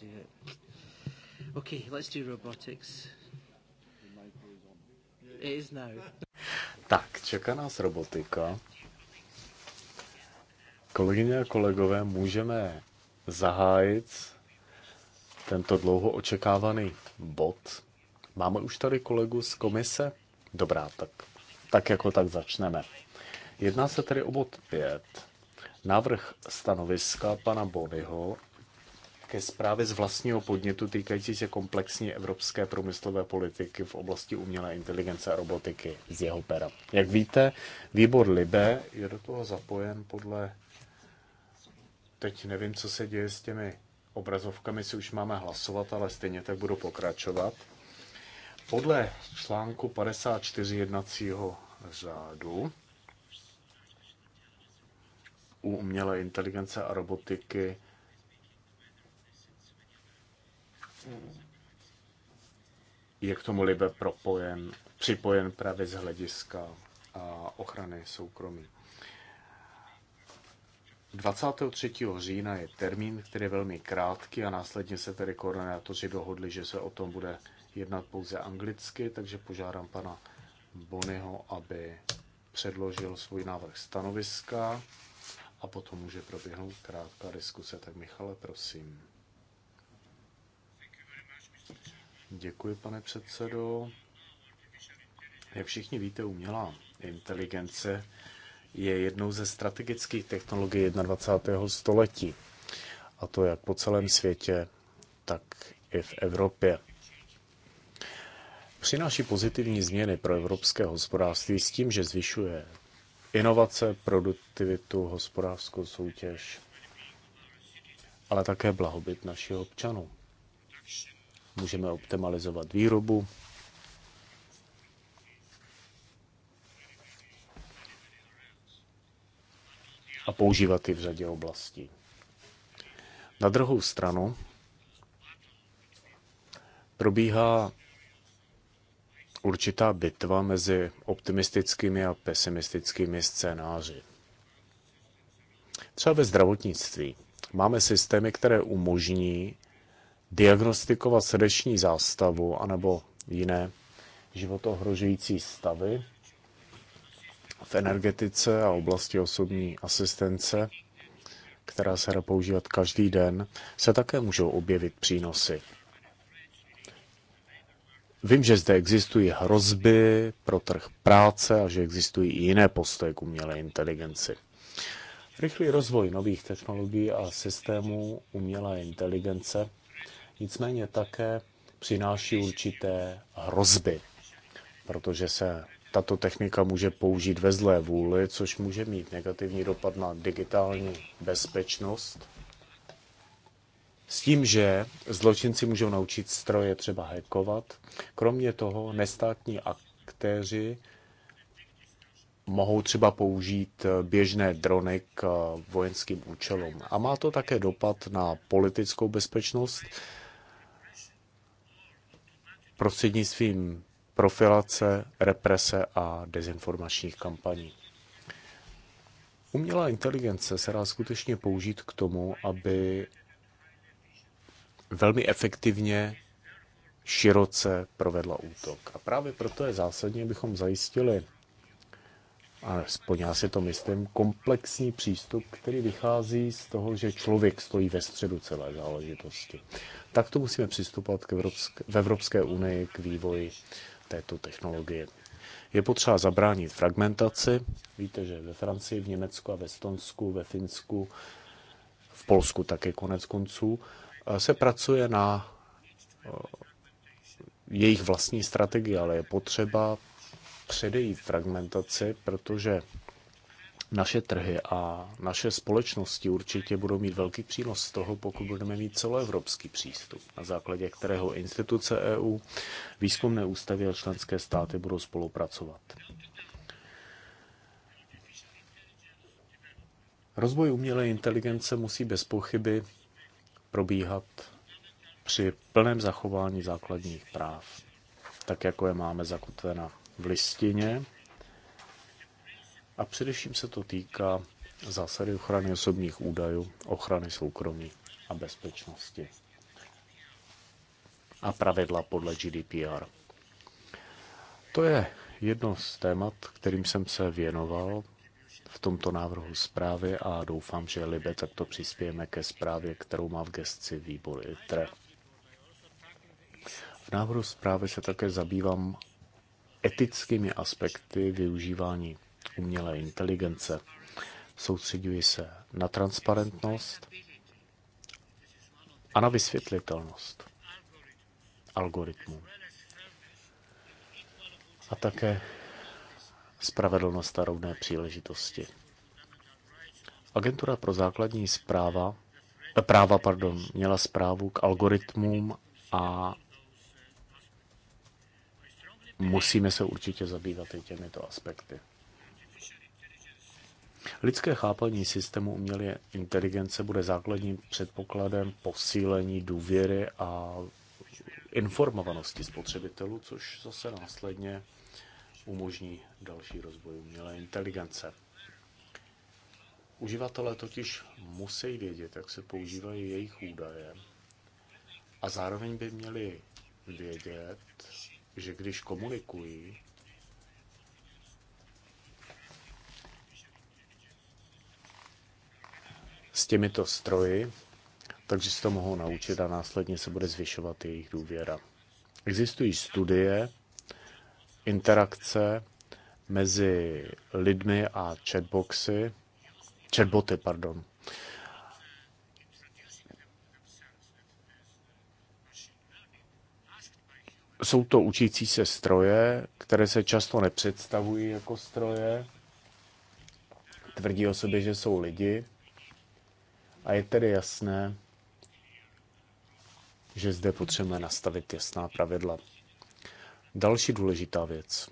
do it. Okay, let's do robotics. It is now. Tak, čeká nás robotika. Kolegyně a kolegové, můžeme zahájit tento dlouho očekávaný bod. Máme už tady kolegu z komise? Dobrá, tak, tak jako tak začneme. Jedná se tedy o bod 5. Návrh stanoviska pana Bonyho ke zprávě z vlastního podnětu týkající se komplexní evropské průmyslové politiky v oblasti umělé inteligence a robotiky z jeho pera. Jak víte, výbor Libe je do toho zapojen podle... Teď nevím, co se děje s těmi obrazovkami, si už máme hlasovat, ale stejně tak budu pokračovat. Podle článku 54 jednacího řádu u umělé inteligence a robotiky je k tomu Libe propojen, připojen právě z hlediska ochrany soukromí. 23. října je termín, který je velmi krátký a následně se tedy koordinátoři dohodli, že se o tom bude jednat pouze anglicky, takže požádám pana Bonyho, aby předložil svůj návrh stanoviska a potom může proběhnout krátká diskuse. Tak Michale, prosím. Děkuji, pane předsedo. Jak všichni víte, umělá inteligence je jednou ze strategických technologií 21. století. A to jak po celém světě, tak i v Evropě. Přináší pozitivní změny pro evropské hospodářství s tím, že zvyšuje inovace, produktivitu, hospodářskou soutěž, ale také blahobyt našich občanů můžeme optimalizovat výrobu. A používat ji v řadě oblastí. Na druhou stranu probíhá určitá bitva mezi optimistickými a pesimistickými scénáři. Třeba ve zdravotnictví máme systémy, které umožní diagnostikovat srdeční zástavu anebo jiné životohrožující stavy v energetice a oblasti osobní asistence, která se dá používat každý den, se také můžou objevit přínosy. Vím, že zde existují hrozby pro trh práce a že existují i jiné postoje k umělé inteligenci. Rychlý rozvoj nových technologií a systémů umělé inteligence nicméně také přináší určité hrozby, protože se tato technika může použít ve zlé vůli, což může mít negativní dopad na digitální bezpečnost. S tím, že zločinci můžou naučit stroje třeba hackovat. Kromě toho nestátní aktéři mohou třeba použít běžné drony k vojenským účelům. A má to také dopad na politickou bezpečnost, prostřednictvím profilace, represe a dezinformačních kampaní. Umělá inteligence se dá skutečně použít k tomu, aby velmi efektivně široce provedla útok. A právě proto je zásadní, abychom zajistili alespoň já si to myslím, komplexní přístup, který vychází z toho, že člověk stojí ve středu celé záležitosti. Tak to musíme přistupovat k Evropské, v Evropské unii k vývoji této technologie. Je potřeba zabránit fragmentaci. Víte, že ve Francii, v Německu a ve Estonsku, ve Finsku, v Polsku také konec konců, eh, se pracuje na eh, jejich vlastní strategii, ale je potřeba předejít fragmentaci, protože naše trhy a naše společnosti určitě budou mít velký přínos z toho, pokud budeme mít celoevropský přístup, na základě kterého instituce EU, výzkumné ústavy a členské státy budou spolupracovat. Rozvoj umělé inteligence musí bez pochyby probíhat při plném zachování základních práv, tak jako je máme zakotvena v listině. A především se to týká zásady ochrany osobních údajů, ochrany soukromí a bezpečnosti a pravidla podle GDPR. To je jedno z témat, kterým jsem se věnoval v tomto návrhu zprávy a doufám, že Libe takto přispějeme ke zprávě, kterou má v gestci výbor ITRE. V návrhu zprávy se také zabývám etickými aspekty využívání umělé inteligence. Soustředuji se na transparentnost a na vysvětlitelnost algoritmů. A také spravedlnost a rovné příležitosti. Agentura pro základní zpráva, eh, práva pardon, měla zprávu k algoritmům a musíme se určitě zabývat i těmito aspekty. Lidské chápaní systému umělé inteligence bude základním předpokladem posílení důvěry a informovanosti spotřebitelů, což zase následně umožní další rozvoj umělé inteligence. Uživatelé totiž musí vědět, jak se používají jejich údaje a zároveň by měli vědět, že když komunikuji, s těmito stroji, takže se to mohou naučit a následně se bude zvyšovat jejich důvěra. Existují studie, interakce mezi lidmi a chatboxy, chatboty, pardon. jsou to učící se stroje, které se často nepředstavují jako stroje. Tvrdí o sobě, že jsou lidi. A je tedy jasné, že zde potřebujeme nastavit jasná pravidla. Další důležitá věc.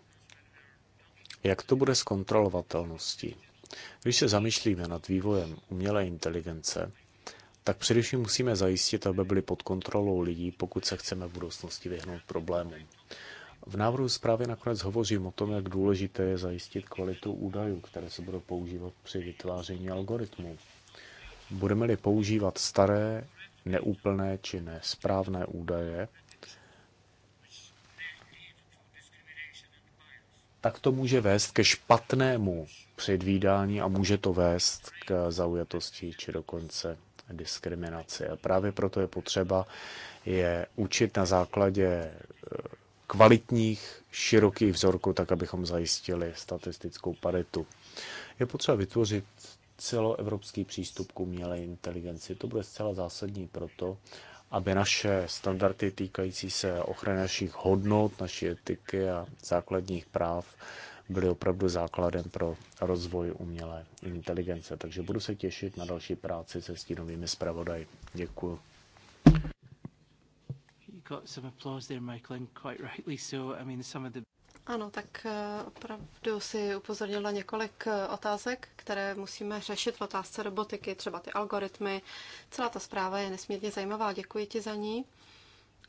Jak to bude s kontrolovatelností? Když se zamýšlíme nad vývojem umělé inteligence, tak především musíme zajistit, aby byly pod kontrolou lidí, pokud se chceme v budoucnosti vyhnout problémům. V návrhu zprávy nakonec hovořím o tom, jak důležité je zajistit kvalitu údajů, které se budou používat při vytváření algoritmů. Budeme-li používat staré, neúplné či nesprávné údaje, tak to může vést ke špatnému předvídání a může to vést k zaujatosti či dokonce diskriminaci. A právě proto je potřeba je učit na základě e, kvalitních, širokých vzorků, tak abychom zajistili statistickou paritu. Je potřeba vytvořit celoevropský přístup k umělé inteligenci. To bude zcela zásadní proto, aby naše standardy týkající se ochrany našich hodnot, naší etiky a základních práv byly opravdu základem pro rozvoj umělé inteligence. Takže budu se těšit na další práci se stínovými zpravodaj. Děkuji. Ano, tak eh, opravdu si upozornila několik eh, otázek, které musíme řešit v otázce robotiky, třeba ty algoritmy. Celá ta zpráva je nesmírně zajímavá, děkuji ti za ní.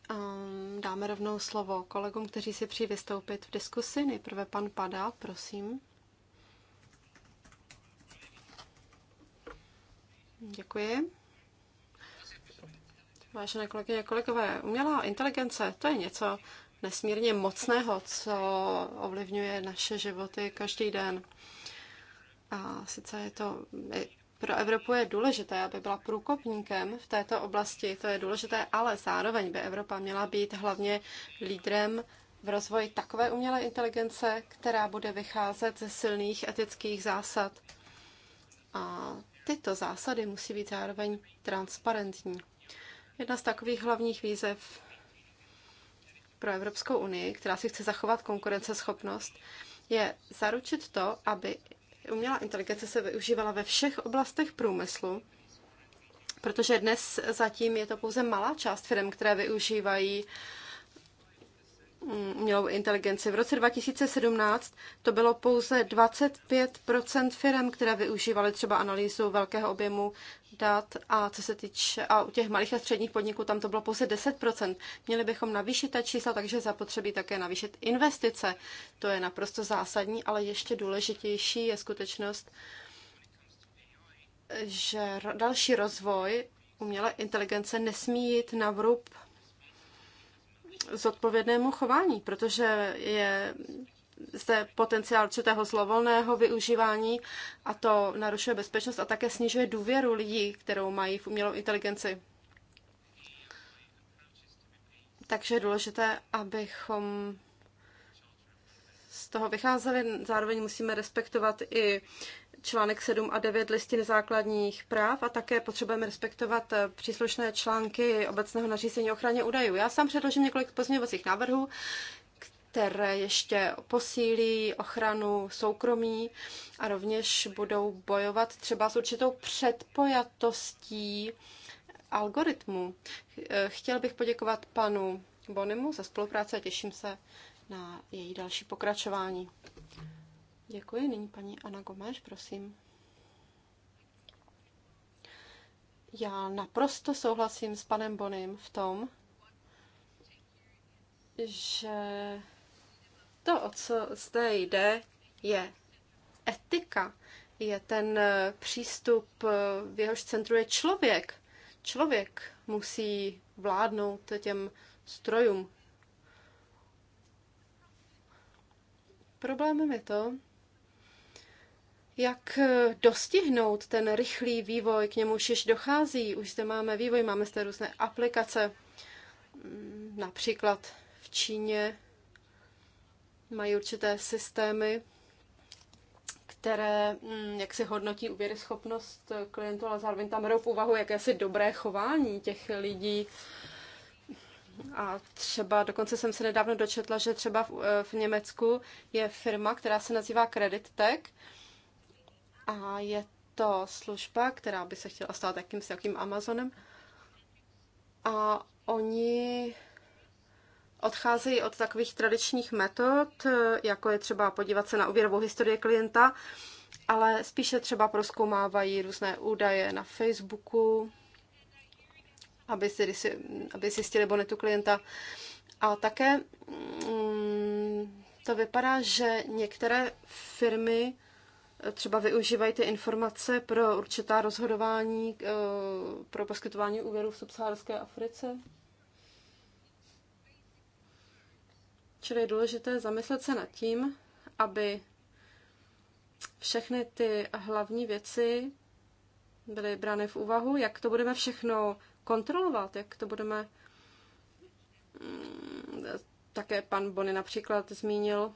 Ehm, dáme rovnou slovo kolegům, kteří si přijí vystoupit v diskusi. Nejprve pan Pada, prosím. Děkuji. Vážené kolegyně, kolegové, umělá inteligence, to je něco nesmírně mocného, co ovlivňuje naše životy každý den. A sice je to, pro Evropu je důležité, aby byla průkopníkem v této oblasti, to je důležité, ale zároveň by Evropa měla být hlavně lídrem v rozvoji takové umělé inteligence, která bude vycházet ze silných etických zásad. A tyto zásady musí být zároveň transparentní. Jedna z takových hlavních výzev pro Evropskou unii, která si chce zachovat konkurenceschopnost, je zaručit to, aby umělá inteligence se využívala ve všech oblastech průmyslu, protože dnes zatím je to pouze malá část firm, které využívají umělou mm, inteligenci. V roce 2017 to bylo pouze 25 firm, které využívaly třeba analýzu velkého objemu dat a co se týče a u těch malých a středních podniků tam to bylo pouze 10 Měli bychom navýšit ta čísla, takže zapotřebí také navýšit investice. To je naprosto zásadní, ale ještě důležitější je skutečnost, že další rozvoj umělé inteligence nesmí jít na vrub zodpovědnému chování, protože je zde potenciál určitého zlovolného využívání a to narušuje bezpečnost a také snižuje důvěru lidí, kterou mají v umělou inteligenci. Takže je důležité, abychom z toho vycházeli. Zároveň musíme respektovat i článek 7 a 9 listiny základních práv a také potřebujeme respektovat eh, příslušné články obecného nařízení o ochraně údajů. Já sám předložím několik pozměňovacích návrhů, které ještě posílí ochranu soukromí a rovněž budou bojovat třeba s určitou předpojatostí algoritmu. Eh, chtěl bych poděkovat panu Bonimu za spolupráci a těším se na její další pokračování. Děkuji. Nyní paní Ana Gomeš, prosím. Já naprosto souhlasím s panem Bonem v tom, že to, o co zde jde, je etika, je ten eh, přístup, eh, v jehož centru je člověk. Člověk musí vládnout těm strojům. Problémem je to, jak eh, dostihnout ten rychlý vývoj, k němuž již dochází. Už zde máme vývoj, máme zde různé aplikace. Mm, například v Číně mají určité systémy, které mm, jak si hodnotí uvěryschopnost eh, klientů, ale zároveň tam hrou v úvahu jakési dobré chování těch lidí. A třeba, dokonce jsem se nedávno dočetla, že třeba v, eh, v Německu je firma, která se nazývá Tech, a je to služba, která by se chtěla stát jakýmsi jakým Amazonem. A oni odcházejí od takových tradičních metod, jako je třeba podívat se na úvěrovou historii klienta, ale spíše třeba proskoumávají různé údaje na Facebooku, aby, si, aby zjistili bonitu klienta. A také mm, to vypadá, že některé firmy třeba využívají ty informace pro určitá rozhodování eh, pro poskytování úvěru v subsaharské Africe? Čili je důležité zamyslet se nad tím, aby všechny ty hlavní věci byly brány v úvahu, jak to budeme všechno kontrolovat, jak to budeme. Mm, také pan Bony například zmínil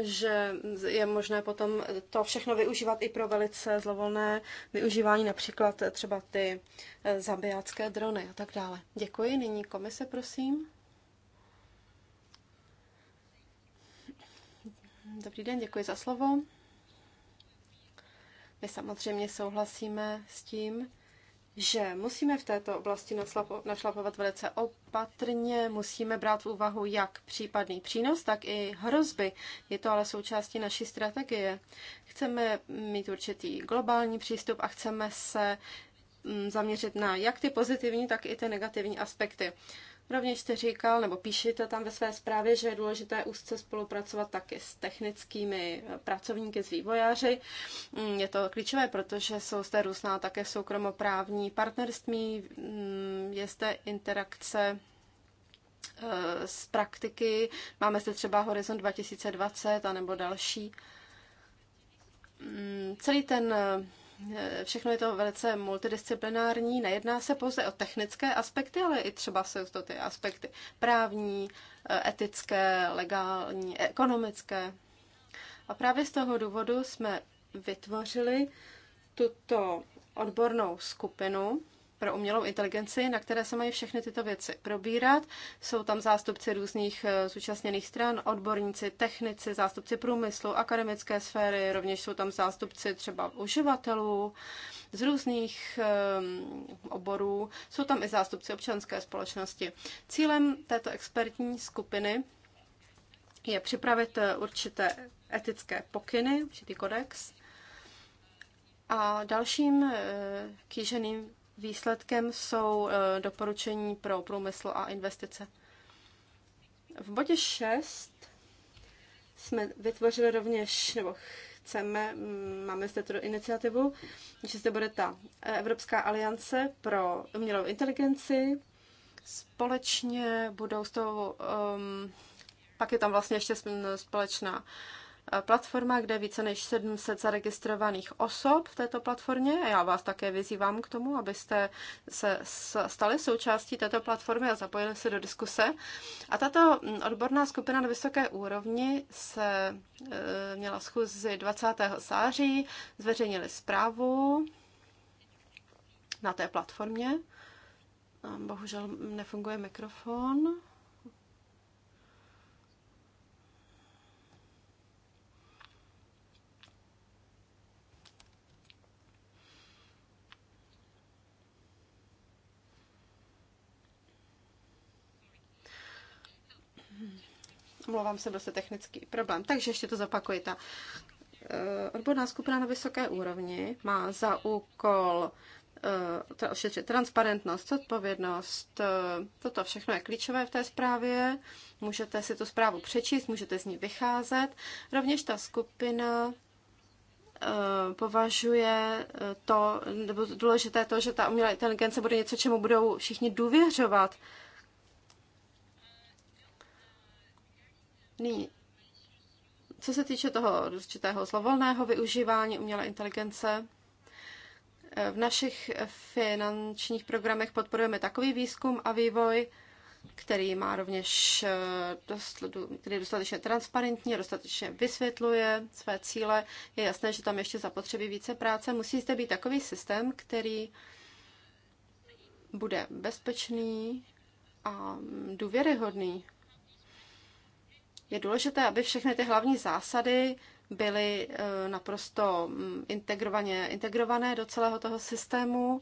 že je možné potom to všechno využívat i pro velice zlovolné využívání, například třeba ty eh, zabijácké drony a tak dále. Děkuji. Nyní komise, prosím. Dobrý den, děkuji za slovo. My samozřejmě souhlasíme s tím, že musíme v této oblasti našlapovat velice opatrně, musíme brát v úvahu jak případný přínos, tak i hrozby. Je to ale součástí naší strategie. Chceme mít určitý globální přístup a chceme se mm, zaměřit na jak ty pozitivní, tak i ty negativní aspekty. Rovněž jste říkal, nebo píšete tam ve své zprávě, že je důležité úzce spolupracovat taky s technickými eh, pracovníky, s vývojáři. Mm, je to klíčové, protože jsou zde různá také soukromoprávní partnerství, mm, je zde interakce eh, z praktiky, máme zde třeba Horizon 2020 a nebo další. Mm, celý ten eh, Eh, všechno je to velice multidisciplinární, nejedná se pouze o technické aspekty, ale i třeba jsou to ty aspekty právní, eh, etické, legální, ekonomické. A právě z toho důvodu jsme vytvořili tuto odbornou skupinu, pro umělou inteligenci, na které se mají všechny tyto věci probírat. Jsou tam zástupci různých eh, zúčastněných stran, odborníci, technici, zástupci průmyslu, akademické sféry, rovněž jsou tam zástupci třeba uživatelů z různých ehm, oborů. Jsou tam i zástupci občanské společnosti. Cílem této expertní skupiny je připravit eh, určité etické pokyny, určitý kodex. A dalším eh, kýženým Výsledkem jsou eh, doporučení pro průmysl a investice. V bodě 6 jsme vytvořili rovněž, nebo chceme, mm, máme zde tu iniciativu, že zde bude ta eh, Evropská aliance pro umělou inteligenci. Společně budou s tou, um, pak je tam vlastně ještě společná Eh, platforma, kde více než 700 zaregistrovaných osob v této platformě. Já vás také vyzývám k tomu, abyste se stali součástí této platformy a zapojili se do diskuse. A tato mm, odborná skupina na vysoké úrovni se eh, měla schůzi 20. září, zveřejnili zprávu na té platformě. Bohužel nefunguje mikrofon. Omlouvám se, byl se technický problém. Takže ještě to zapakuji. Ta eh, odborná skupina na vysoké úrovni má za úkol eh, ošetřit transparentnost, odpovědnost. Eh, toto všechno je klíčové v té zprávě. Můžete si tu zprávu přečíst, můžete z ní vycházet. Rovněž ta skupina považuje to, nebo důležité to, že ta umělá inteligence bude něco, čemu budou všichni důvěřovat. Nyní, co se týče toho určitého zlovolného využívání umělé inteligence, eh, v našich finančních programech podporujeme takový výzkum a vývoj, který má rovněž eh, dost, který dostatečně transparentní, dostatečně vysvětluje své cíle. Je jasné, že tam ještě zapotřebí více práce. Musí zde být takový systém, který bude bezpečný a důvěryhodný je důležité, aby všechny ty hlavní zásady byly eh, naprosto mm, integrovaně, integrované do celého toho systému.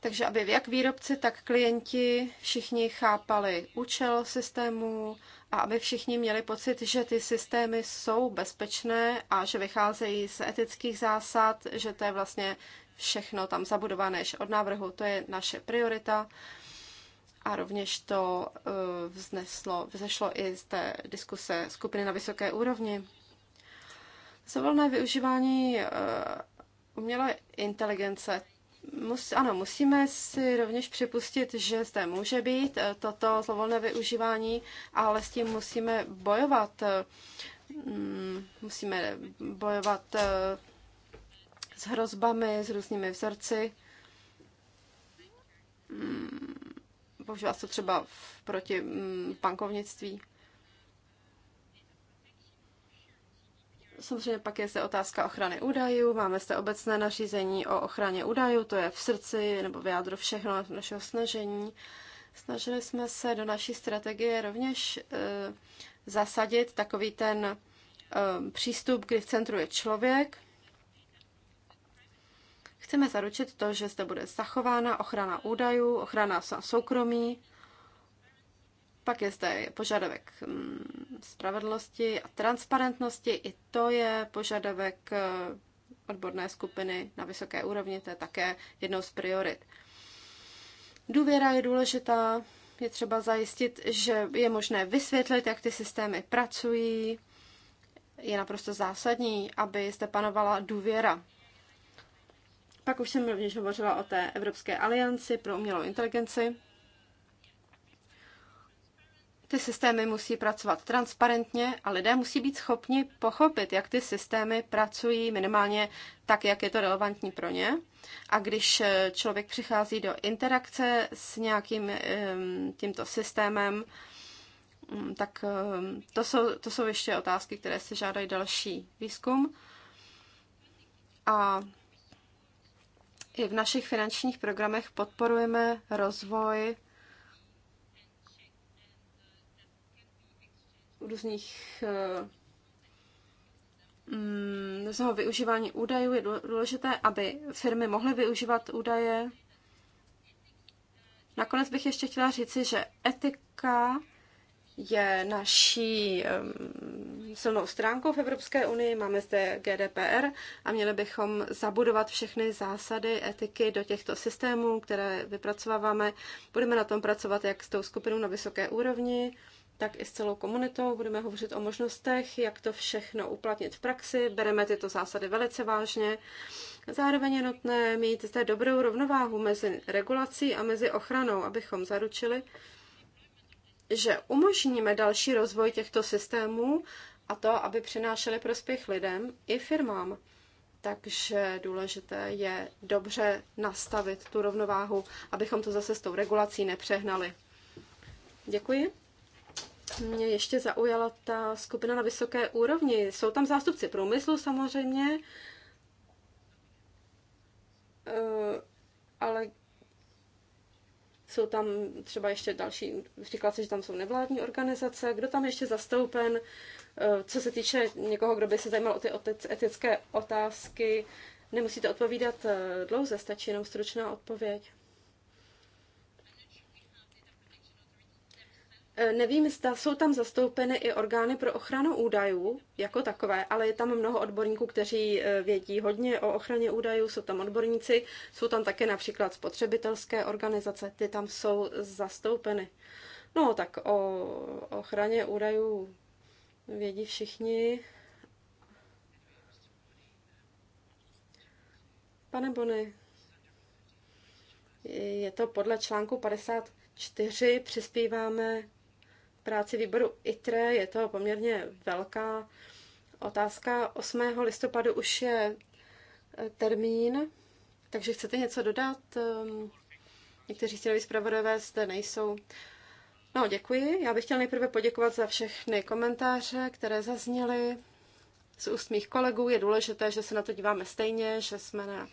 Takže aby jak výrobci, tak klienti všichni chápali účel systému a aby všichni měli pocit, že ty systémy jsou bezpečné a že vycházejí z etických zásad, že to je vlastně všechno tam zabudované od návrhu, to je naše priorita a rovněž to eh, vzneslo, vzešlo i z té diskuse skupiny na vysoké úrovni. Za volné využívání eh, umělé inteligence Mus, ano, musíme si rovněž připustit, že zde může být eh, toto zlovolné využívání, ale s tím musíme bojovat. Mm, musíme bojovat s hrozbami, s různými vzorci. Mm používá se třeba proti mm, bankovnictví. Samozřejmě pak je zde otázka ochrany údajů. Máme zde obecné nařízení o ochraně údajů, to je v srdci nebo v jádru všechno našeho snažení. Snažili jsme se do naší strategie rovněž e, zasadit takový ten e, přístup, kdy v centru je člověk, Chceme zaručit to, že zde bude zachována ochrana údajů, ochrana soukromí, pak je zde požadavek mm, spravedlnosti a transparentnosti. I to je požadavek eh, odborné skupiny na vysoké úrovni, to je také jednou z priorit. Důvěra je důležitá, je třeba zajistit, že je možné vysvětlit, jak ty systémy pracují. Je naprosto zásadní, aby zde panovala důvěra pak už jsem rovněž hovořila o té Evropské alianci pro umělou inteligenci. Ty systémy musí pracovat transparentně a lidé musí být schopni pochopit, jak ty systémy pracují minimálně tak, jak je to relevantní pro ně. A když eh, člověk přichází do interakce s nějakým ehm, tímto systémem, mm, tak ehm, to jsou, to jsou ještě otázky, které se žádají další výzkum. A i v našich finančních programech podporujeme rozvoj různých eh, mm, toho využívání údajů. Je důležité, aby firmy mohly využívat údaje. Nakonec bych ještě chtěla říci, že etika je naší silnou stránkou v Evropské unii. Máme zde GDPR a měli bychom zabudovat všechny zásady etiky do těchto systémů, které vypracováváme. Budeme na tom pracovat jak s tou skupinou na vysoké úrovni, tak i s celou komunitou. Budeme hovořit o možnostech, jak to všechno uplatnit v praxi. Bereme tyto zásady velice vážně. Zároveň je nutné mít zde dobrou rovnováhu mezi regulací a mezi ochranou, abychom zaručili, že umožníme další rozvoj těchto systémů a to, aby přinášely prospěch lidem i firmám. Takže důležité je dobře nastavit tu rovnováhu, abychom to zase s tou regulací nepřehnali. Děkuji. Mě ještě zaujala ta skupina na vysoké úrovni. Jsou tam zástupci průmyslu samozřejmě, eh, ale jsou tam třeba ještě další, říkala se, že tam jsou nevládní organizace, kdo tam ještě zastoupen, eh, co se týče někoho, kdo by se zajímal o ty etické otázky, nemusíte odpovídat eh, dlouze, stačí jenom stručná odpověď. Eh, nevím, zda jsou tam zastoupeny i orgány pro ochranu údajů jako takové, ale je tam mnoho odborníků, kteří eh, vědí hodně o ochraně údajů, jsou tam odborníci, jsou tam také například spotřebitelské organizace, ty tam jsou zastoupeny. No, tak o ochraně údajů vědí všichni. Pane Bony, je to podle článku 54, přispíváme práci výboru ITRE. Je to poměrně velká otázka. 8. listopadu už je eh, termín, takže chcete něco dodat? Ehm, někteří stínoví zpravodové zde nejsou. No, děkuji. Já bych chtěl nejprve poděkovat za všechny komentáře, které zazněly z úst mých kolegů. Je důležité, že se na to díváme stejně, že jsme na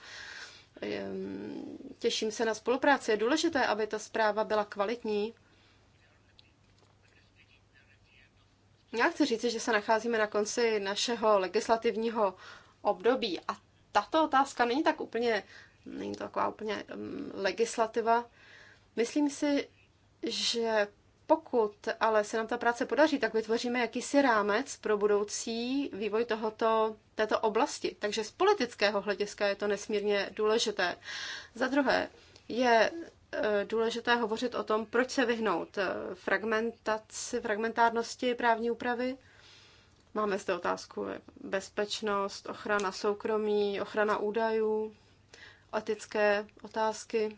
ehm, těším se na spolupráci. Je důležité, aby ta zpráva byla kvalitní Já chci říct, že se nacházíme na konci našeho legislativního období a tato otázka není tak úplně, není to taková úplně um, legislativa. Myslím si, že pokud ale se nám ta práce podaří, tak vytvoříme jakýsi rámec pro budoucí vývoj tohoto, této oblasti. Takže z politického hlediska je to nesmírně důležité. Za druhé, je Eh, důležité hovořit o tom, proč se vyhnout eh, fragmentaci, fragmentárnosti právní úpravy. Máme zde otázku eh, bezpečnost, ochrana soukromí, ochrana údajů, etické otázky.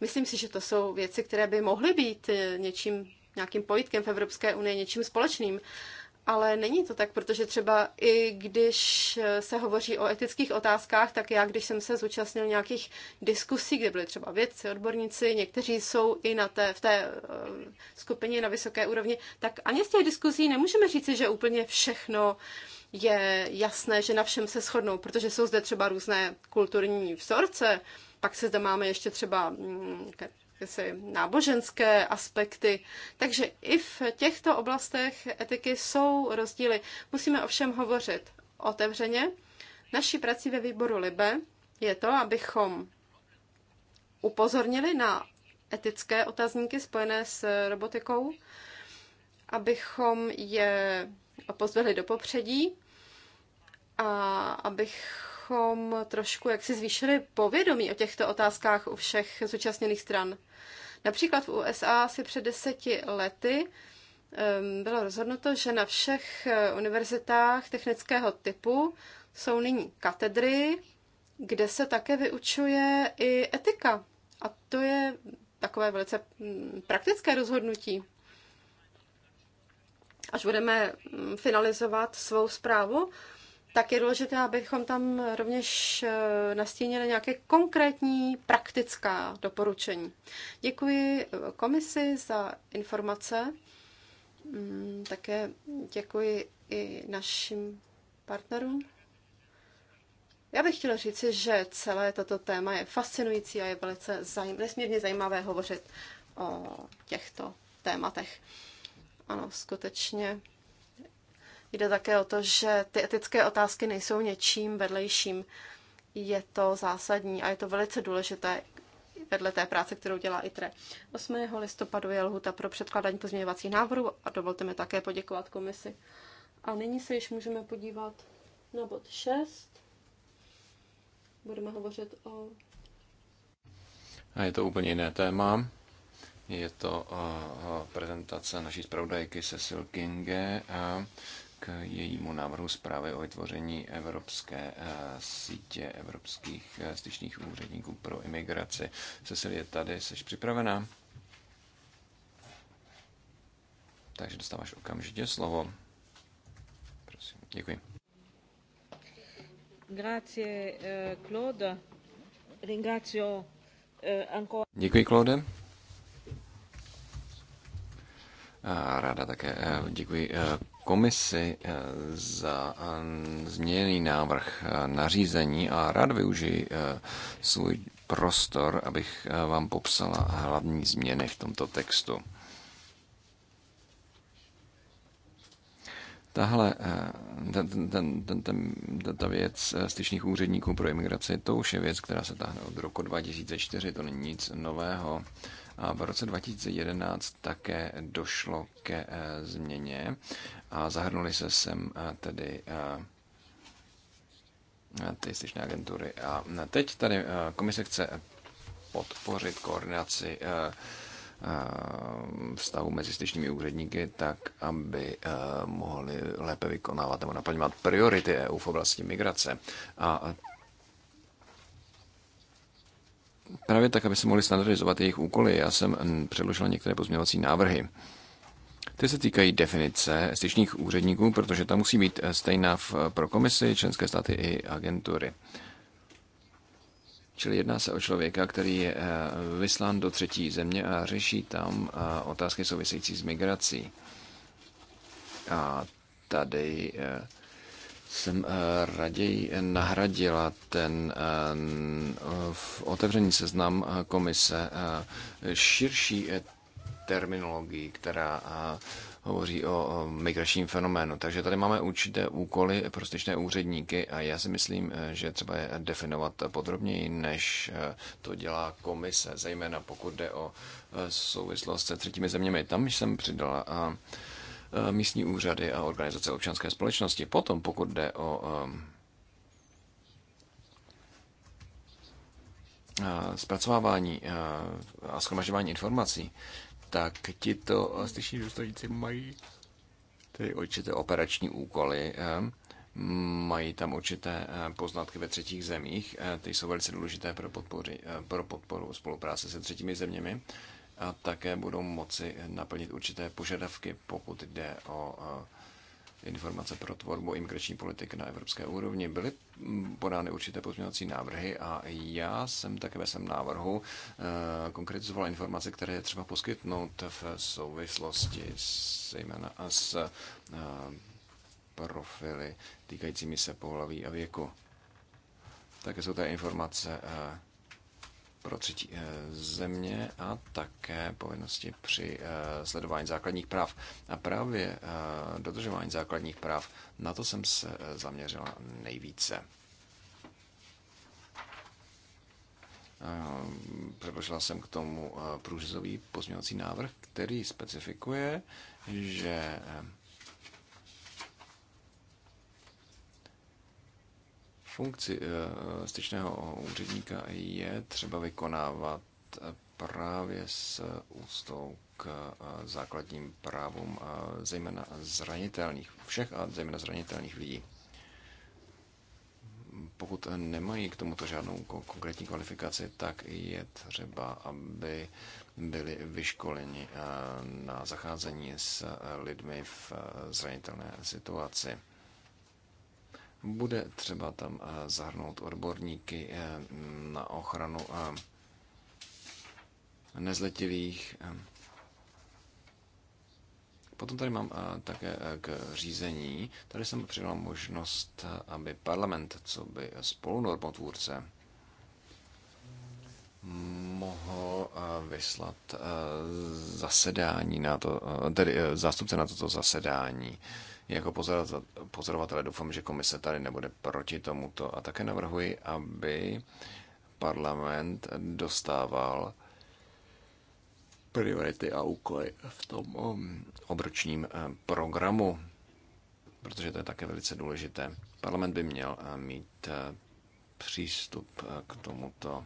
Myslím si, že to jsou věci, které by mohly být něčím, nějakým pojitkem v Evropské unii, něčím společným ale není to tak, protože třeba i když se hovoří o etických otázkách, tak já, když jsem se zúčastnil nějakých diskusí, kde byly třeba vědci, odborníci, někteří jsou i na té, v té eh, skupině na vysoké úrovni, tak ani z těch diskuzí nemůžeme říci, že úplně všechno je jasné, že na všem se shodnou, protože jsou zde třeba různé kulturní vzorce, pak se zde máme ještě třeba mm, jaksi náboženské aspekty. Takže i v těchto oblastech etiky jsou rozdíly. Musíme ovšem hovořit otevřeně. Naší prací ve výboru Libe je to, abychom upozornili na etické otazníky spojené s robotikou, abychom je pozvali do popředí a abych abychom trošku jaksi zvýšili povědomí o těchto otázkách u všech zúčastněných stran. Například v USA asi před deseti lety bylo rozhodnuto, že na všech eh, univerzitách technického typu jsou nyní katedry, kde se také vyučuje i etika. A to je takové velice mm, praktické rozhodnutí. Až budeme mm, finalizovat svou zprávu, tak je důležité, abychom tam rovněž eh, nastínili nějaké konkrétní praktická doporučení. Děkuji eh, komisi za informace. Mm, také děkuji i našim partnerům. Já bych chtěla říci, že celé toto téma je fascinující a je velice zajím, nesmírně zajímavé hovořit o těchto tématech. Ano, skutečně Jde také o to, že ty etické otázky nejsou něčím vedlejším. Je to zásadní a je to velice důležité vedle té práce, kterou dělá ITRE. 8. listopadu je lhuta pro předkládání pozměňovacích návrhů a dovolte mi také poděkovat komisi. A nyní se již můžeme podívat na bod 6. Budeme hovořit o... A je to úplně jiné téma. Je to eh, eh, prezentace naší zpravodajky Cecil Kinge. A k jejímu návrhu zprávy o vytvoření evropské eh, sítě evropských eh, styčných úředníků pro imigraci. Cecilie, tady jsi připravená? Takže dostáváš okamžitě slovo. Prosím, děkuji. Grazie, eh, Claude. Ringrazio ancora. Děkuji, Claude. Ráda také děkuji komisi eh, za eh, změněný návrh eh, nařízení a rád využiji svůj prostor, abych vám popsala hlavní změny v tomto textu. Tahle, ten, ten, ten, ten, ta věc styčných úředníků pro imigraci, to už je věc, která se táhne od roku 2004, to není nic nového. A v roce 2011 také došlo ke eh, změně a zahrnuli se sem eh, tedy eh, ty styčné agentury. A teď tady komise chce podpořit koordinaci vztahu mezi styčnými úředníky tak, aby mohli lépe vykonávat nebo naplňovat priority EU v oblasti migrace. A právě tak, aby se mohli standardizovat jejich úkoly. Já jsem předložil některé pozměňovací návrhy. Ty se týkají definice styčných úředníků, protože ta musí být e, stejná v, e, pro komisy, členské státy i agentury. Čili jedná se o člověka, který je e, vyslán do třetí země a řeší tam otázky související s migrací. A tady jsem eh, raději nahradila ten eh, otevřený seznam eh, komise širší terminologii, která hovoří o migračním fenoménu. Takže tady máme určité úkoly pro styčné úředníky a já si myslím, že třeba je definovat podrobněji, než to dělá komise, zejména pokud jde o souvislost se třetími zeměmi. Tam jsem přidala Eh, místní úřady a organizace občanské společnosti. Potom, pokud jde o eh, eh, zpracovávání a schromažďování informací, tak tito styční důstojníci mají tedy určité operační úkoly, mají tam určité poznatky ve třetích zemích, ty jsou velice důležité pro, podpory, pro podporu spolupráce se třetími zeměmi a také budou moci naplnit určité požadavky, pokud jde o informace pro tvorbu imigrační politiky na evropské úrovni. Byly podány určité pozměňovací návrhy a já jsem také ve svém návrhu e, konkretizoval informace, které je třeba poskytnout v souvislosti a s e, profily týkajícími se pohlaví a věku. Také jsou to informace e, pro třetí eh, země a také povinnosti při eh, sledování základních práv. A právě eh, dodržování základních práv, na to jsem se zaměřila nejvíce. Předložila jsem k tomu průřezový pozměňovací návrh, který specifikuje, že funkci eh, styčného úředníka je třeba vykonávat eh, právě s eh, ústou k základním právům zejména zranitelných, všech a zejména zranitelných lidí. Pokud nemají k tomuto žádnou konkrétní kvalifikaci, tak je třeba, aby byli vyškoleni na zacházení s lidmi v zranitelné situaci bude třeba tam eh, zahrnout odborníky eh, na ochranu eh, nezletilých. Potom tady mám také k řízení. Tady jsem přidal možnost, aby parlament, co by spolunormotvůrce, mohl vyslat zasedání na to, tedy zástupce na toto zasedání jako pozorovatele. Doufám, že komise tady nebude proti tomuto. A také navrhuji, aby parlament dostával priority a úkoly v tom um, obročním eh, programu, protože to je také velice důležité. Parlament by měl eh, mít eh, přístup k tomuto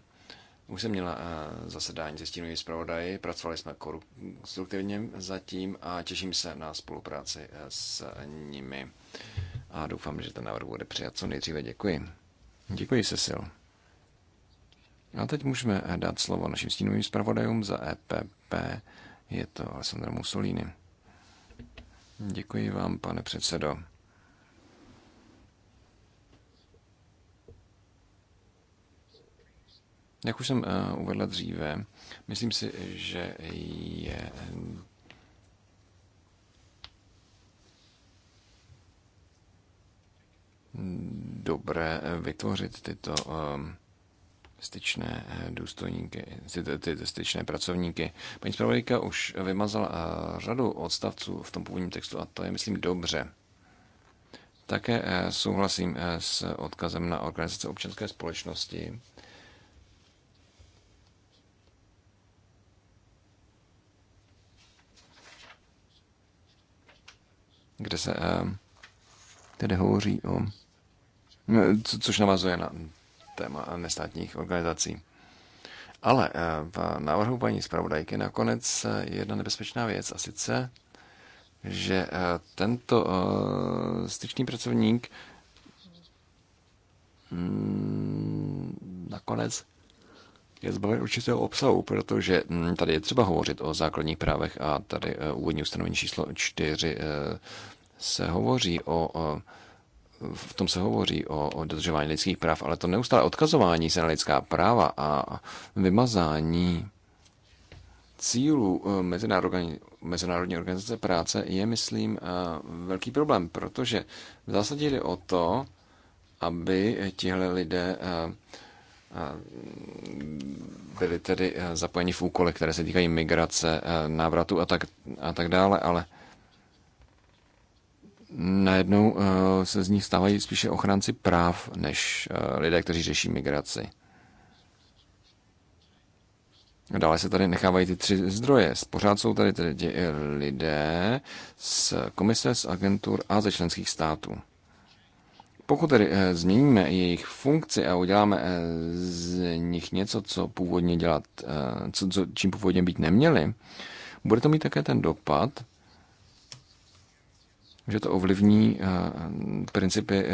už jsem měla eh, zasedání se stínovými zpravodaji, pracovali jsme konstruktivně zatím a těším se na spolupráci eh, s nimi a doufám, že ten návrh bude přijat co nejdříve. Děkuji. Děkuji, Cecil. A teď můžeme eh, dát slovo našim stínovým zpravodajům za EPP. Je to Alessandro Mussolini. Děkuji vám, pane předsedo. Jak už jsem eh, uvedla dříve, myslím si, že je mm, dobré eh, vytvořit tyto ehm, styčné eh, důstojníky, ty, ty, ty styčné pracovníky. Paní zpravodajka už vymazala řadu odstavců v tom původním textu a to je, myslím, dobře. Také souhlasím s odkazem na organizace občanské společnosti, kde se ehm, tedy hovoří o... No, co, což navazuje na téma nestátních organizací. Ale eh, v návrhu paní zpravodajky nakonec eh, je jedna nebezpečná věc a sice, že eh, tento styčný pracovník mm, nakonec je zbaven určitého obsahu, protože mm, tady je třeba hovořit o základních právech a tady eh, úvodní ustanovení číslo 4 eh, se hovoří o v tom se hovoří o, o dodržování lidských práv, ale to neustále odkazování se na lidská práva a vymazání cílů eh, mezinárodní, mezinárodní organizace práce je, myslím, velký problém, protože v zásadě jde o to, aby tihle lidé Mm, byli tedy eh, zapojeni v úkoly, které se týkají migrace, eh, návratu a tak, a tak dále, ale najednou eh, se z nich stávají spíše ochránci práv, než lidé, kteří řeší migraci. Dále se tady nechávají ty tři zdroje. Pořád jsou tady tedy lidé z komise, z agentur a ze členských států. Pokud tedy eh, změníme jejich funkci a uděláme eh, z nich něco, co původně dělat, eh, co, co, čím původně být neměli, bude to mít také ten dopad, že to ovlivní principy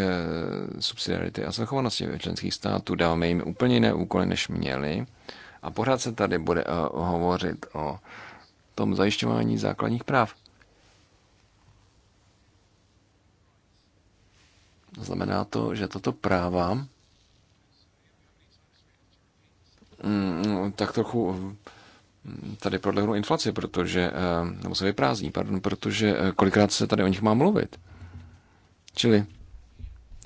subsidiarity a svrchovanosti členských států. Dáme jim úplně jiné úkoly, než měli. A pořád se tady bude hovořit o tom zajišťování základních práv. Znamená to, že tato práva mm, tak trochu mm, tady prodlehnou inflaci, protože, eh, nebo se vyprázdní, pardon, protože eh, kolikrát se tady o nich má mluvit. Čili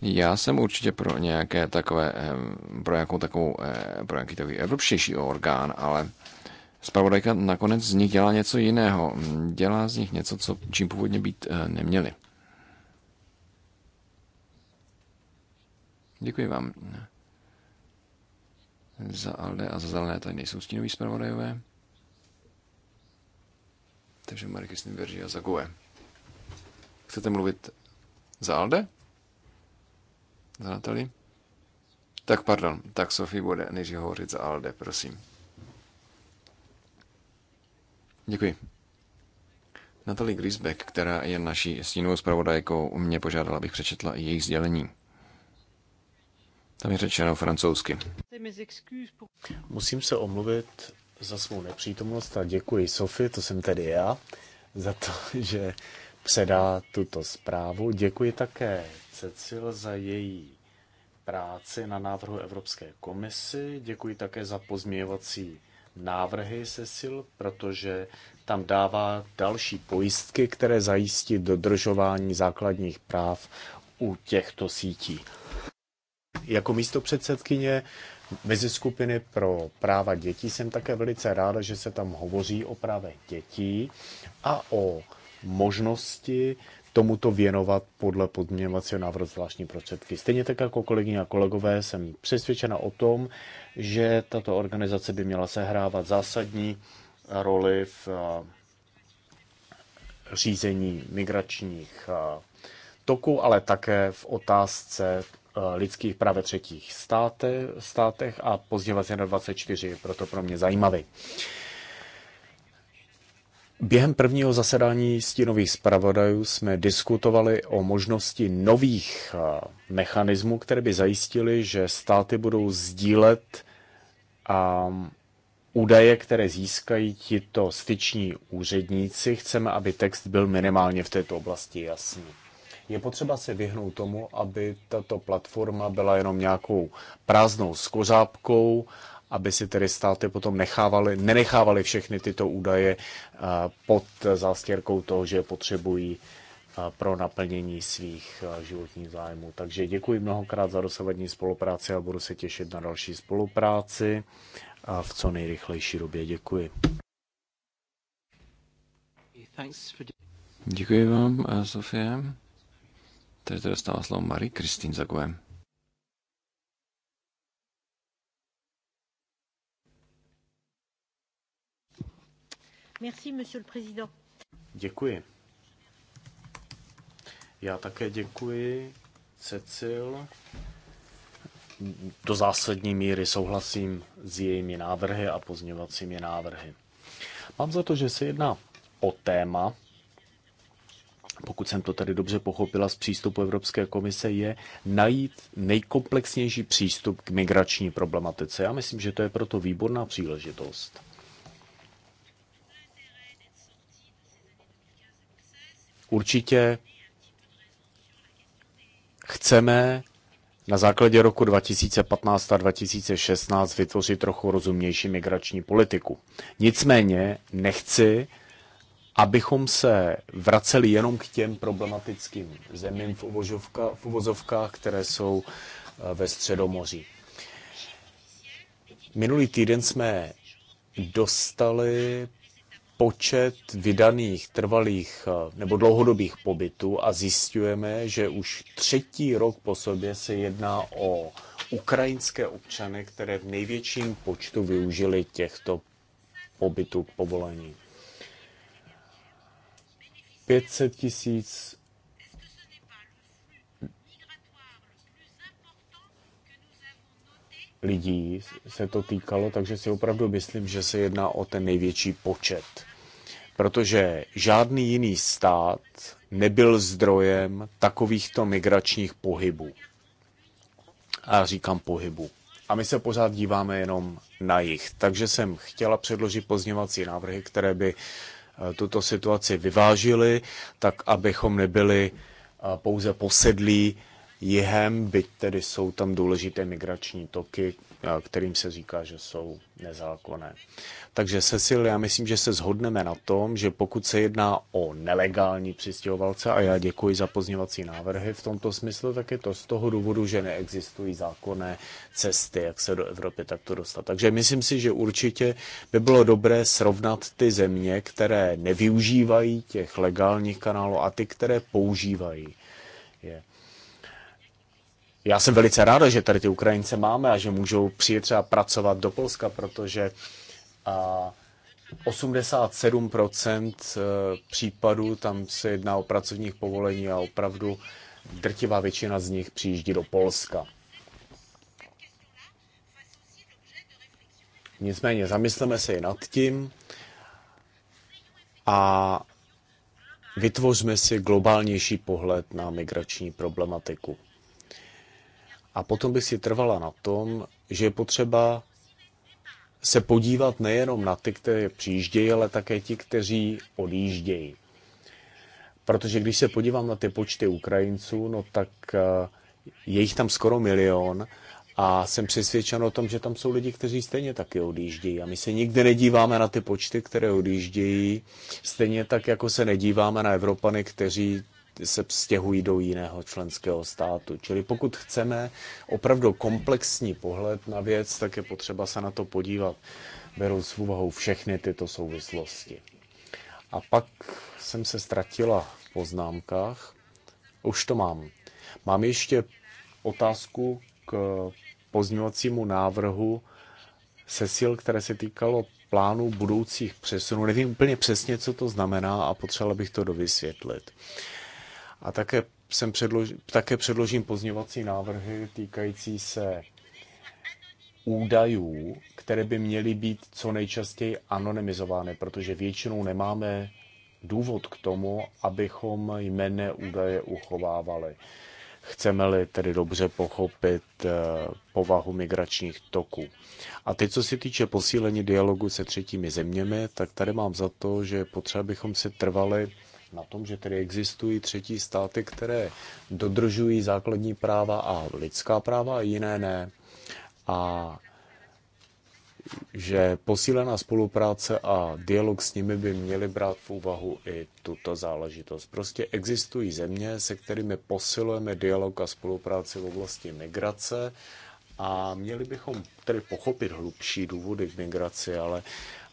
já jsem určitě pro nějaké takové, eh, pro nějakou takovou, pro nějaký takový evropštější orgán, ale zpravodajka nakonec z nich dělá něco jiného. Dělá z nich něco, co, čím původně být neměli. Děkuji vám. Eh, za Alde a za Zelené tady nejsou stínoví zpravodajové. Takže Marek s a za Goe. Chcete mluvit za Alde? Za Natali? Tak pardon, tak Sofie bude než hovořit za Alde, prosím. Děkuji. Natalie Grisbeck, která je naší stínovou zpravodajkou, mě požádala, abych přečetla její sdělení. Tam je řečeno francouzsky. Musím se omluvit za svou nepřítomnost a děkuji Sofie, to jsem tedy já, za to, že předá tuto zprávu. Děkuji také Cecil za její práci na návrhu Evropské komisi. Děkuji také za pozměňovací návrhy Cecil, protože tam dává další pojistky, které zajistí dodržování základních práv u těchto sítí. Jako místo předsedkyně mezi skupiny pro práva dětí jsem také velice ráda, že se tam hovoří o právech dětí a o možnosti tomuto věnovat podle podměňovacího návrhu zvláštní prostředky. Stejně tak jako kolegyně a kolegové jsem přesvědčena o tom, že tato organizace by měla sehrávat zásadní roli v řízení migračních toků, ale také v otázce Eh, lidských práv ve třetích státe, státech a pozdě na 24 je proto pro mě zajímavý. Během prvního zasedání stínových zpravodajů jsme diskutovali o možnosti nových eh, mechanismů, které by zajistily, že státy budou sdílet a ehm, údaje, které získají tito styční úředníci. Chceme, aby text byl minimálně v této oblasti jasný. Je potřeba se vyhnout tomu, aby tato platforma byla jenom nějakou prázdnou skořápkou, aby si tedy státy potom nechávali, nenechávali všechny tyto údaje eh, pod zástěrkou toho, že je potřebují eh, pro naplnění svých eh, životních zájmů. Takže děkuji mnohokrát za dosavadní spolupráci a budu se těšit na další spolupráci a v co nejrychlejší době. Děkuji. Děkuji vám, Sofie to dostává slovo Marie Kristýn Zaguem. Merci, monsieur le président. Děkuji. Já také děkuji, Cecil. Do zásadní míry souhlasím s jejími návrhy a pozněvacími návrhy. Mám za to, že se jedná o téma, pokud jsem to tady dobře pochopila z přístupu Evropské komise, je najít nejkomplexnější přístup k migrační problematice. Já myslím, že to je proto výborná příležitost. Určitě chceme na základě roku 2015 a 2016 vytvořit trochu rozumnější migrační politiku. Nicméně nechci, abychom se vraceli jenom k těm problematickým zemím v, uvozovka, v uvozovkách, které jsou eh, ve Středomoří. Minulý týden jsme dostali počet vydaných trvalých eh, nebo dlouhodobých pobytů a zjistujeme, že už třetí rok po sobě se jedná o ukrajinské občany, které v největším počtu využili těchto pobytů k povolení. 500 tisíc lidí se to týkalo, takže si opravdu myslím, že se jedná o ten největší počet. Protože žádný jiný stát nebyl zdrojem takovýchto migračních pohybů. A říkám pohybu. A my se pořád díváme jenom na jich. Takže jsem chtěla předložit pozněvací návrhy, které by Eh, tuto situaci vyvážili, tak abychom nebyli eh, pouze posedlí jihem, byť tedy jsou tam důležité migrační toky, kterým se říká, že jsou nezákonné. Takže Cecil, já myslím, že se zhodneme na tom, že pokud se jedná o nelegální přistěhovalce, a já děkuji za pozněvací návrhy v tomto smyslu, tak je to z toho důvodu, že neexistují zákonné cesty, jak se do Evropy takto dostat. Takže myslím si, že určitě by bylo dobré srovnat ty země, které nevyužívají těch legálních kanálů a ty, které používají je. Já jsem velice rád, že tady ty Ukrajince máme a že můžou přijet třeba pracovat do Polska, protože 87% e, případů tam se jedná o pracovních povolení a opravdu drtivá většina z nich přijíždí do Polska. Nicméně zamysleme se i nad tím a vytvořme si globálnější pohled na migrační problematiku. A potom by si trvala na tom, že je potřeba se podívat nejenom na ty, které přijíždějí, ale také ti, kteří odjíždějí. Protože když se podívám na ty počty Ukrajinců, no tak eh, je jich tam skoro milion a jsem přesvědčen o tom, že tam jsou lidi, kteří stejně taky odjíždějí. A my se nikdy nedíváme na ty počty, které odjíždějí, stejně tak, jako se nedíváme na Evropany, kteří se stěhují do jiného členského státu. Čili pokud chceme opravdu komplexní pohled na věc, tak je potřeba se na to podívat, berou s úvahou všechny tyto souvislosti. A pak jsem se ztratila v poznámkách. Už to mám. Mám ještě otázku k pozměňovacímu návrhu Cecil, které se týkalo plánu budoucích přesunů. Nevím úplně přesně, co to znamená a potřeboval bych to dovysvětlit. A také, jsem předlož, také předložím pozněvací návrhy týkající se údajů, které by měly být co nejčastěji anonymizovány, protože většinou nemáme důvod k tomu, abychom jménné údaje uchovávali. Chceme-li tedy dobře pochopit eh, povahu migračních toků. A teď, co se týče posílení dialogu se třetími zeměmi, tak tady mám za to, že potřeba bychom si trvali na tom, že tedy existují třetí státy, které dodržují základní práva a lidská práva a jiné ne. A že posílená spolupráce a dialog s nimi by měly brát v úvahu i tuto záležitost. Prostě existují země, se kterými posilujeme dialog a spolupráci v oblasti migrace a měli bychom tedy pochopit hlubší důvody k migraci, ale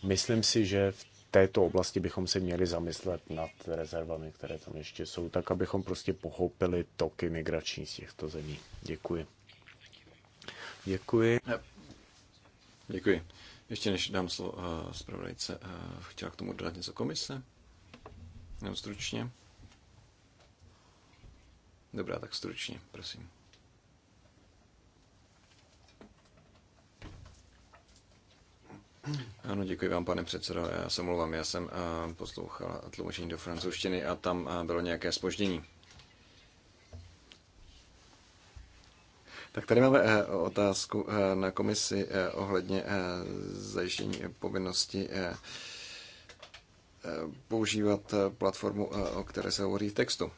myslím si, že v této oblasti bychom se měli zamyslet nad rezervami, které tam ještě jsou, tak abychom prostě pochopili toky migrační z těchto zemí. Děkuji. Děkuji. Děkuji. Ještě než dám slovo uh, zpravodajce, uh, chtěla k tomu dodat něco komise? Nebo stručně? Dobrá, tak stručně, prosím. Ano, děkuji vám, pane předsedo. Já se omlouvám, já jsem eh, poslouchal tlumočení do francouzštiny a tam eh, bylo nějaké spoždění. Tak tady máme eh, otázku na komisi ohledně zajištění povinnosti používat platformu, o které se hovoří v textu.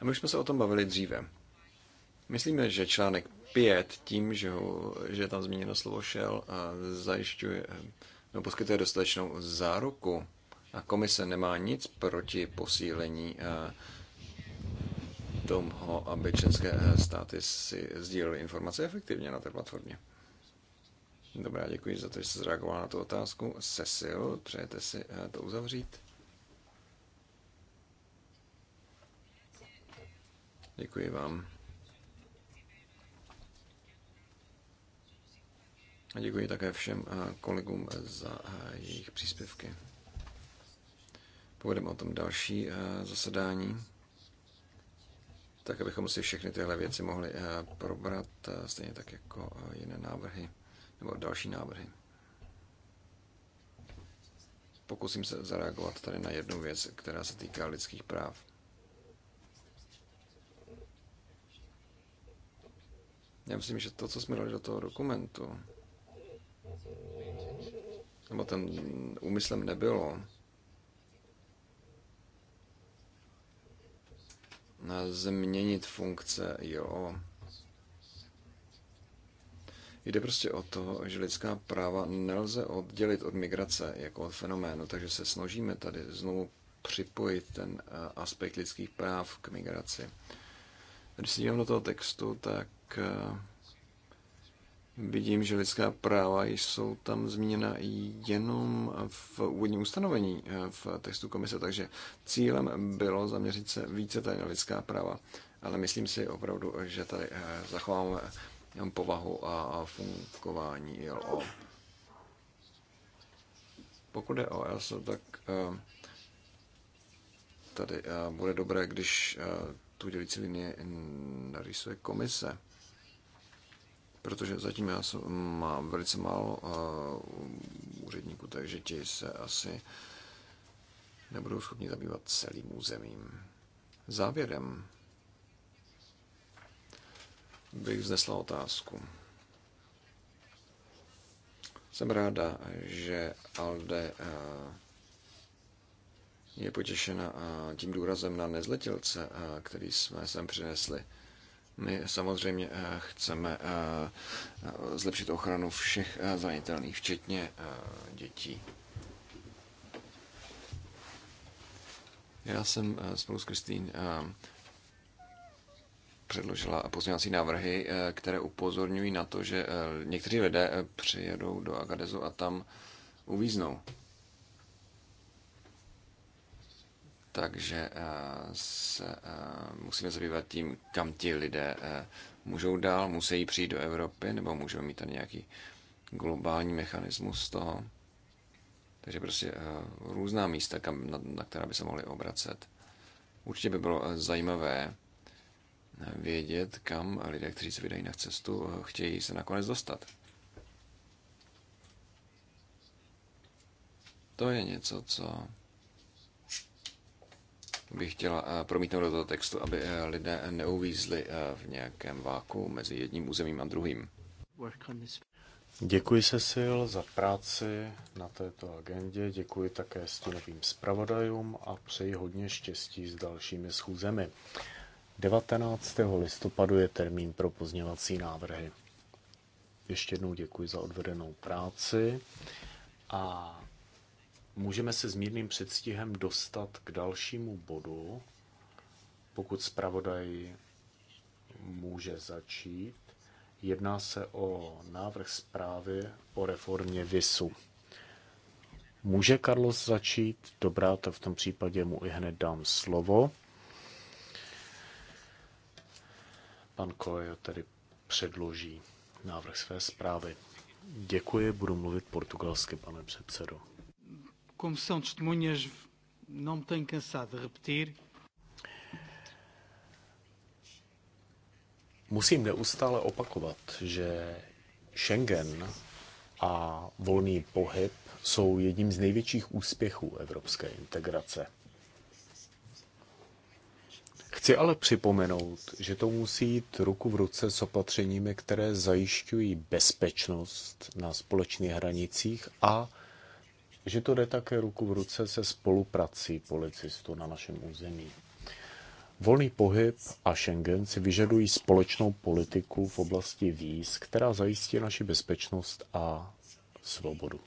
A my už jsme se o tom bavili dříve. Myslíme, že článek 5 tím, že, ho, že je tam zmíněno slovo šel a zajišťuje, no, poskytuje dostatečnou záruku a komise nemá nic proti posílení tomu, aby členské státy si sdílely informace efektivně na té platformě. Dobrá, děkuji za to, že jste zreagoval na tu otázku. Cecil, přejete si to uzavřít? Děkuji vám. A děkuji také všem eh, kolegům eh, za eh, jejich příspěvky. Povedeme o tom další zasedání, tak abychom si všechny tyhle věci mohli probrat, stejně tak jako jiné návrhy nebo další návrhy. Pokusím se zareagovat tady na jednu věc, která se týká lidských práv. Já myslím, že to, co jsme dali do toho dokumentu, nebo ten úmyslem nebylo. na Změnit funkce, jo. Jde prostě o to, že lidská práva nelze oddělit od migrace jako od fenoménu, takže se snažíme tady znovu připojit ten eh, aspekt lidských práv k migraci. Když se dívám do toho textu, tak eh, Vidím, že lidská práva jsou tam zmíněna jenom v úvodním ustanovení eh, v textu komise, takže cílem bylo zaměřit se více tady na lidská práva. Ale myslím si opravdu, že tady eh, zachováme povahu a fungování ILO. Pokud je o ELSO, tak eh, tady bude dobré, když tu dělící linie narysuje komise protože zatím já mám velice málo eh, úředníků, takže ti se asi nebudou schopni zabývat celým územím. Závěrem bych vznesla otázku. Jsem ráda, že Alde eh, je potěšena eh, tím důrazem na nezletilce, který jsme sem přinesli. My samozřejmě eh, chceme eh, zlepšit ochranu všech eh, zranitelných, včetně dětí. Já jsem spolu s Kristýn předložila pozměňovací návrhy, které upozorňují na to, že někteří lidé přijedou do Agadezu a tam uvíznou. takže eh, se eh, musíme zabývat tím, kam ti lidé eh, můžou dál, musí přijít do Evropy, nebo můžeme mít tam nějaký globální mechanismus toho. Takže prostě různá místa, kam, na, na která by se mohli obracet. Určitě by bylo zajímavé vědět, kam lidé, kteří se vydají na cestu, chtějí se nakonec dostat. To je něco, co bych chtěla eh, promítnout do toho textu, aby eh, lidé neuvízli eh, v nějakém váku mezi jedním územím a druhým. Děkuji Cecil za práci na této agendě, děkuji také stínovým zpravodajům a přeji hodně štěstí s dalšími schůzemi. 19. listopadu je termín pro pozněvací návrhy. Ještě jednou děkuji za odvedenou práci a můžeme se s mírným předstihem dostat k dalšímu bodu, pokud zpravodaj může začít. Jedná se o návrh zprávy o reformě VISu. Může Carlos začít? Dobrá, to v tom případě mu i hned dám slovo. Pan Coelho tedy předloží návrh své zprávy. Děkuji, budu mluvit portugalsky, pane předsedo como são testemunhas, não me tenho cansado de repetir. Musím neustále opakovat, že Schengen a volný pohyb jsou jedním z největších úspěchů evropské integrace. Chci ale připomenout, že to musí jít ruku v ruce s opatřeními, které zajišťují bezpečnost na společných hranicích a že to jde také ruku v ruce se spoluprací policistů na našem území. Volný pohyb a Schengen si vyžadují společnou politiku v oblasti víz, která zajistí naši bezpečnost a svobodu.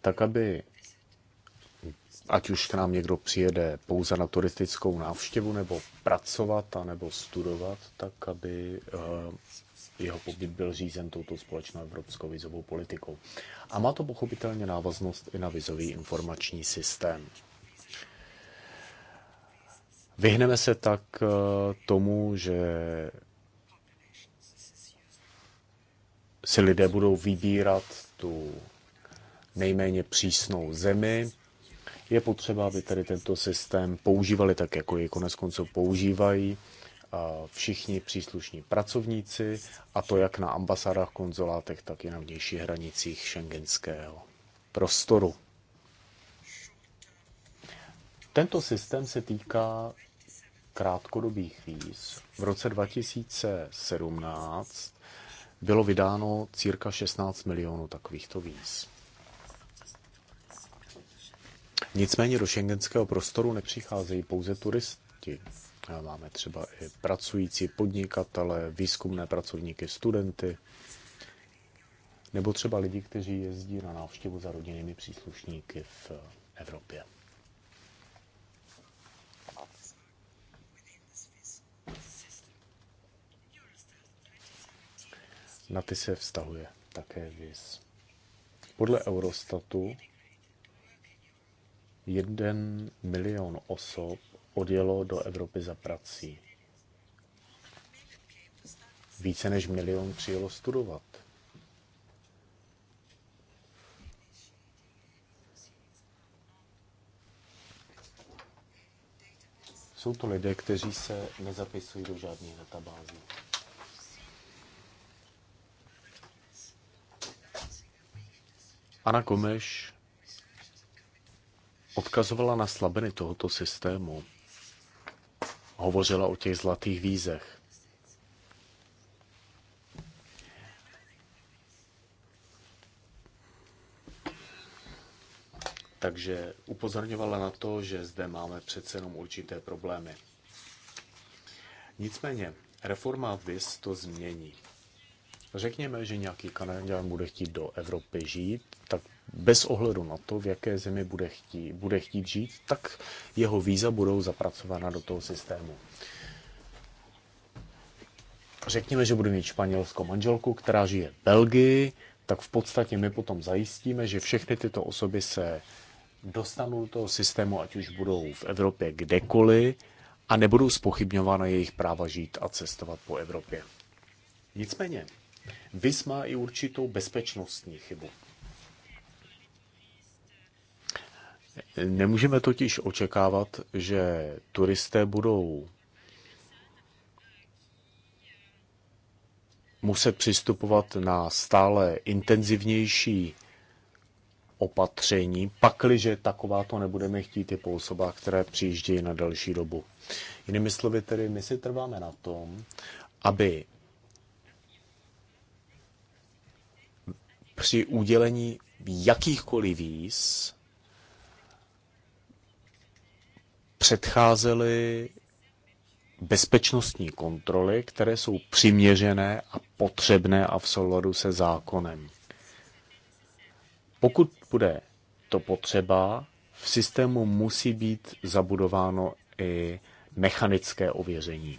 Tak, aby ať už k nám někdo přijede pouze na turistickou návštěvu nebo pracovat a nebo studovat, tak aby eh, jeho pobyt byl řízen touto společnou evropskou vizovou politikou. A má to pochopitelně návaznost i na vizový informační systém. Vyhneme se tak eh, tomu, že si lidé budou vybírat tu nejméně přísnou zemi. Je potřeba, aby tady tento systém používali tak, jako je konec konců používají všichni příslušní pracovníci, a to jak na ambasádách, konzulátech, tak i na vnějších hranicích šengenského prostoru. Tento systém se týká krátkodobých víz. V roce 2017 bylo vydáno cirka 16 milionů takovýchto víz. Nicméně do šengenského prostoru nepřicházejí pouze turisti. Máme třeba i pracující podnikatele, výzkumné pracovníky, studenty, nebo třeba lidi, kteří jezdí na návštěvu za rodinnými příslušníky v Evropě. Na ty se vztahuje také VIS. Podle Eurostatu jeden milion osob odjelo do Evropy za prací. Více než milion přijelo studovat. Jsou to lidé, kteří se nezapisují do žádných databází. Ana Gomeš odkazovala na slabiny tohoto systému hovořila o těch zlatých vízech. Takže upozorňovala na to, že zde máme přece jenom určité problémy. Nicméně, reforma VIS to změní. Řekněme, že nějaký Kanaděn bude chtít do Evropy žít, tak bez ohledu na to, v jaké zemi bude chtít, bude chtít žít, tak jeho víza budou zapracována do toho systému. Řekněme, že bude mít španělskou manželku, která žije v Belgii, tak v podstatě my potom zajistíme, že všechny tyto osoby se dostanou do toho systému, ať už budou v Evropě kdekoliv, a nebudou spochybňována jejich práva žít a cestovat po Evropě. Nicméně, VIS má i určitou bezpečnostní chybu. Nemůžeme totiž očekávat, že turisté budou muset přistupovat na stále intenzivnější opatření, pakliže taková to nebudeme chtít i po osobách, které přijíždějí na další dobu. Jinými slovy tedy, my si trváme na tom, aby při udělení jakýchkoliv víz předcházely bezpečnostní kontroly, které jsou přiměřené a potřebné a v souladu se zákonem. Pokud bude to potřeba, v systému musí být zabudováno i mechanické ověření.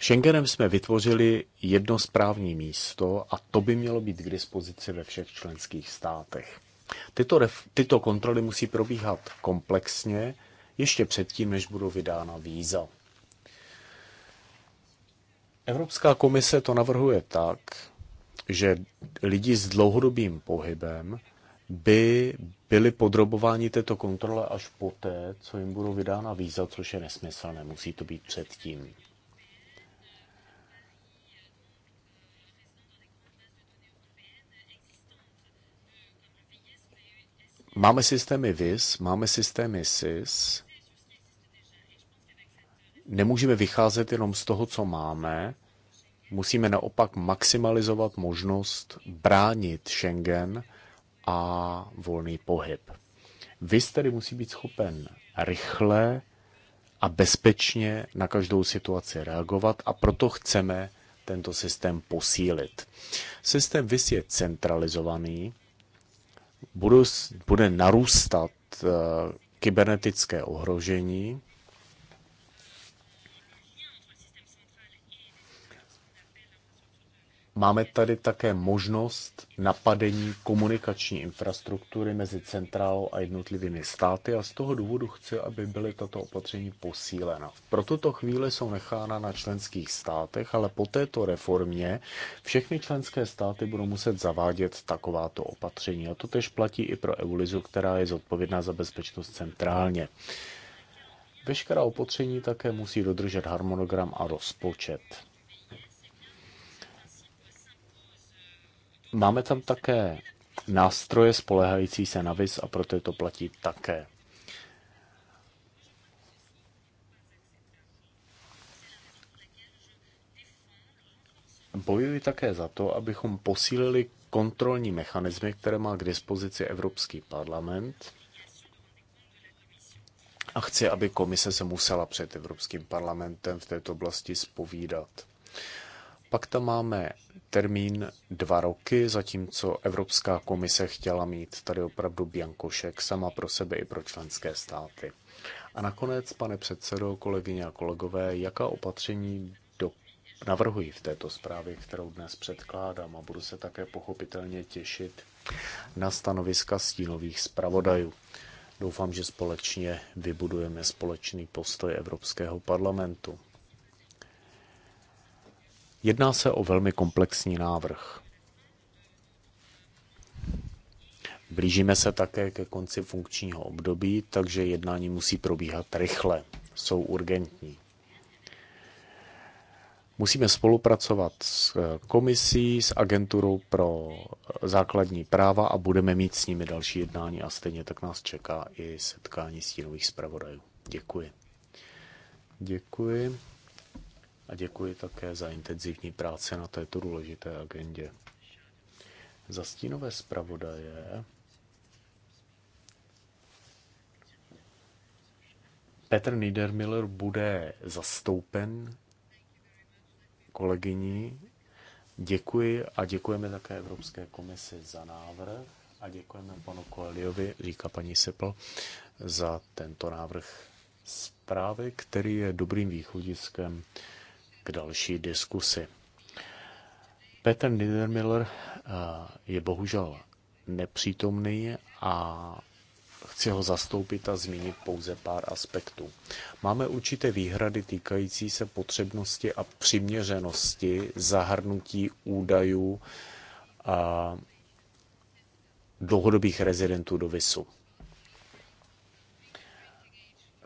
Schengenem jsme vytvořili jedno správní místo a to by mělo být k dispozici ve všech členských státech. Tyto, ref, tyto kontroly musí probíhat komplexně ještě předtím, než budou vydána víza. Evropská komise to navrhuje tak, že lidi s dlouhodobým pohybem by byli podrobováni této kontrole až poté, co jim budou vydána víza, což je nesmysl, nemusí to být předtím. Máme systémy VIS, máme systémy SIS. Nemůžeme vycházet jenom z toho, co máme. Musíme naopak maximalizovat možnost bránit Schengen a volný pohyb. VIS tedy musí být schopen rychle a bezpečně na každou situaci reagovat a proto chceme tento systém posílit. Systém VIS je centralizovaný, budou, bude narůstat eh, kybernetické ohrožení Máme tady také možnost napadení komunikační infrastruktury mezi centrálou a jednotlivými státy a z toho důvodu chci, aby byly tato opatření posílena. Pro tuto chvíli jsou nechána na členských státech, ale po této reformě všechny členské státy budou muset zavádět takováto opatření. A to tež platí i pro EULIZu, která je zodpovědná za bezpečnost centrálně. Veškerá opatření také musí dodržet harmonogram a rozpočet. Máme tam také nástroje spolehající se na VIS a proto je to platí také. Bojuji také za to, abychom posílili kontrolní mechanismy, které má k dispozici Evropský parlament. A chci, aby komise se musela před Evropským parlamentem v této oblasti spovídat. Pak tam máme termín dva roky, zatímco Evropská komise chtěla mít tady opravdu biankošek sama pro sebe i pro členské státy. A nakonec, pane předsedo, kolegyně a kolegové, jaká opatření do... navrhuji v této zprávě, kterou dnes předkládám a budu se také pochopitelně těšit na stanoviska stínových zpravodajů. Doufám, že společně vybudujeme společný postoj Evropského parlamentu. Jedná se o velmi komplexní návrh. Blížíme se také ke konci funkčního období, takže jednání musí probíhat rychle, jsou urgentní. Musíme spolupracovat s eh, komisí, s agenturou pro eh, základní práva a budeme mít s nimi další jednání a stejně tak nás čeká i setkání stínových zpravodajů. Děkuji. Děkuji a děkuji také za intenzivní práci na této důležité agendě. Za stínové zpravodaje Petr Niedermiller bude zastoupen kolegyní. Děkuji a děkujeme také Evropské komisi za návrh a děkujeme panu Koeliovi, říká paní Sepl, za tento návrh zprávy, který je dobrým východiskem k další diskusi. Petr Niedermiller eh, je bohužel nepřítomný a chci ho zastoupit a zmínit pouze pár aspektů. Máme určité výhrady týkající se potřebnosti a přiměřenosti zahrnutí údajů a eh, dlouhodobých rezidentů do VISu.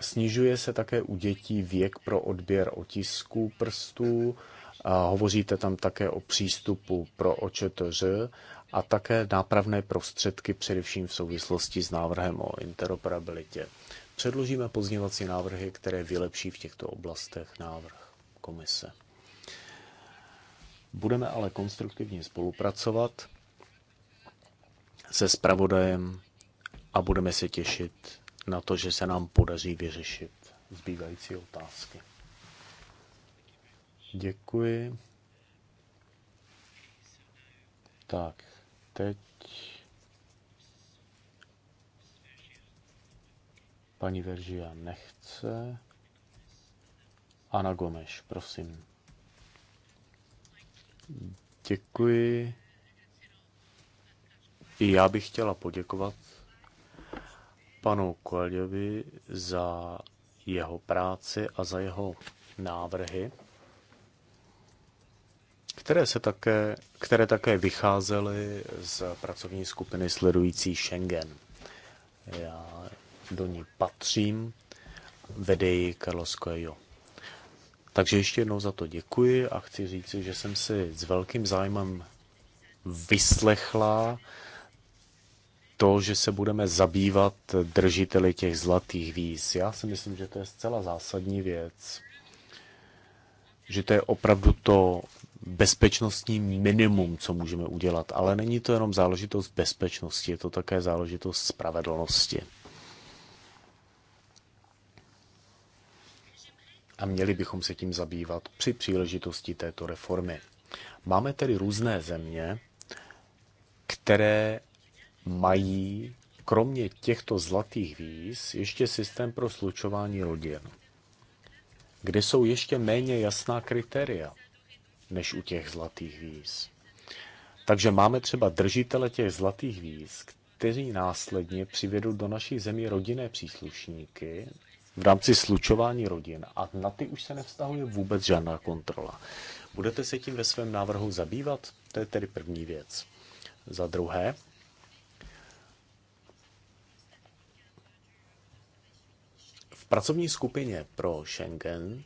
Snižuje se také u dětí věk pro odběr otisků prstů, a hovoříte tam také o přístupu pro očetř a také nápravné prostředky, především v souvislosti s návrhem o interoperabilitě. Předložíme pozněvací návrhy, které vylepší v těchto oblastech návrh komise. Budeme ale konstruktivně spolupracovat se spravodajem a budeme se těšit na to, že se nám podaří vyřešit zbývající otázky. Děkuji. Tak, teď paní Veržia nechce. Ana Gomeš, prosím. Děkuji. I já bych chtěla poděkovat panu Koeljovi za jeho práci a za jeho návrhy, které, se také, které také vycházely z pracovní skupiny sledující Schengen. Já do ní patřím, vede ji Carlos Coelho. Takže ještě jednou za to děkuji a chci říct, že jsem si s velkým zájmem vyslechla to, že se budeme zabývat držiteli těch zlatých víz. Já si myslím, že to je zcela zásadní věc. Že to je opravdu to bezpečnostní minimum, co můžeme udělat. Ale není to jenom záležitost bezpečnosti, je to také záležitost spravedlnosti. A měli bychom se tím zabývat při příležitosti této reformy. Máme tedy různé země, které mají kromě těchto zlatých víz ještě systém pro slučování rodin, kde jsou ještě méně jasná kritéria než u těch zlatých víz. Takže máme třeba držitele těch zlatých víz, kteří následně přivedou do naší země rodinné příslušníky v rámci slučování rodin a na ty už se nevztahuje vůbec žádná kontrola. Budete se tím ve svém návrhu zabývat? To je tedy první věc. Za druhé, pracovní skupině pro Schengen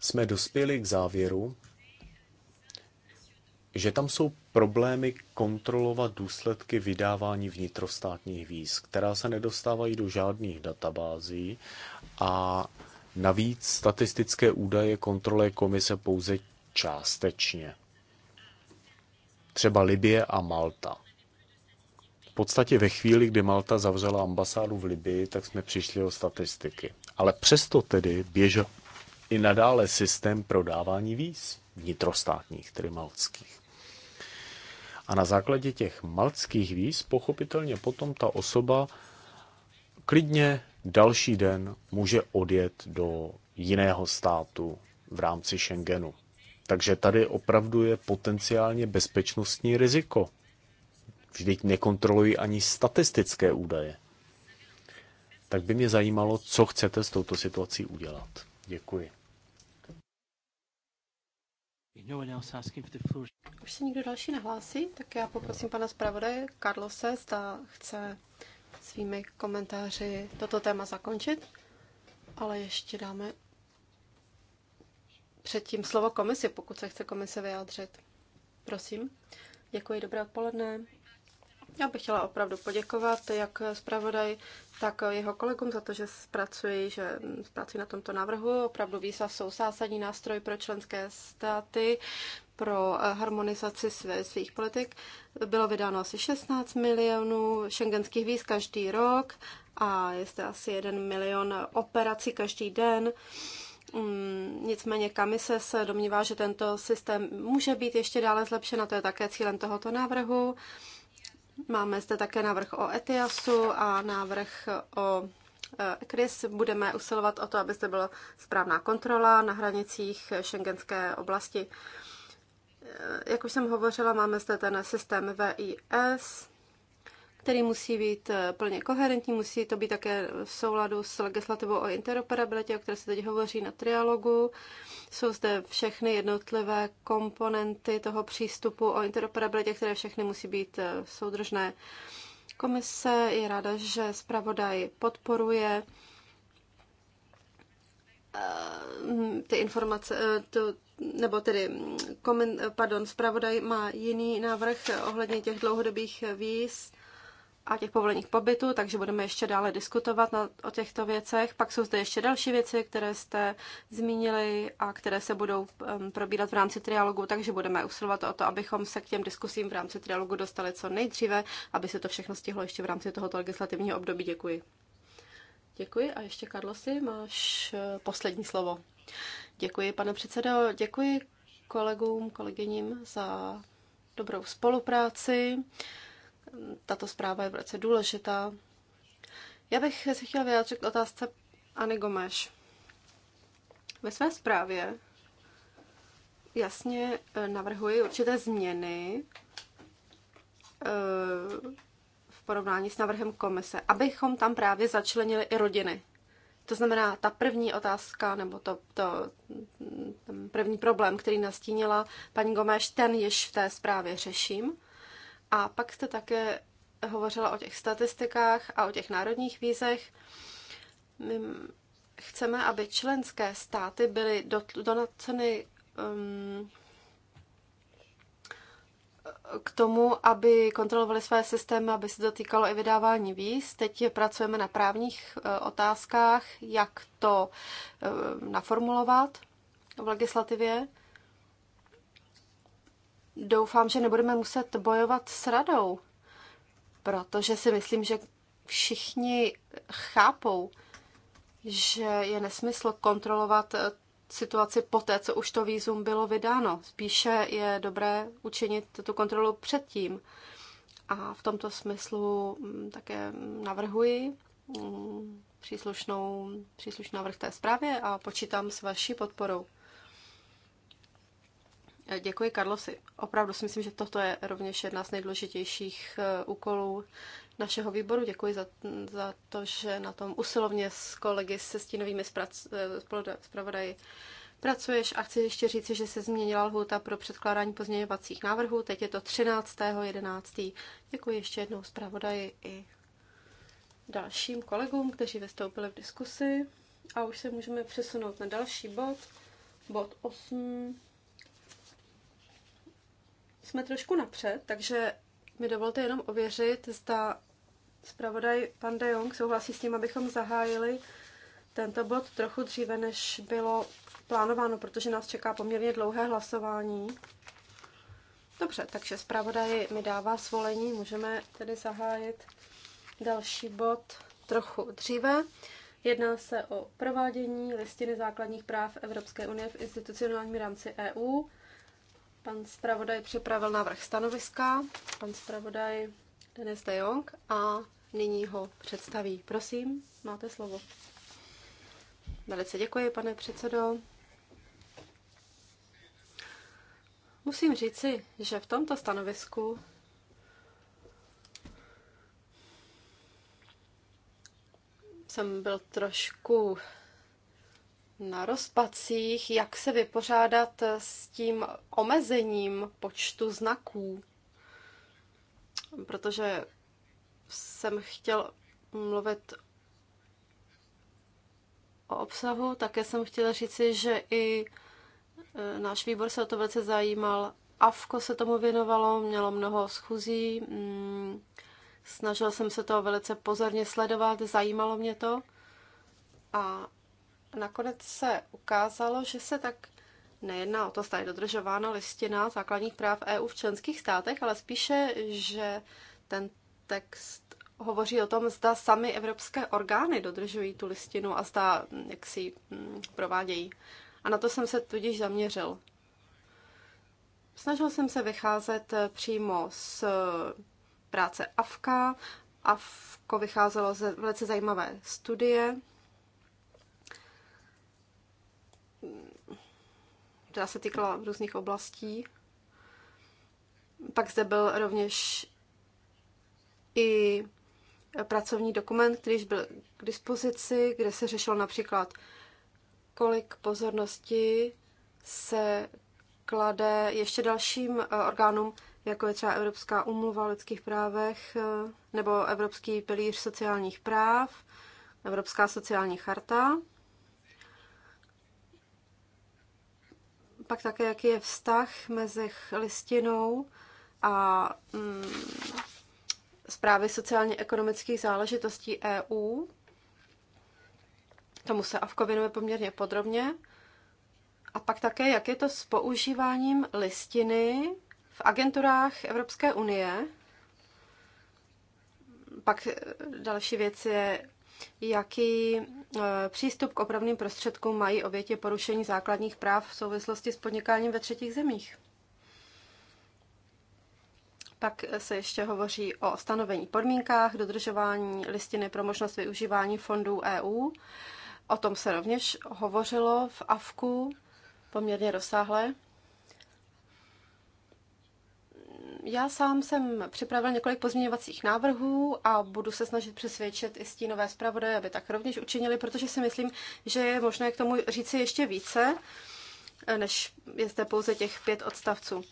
jsme dospěli k závěru, že tam jsou problémy kontrolovat důsledky vydávání vnitrostátních víz, která se nedostávají do žádných databází a navíc statistické údaje kontroluje komise pouze částečně. Třeba Libie a Malta. V podstatě ve chvíli, kdy Malta zavřela ambasádu v Libii, tak jsme přišli o statistiky. Ale přesto tedy běžel i nadále systém prodávání víz vnitrostátních, tedy maltských. A na základě těch maltských víz pochopitelně potom ta osoba klidně další den může odjet do jiného státu v rámci Schengenu. Takže tady opravdu je potenciálně bezpečnostní riziko Vždyť nekontrolují ani statistické údaje. Tak by mě zajímalo, co chcete s touto situací udělat. Děkuji. Už se nikdo další nehlásí, tak já poprosím pana zpravodaje Karlose, zda chce svými komentáři toto téma zakončit, ale ještě dáme předtím slovo komisi, pokud se chce komise vyjádřit. Prosím. Děkuji, dobré odpoledne. Já bych chtěla opravdu poděkovat jak zpravodaj, tak jeho kolegům za to, že zpracují, že pracují na tomto návrhu. Opravdu výsa jsou zásadní nástroj pro členské státy, pro harmonizaci své, svých politik. Bylo vydáno asi 16 milionů šengenských víz každý rok a je zde asi 1 milion operací každý den. Mm, nicméně Kamise se domnívá, že tento systém může být ještě dále zlepšen a to je také cílem tohoto návrhu. Máme zde také návrh o ETIASu a návrh o ECRIS. Budeme usilovat o to, aby zde byla správná kontrola na hranicích šengenské oblasti. E, jak už jsem hovořila, máme zde ten systém VIS, který musí být eh, plně koherentní, musí to být také v souladu s legislativou o interoperabilitě, o které se teď hovoří na trialogu. Jsou zde všechny jednotlivé komponenty toho přístupu o interoperabilitě, které všechny musí být eh, soudržné. Komise je ráda, že zpravodaj podporuje eh, ty informace, to, nebo tedy komen, pardon, zpravodaj má jiný návrh ohledně těch dlouhodobých výz a těch povolených pobytů, takže budeme ještě dále diskutovat na, o těchto věcech. Pak jsou zde ještě další věci, které jste zmínili a které se budou um, probírat v rámci trialogu, takže budeme usilovat o to, abychom se k těm diskusím v rámci trialogu dostali co nejdříve, aby se to všechno stihlo ještě v rámci tohoto legislativního období. Děkuji. Děkuji a ještě, Karlosi, máš eh, poslední slovo. Děkuji, pane předsedo, děkuji kolegům, kolegyním za dobrou spolupráci. Tato zpráva je velice důležitá. Já bych se chtěla vyjádřit k otázce Ani Gomeš. Ve své zprávě jasně eh, navrhuji určité změny eh, v porovnání s návrhem komise, abychom tam právě začlenili i rodiny. To znamená, ta první otázka, nebo to, to, ten první problém, který nastínila paní Gomeš, ten již v té zprávě řeším. A pak jste také hovořila o těch statistikách a o těch národních vízech. My chceme, aby členské státy byly donaceny um, k tomu, aby kontrolovali své systémy, aby se dotýkalo i vydávání víz. Teď pracujeme na právních uh, otázkách, jak to uh, naformulovat v legislativě doufám, že nebudeme muset bojovat s radou, protože si myslím, že všichni chápou, že je nesmysl kontrolovat eh, situaci poté, co už to výzum bylo vydáno. Spíše je dobré učinit tu kontrolu předtím. A v tomto smyslu mm, také navrhuji mm, příslušnou, příslušný návrh té zprávě a počítám s vaší podporou. Děkuji, Karlosi. Opravdu si myslím, že toto je rovněž jedna z nejdůležitějších eh, úkolů našeho výboru. Děkuji za, za to, že na tom usilovně s kolegy se stínovými eh, zpravodaji pracuješ a chci ještě říci, že se změnila lhůta pro předkládání pozměňovacích návrhů. Teď je to 13.11. Děkuji ještě jednou zpravodaji i dalším kolegům, kteří vystoupili v diskusi. A už se můžeme přesunout na další bod, bod 8 jsme trošku napřed, takže mi dovolte jenom ověřit, zda zpravodaj pan De Jong souhlasí s tím, abychom zahájili tento bod trochu dříve, než bylo plánováno, protože nás čeká poměrně dlouhé hlasování. Dobře, takže zpravodaj mi dává svolení, můžeme tedy zahájit další bod trochu dříve. Jedná se o provádění listiny základních práv Evropské unie v institucionálním rámci EU Pan zpravodaj připravil návrh stanoviska, pan zpravodaj Denis de Jong a nyní ho představí. Prosím, máte slovo. Velice děkuji, pane předsedo. Musím říci, že v tomto stanovisku jsem byl trošku na rozpacích, jak se vypořádat s tím omezením počtu znaků. Protože jsem chtěl mluvit o obsahu, také jsem chtěla říci, že i e, náš výbor se o to velice zajímal. AVKO se tomu věnovalo, mělo mnoho schůzí, mm, snažil jsem se to velice pozorně sledovat, zajímalo mě to. A nakonec se ukázalo, že se tak nejedná o to, zda je dodržována listina základních práv EU v členských státech, ale spíše, že ten text hovoří o tom, zda sami evropské orgány dodržují tu listinu a zda mm, jak si ji mm, provádějí. A na to jsem se tudíž zaměřil. Snažil jsem se vycházet eh, přímo z eh, práce AFKA. AFKO vycházelo ze velice zajímavé studie, která se týkala různých oblastí. Pak zde byl rovněž i pracovní dokument, který byl k dispozici, kde se řešilo například, kolik pozornosti se klade ještě dalším eh, orgánům, jako je třeba Evropská umluva o lidských právech eh, nebo Evropský pilíř sociálních práv, Evropská sociální charta. pak také, jaký je vztah mezi listinou a mm, zprávy sociálně-ekonomických záležitostí EU. Tomu se AVKO věnuje poměrně podrobně. A pak také, jak je to s používáním listiny v agenturách Evropské unie. Pak další věc je jaký e, přístup k opravným prostředkům mají oběti porušení základních práv v souvislosti s podnikáním ve třetích zemích. Pak se ještě hovoří o stanovení podmínkách, dodržování listiny pro možnost využívání fondů EU. O tom se rovněž hovořilo v AFKu poměrně rozsáhle. Já sám jsem připravil několik pozměňovacích návrhů a budu se snažit přesvědčit i stínové zpravodaje, aby tak rovněž učinili, protože si myslím, že je možné k tomu říci ještě více, eh, než je zde pouze těch pět odstavců.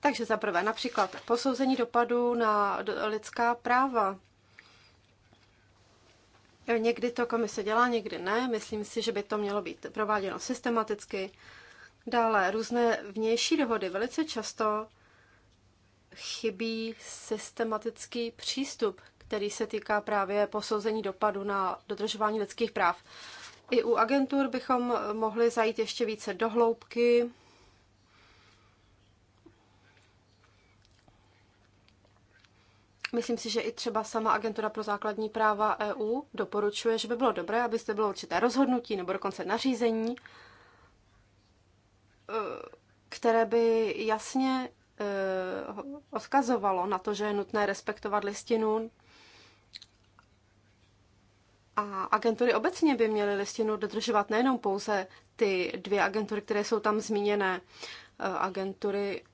Takže za prvé například posouzení dopadu na lidská práva. Eh, někdy to komise dělá, někdy ne. Myslím si, že by to mělo být prováděno systematicky. Dále různé vnější dohody. Velice často chybí systematický přístup, který se týká právě posouzení dopadu na dodržování lidských práv. I u agentur bychom mohli zajít ještě více do hloubky. Myslím si, že i třeba sama Agentura pro základní práva EU doporučuje, že by bylo dobré, abyste bylo určité rozhodnutí nebo dokonce nařízení, eh, které by jasně Eh, odkazovalo na to, že je nutné respektovat listinu. A agentury obecně by měly listinu dodržovat nejenom pouze ty dvě agentury, které jsou tam zmíněné. Eh, agentury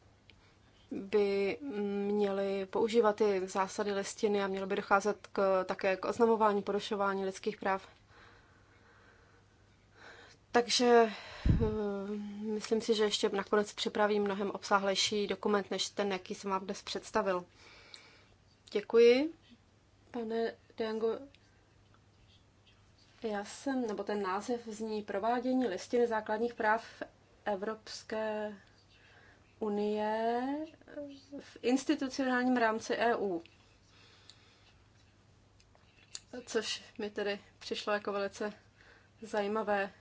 by měly používat ty zásady listiny a mělo by docházet k, také k oznamování porušování lidských práv. Takže eh, myslím si, že ještě nakonec připravím mnohem obsáhlejší dokument, než ten, jaký jsem vám dnes představil. Děkuji, pane Dango. Já jsem, nebo ten název zní Provádění listiny základních práv Evropské unie v institucionálním rámci EU. Což mi tedy přišlo jako velice zajímavé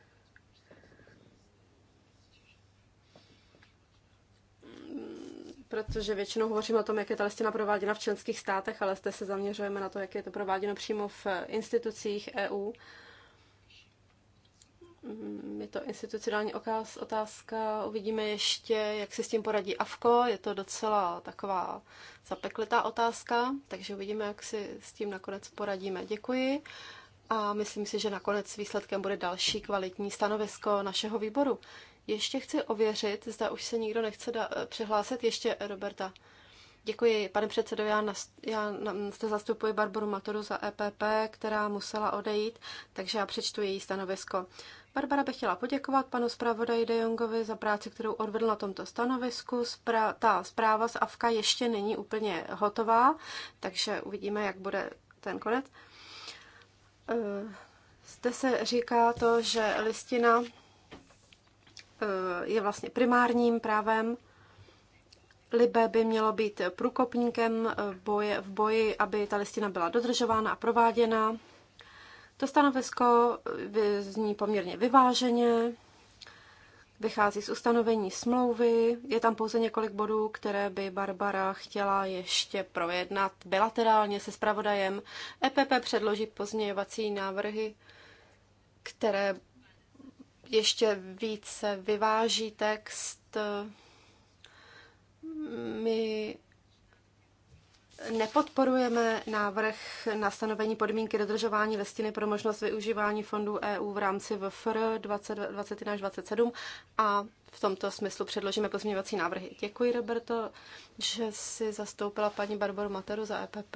protože většinou hovoříme o tom, jak je ta listina prováděna v členských státech, ale zde se zaměřujeme na to, jak je to prováděno přímo v eh, institucích EU. Mm, je to institucionální otázka. Uvidíme ještě, jak si s tím poradí AFKO. Je to docela taková zapeklitá otázka, takže uvidíme, jak si s tím nakonec poradíme. Děkuji a myslím si, že nakonec výsledkem bude další kvalitní stanovisko našeho výboru. Ještě chci ověřit, zda už se nikdo nechce da- eh, přihlásit. Ještě eh, Roberta. Děkuji, pane předsedo, já, na, já zde zastupuji Barboru Matoru za EPP, která musela odejít, takže já přečtu její stanovisko. Barbara by chtěla poděkovat panu zpravodaji De Jongovi za práci, kterou odvedl na tomto stanovisku. Spra- ta zpráva z Avka ještě není úplně hotová, takže uvidíme, jak bude ten konec. Eh, zde se říká to, že listina Eh, je vlastně primárním právem. Libe by mělo být průkopníkem eh, boje, v boji, aby ta listina byla dodržována a prováděna. To stanovisko eh, zní poměrně vyváženě, vychází z ustanovení smlouvy, je tam pouze několik bodů, které by Barbara chtěla ještě projednat bilaterálně se spravodajem. EPP předloží pozměňovací návrhy, které ještě více vyváží text. My nepodporujeme návrh na stanovení podmínky dodržování listiny pro možnost využívání fondů EU v rámci VFR 2021 2027 a v tomto smyslu předložíme pozměňovací návrhy. Děkuji, Roberto, že si zastoupila paní Barboru Materu za EPP.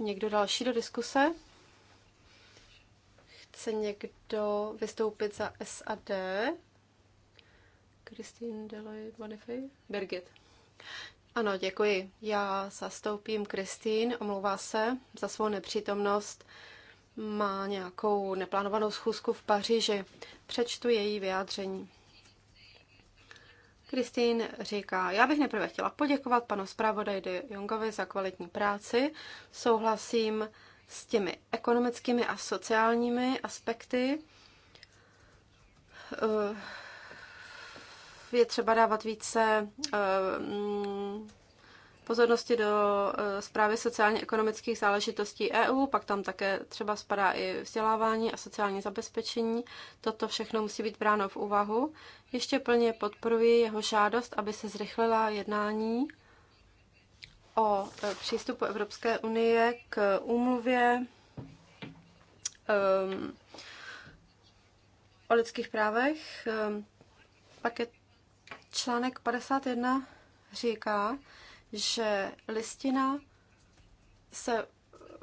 Někdo další do diskuse? Chce někdo vystoupit za SAD? Christine Deloy Bonifay? Birgit. Ano, děkuji. Já zastoupím Kristýn, omlouvá se za svou nepřítomnost. Má nějakou neplánovanou schůzku v Paříži. Přečtu její vyjádření. Kristýn říká, já bych nejprve chtěla poděkovat panu zpravodaji Jongovi za kvalitní práci. Souhlasím s těmi ekonomickými a sociálními aspekty. Eh, je třeba dávat více eh, mm, pozornosti do eh, zprávy sociálně-ekonomických záležitostí EU, pak tam také třeba spadá i vzdělávání a sociální zabezpečení. Toto všechno musí být bráno v úvahu. Ještě plně podporuji jeho žádost, aby se zrychlila jednání o e, přístupu Evropské unie k úmluvě um, o lidských právech. Um, pak je článek 51 říká, že listina se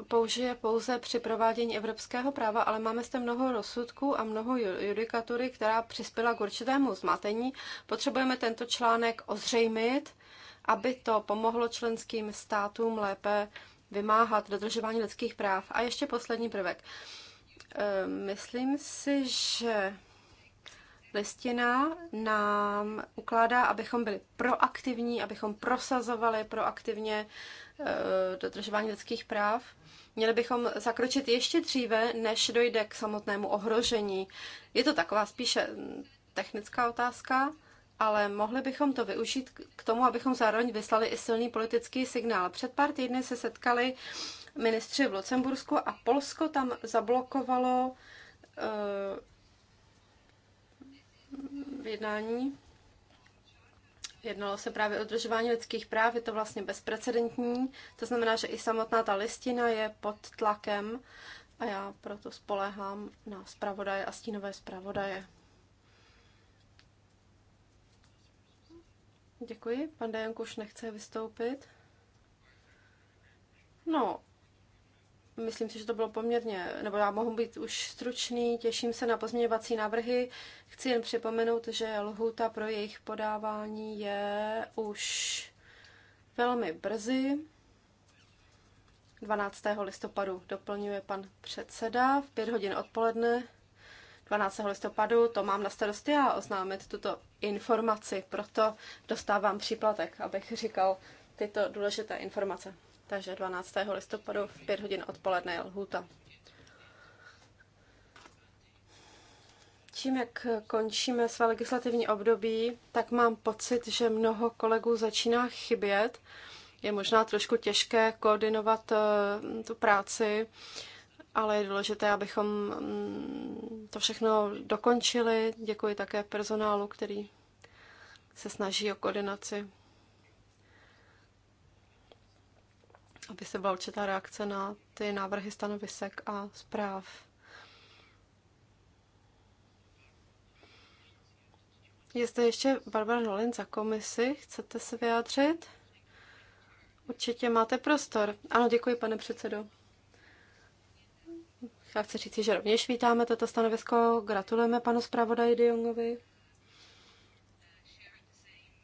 použije pouze při provádění evropského práva, ale máme zde mnoho rozsudků a mnoho judikatury, která přispěla k určitému zmatení. Potřebujeme tento článek ozřejmit aby to pomohlo členským státům lépe vymáhat dodržování lidských práv. A ještě poslední prvek. Eh, myslím si, že listina nám ukládá, abychom byli proaktivní, abychom prosazovali proaktivně eh, dodržování lidských práv. Měli bychom zakročit ještě dříve, než dojde k samotnému ohrožení. Je to taková spíše technická otázka ale mohli bychom to využít k tomu, abychom zároveň vyslali i silný politický signál. Před pár týdny se setkali ministři v Lucembursku a Polsko tam zablokovalo uh, jednání. Jednalo se právě o udržování lidských práv, je to vlastně bezprecedentní, to znamená, že i samotná ta listina je pod tlakem a já proto spolehám na zpravodaje a stínové zpravodaje. Děkuji. Pan Dajank už nechce vystoupit. No, myslím si, že to bylo poměrně, nebo já mohu být už stručný, těším se na pozměňovací návrhy. Chci jen připomenout, že lhůta pro jejich podávání je už velmi brzy. 12. listopadu doplňuje pan předseda v 5 hodin odpoledne. 12. listopadu, to mám na starosti já oznámit tuto informaci, proto dostávám příplatek, abych říkal tyto důležité informace. Takže 12. listopadu v 5 hodin odpoledne je lhůta. Tím, jak končíme své legislativní období, tak mám pocit, že mnoho kolegů začíná chybět. Je možná trošku těžké koordinovat eh, tu práci ale je důležité, abychom mm, to všechno dokončili. Děkuji také personálu, který se snaží o koordinaci, aby se byla určitá reakce na ty návrhy stanovisek a zpráv. Jestli ještě Barbara Nolin za komisi, chcete se vyjádřit? Určitě máte prostor. Ano, děkuji, pane předsedo. Já chci říct, že rovněž vítáme toto stanovisko, gratulujeme panu zpravodaji De Jongovi.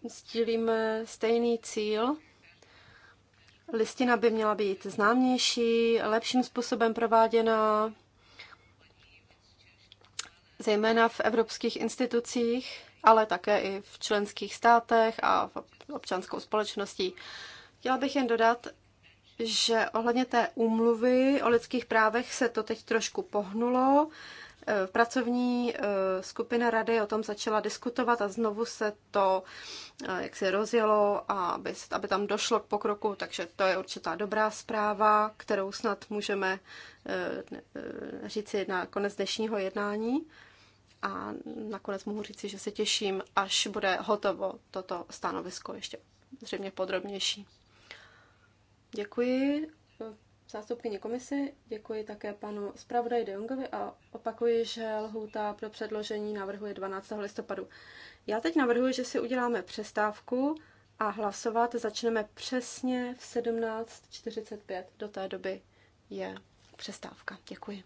Sdílíme stejný cíl. Listina by měla být známější, lepším způsobem prováděna, zejména v evropských institucích, ale také i v členských státech a v občanskou společností. Chtěla bych jen dodat, že ohledně té úmluvy o lidských právech se to teď trošku pohnulo. Eh, pracovní eh, skupina rady o tom začala diskutovat a znovu se to eh, jak se rozjelo, a aby, aby tam došlo k pokroku, takže to je určitá dobrá zpráva, kterou snad můžeme říci na konec dnešního jednání. A nakonec mohu říci, že se těším, až bude hotovo toto stanovisko ještě zřejmě podrobnější. Děkuji eh, zástupkyni komisi, děkuji také panu zpravodaji De Jongovi a opakuji, že lhůta pro předložení návrhu je 12. listopadu. Já teď navrhuji, že si uděláme přestávku a hlasovat začneme přesně v 17.45. Do té doby je přestávka. Děkuji.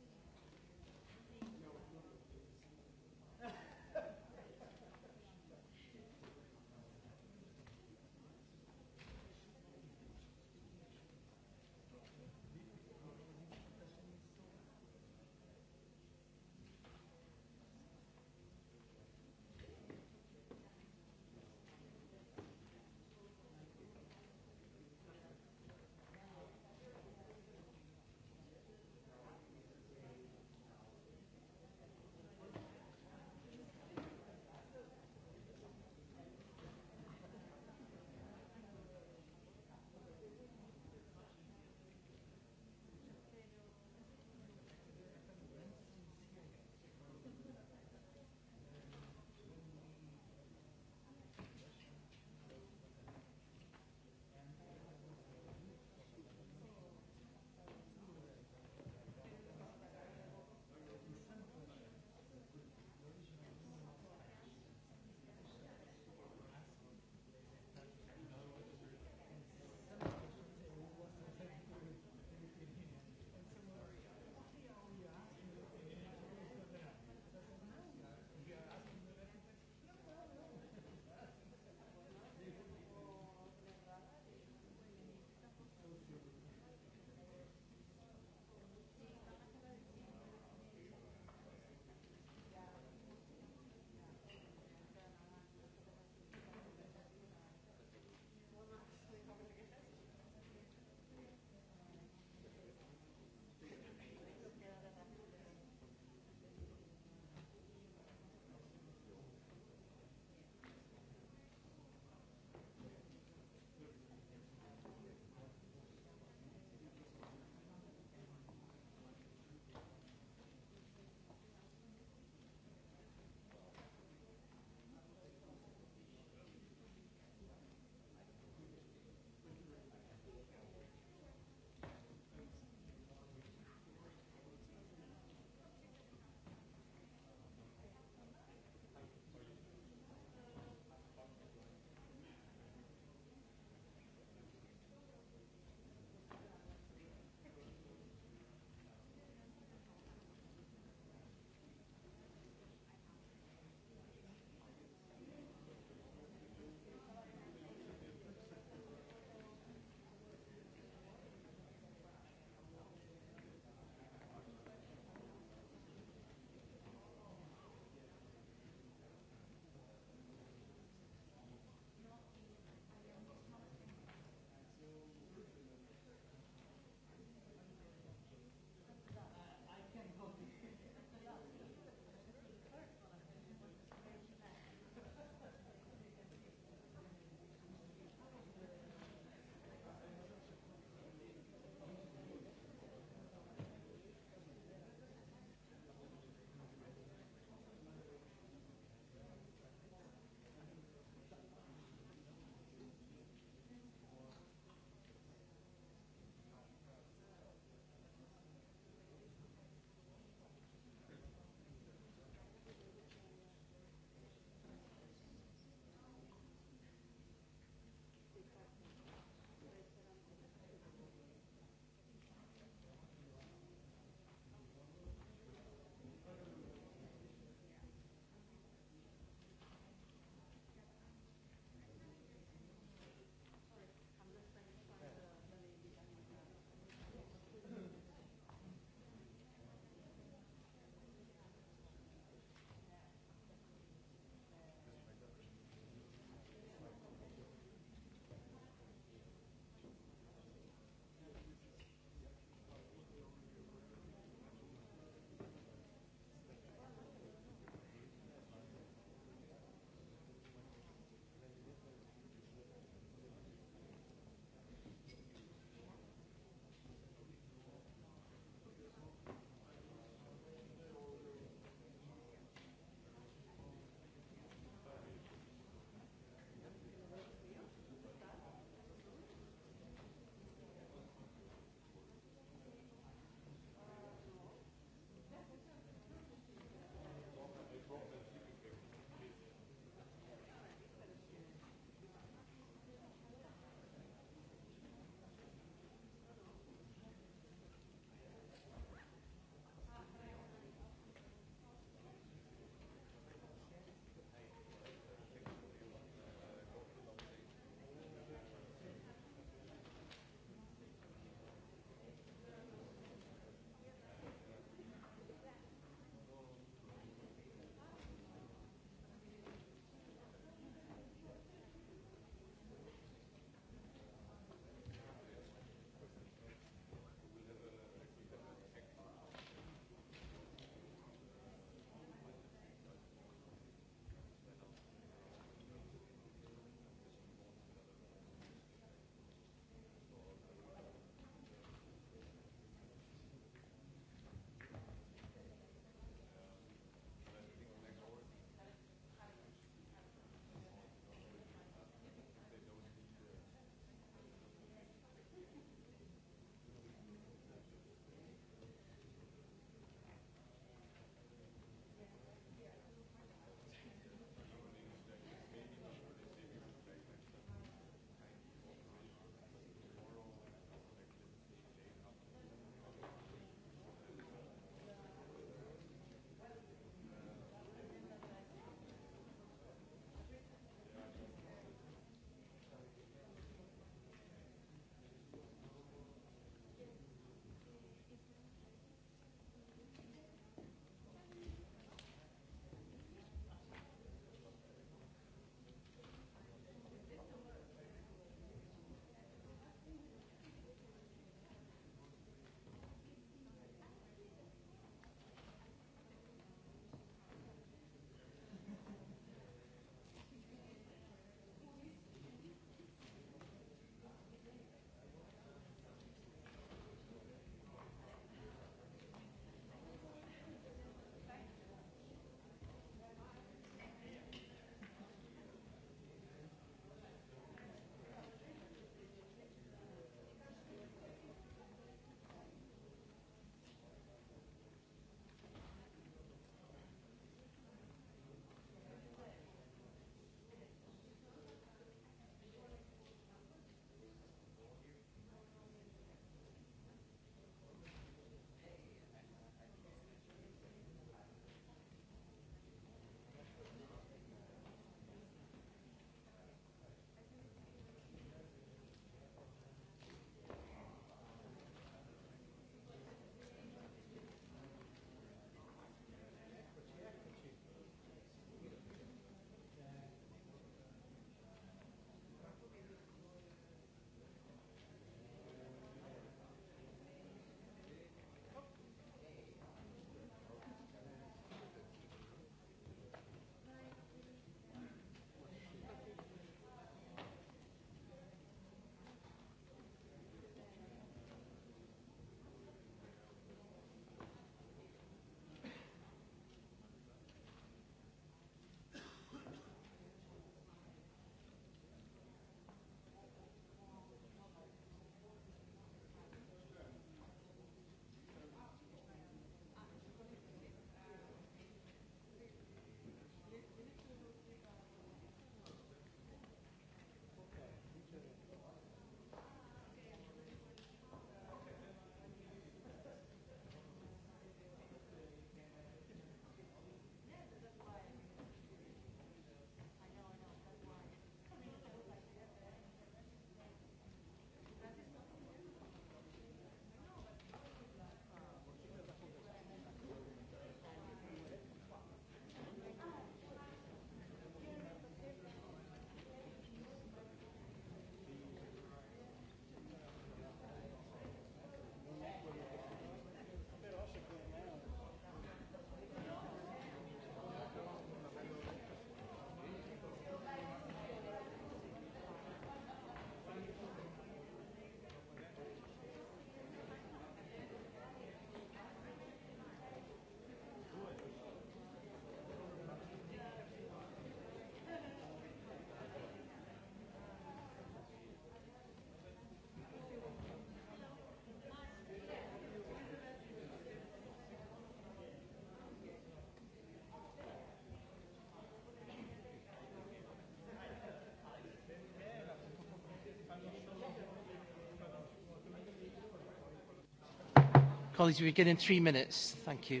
Colleagues, we begin in three minutes. Thank you.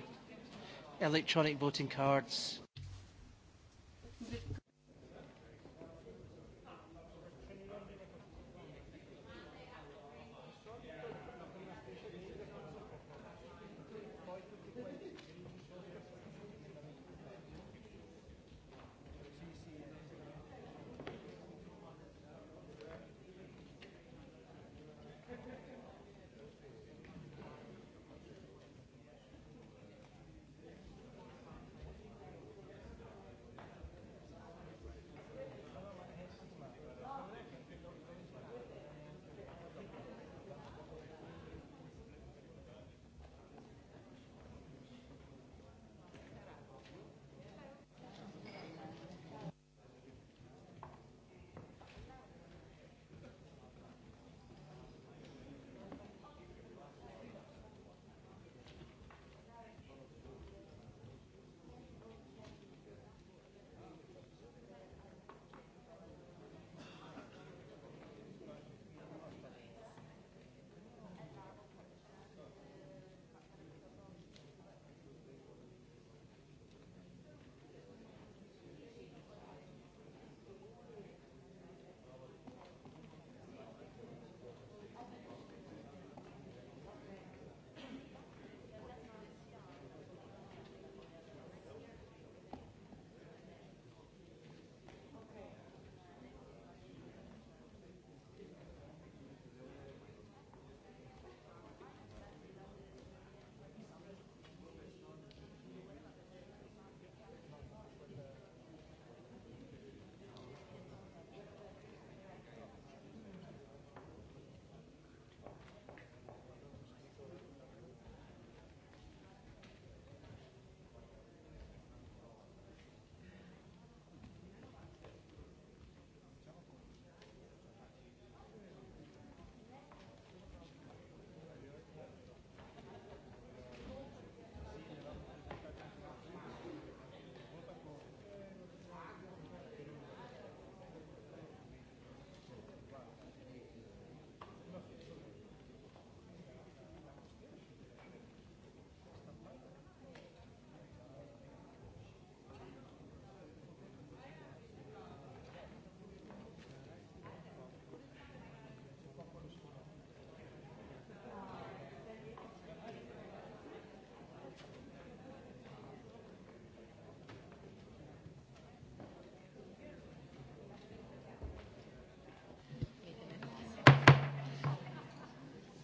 Electronic voting cards.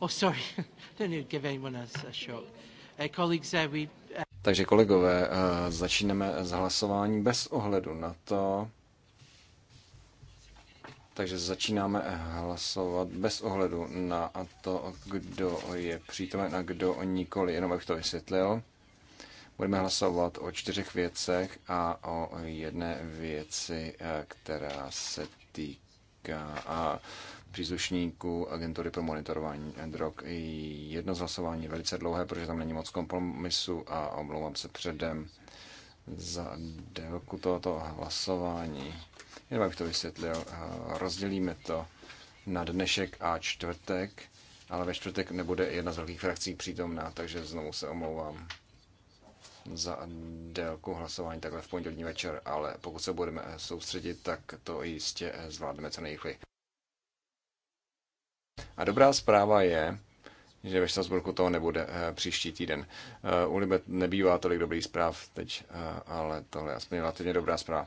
Oh, sorry. Then need give anyone else a shock. Uh, colleagues, uh, we, uh, Takže kolegové, uh, začínáme s hlasování bez ohledu na to. Takže začínáme hlasovat bez ohledu na to, kdo je přítomen a kdo nikoli, jenom bych to vysvětlil. Budeme hlasovat o čtyřech věcech a o jedné věci, eh, která se týká a příslušníků agentury pro monitorování drog. Jedno z hlasování je velice dlouhé, protože tam není moc kompromisu a omlouvám se předem za délku tohoto hlasování. Jenom bych to vysvětlil, eh, rozdělíme to na dnešek a čtvrtek, ale ve čtvrtek nebude jedna z velkých frakcí přítomná, takže znovu se omlouvám za délku hlasování takhle v pondělní večer, ale pokud se budeme eh, soustředit, tak to jistě eh, zvládneme co nejrychleji. A dobrá zpráva je, že ve Štrasburku toho nebude eh, příští týden. Eh, u Libe nebývá tolik dobrých zpráv teď, eh, ale tohle je aspoň relativně dobrá zpráva.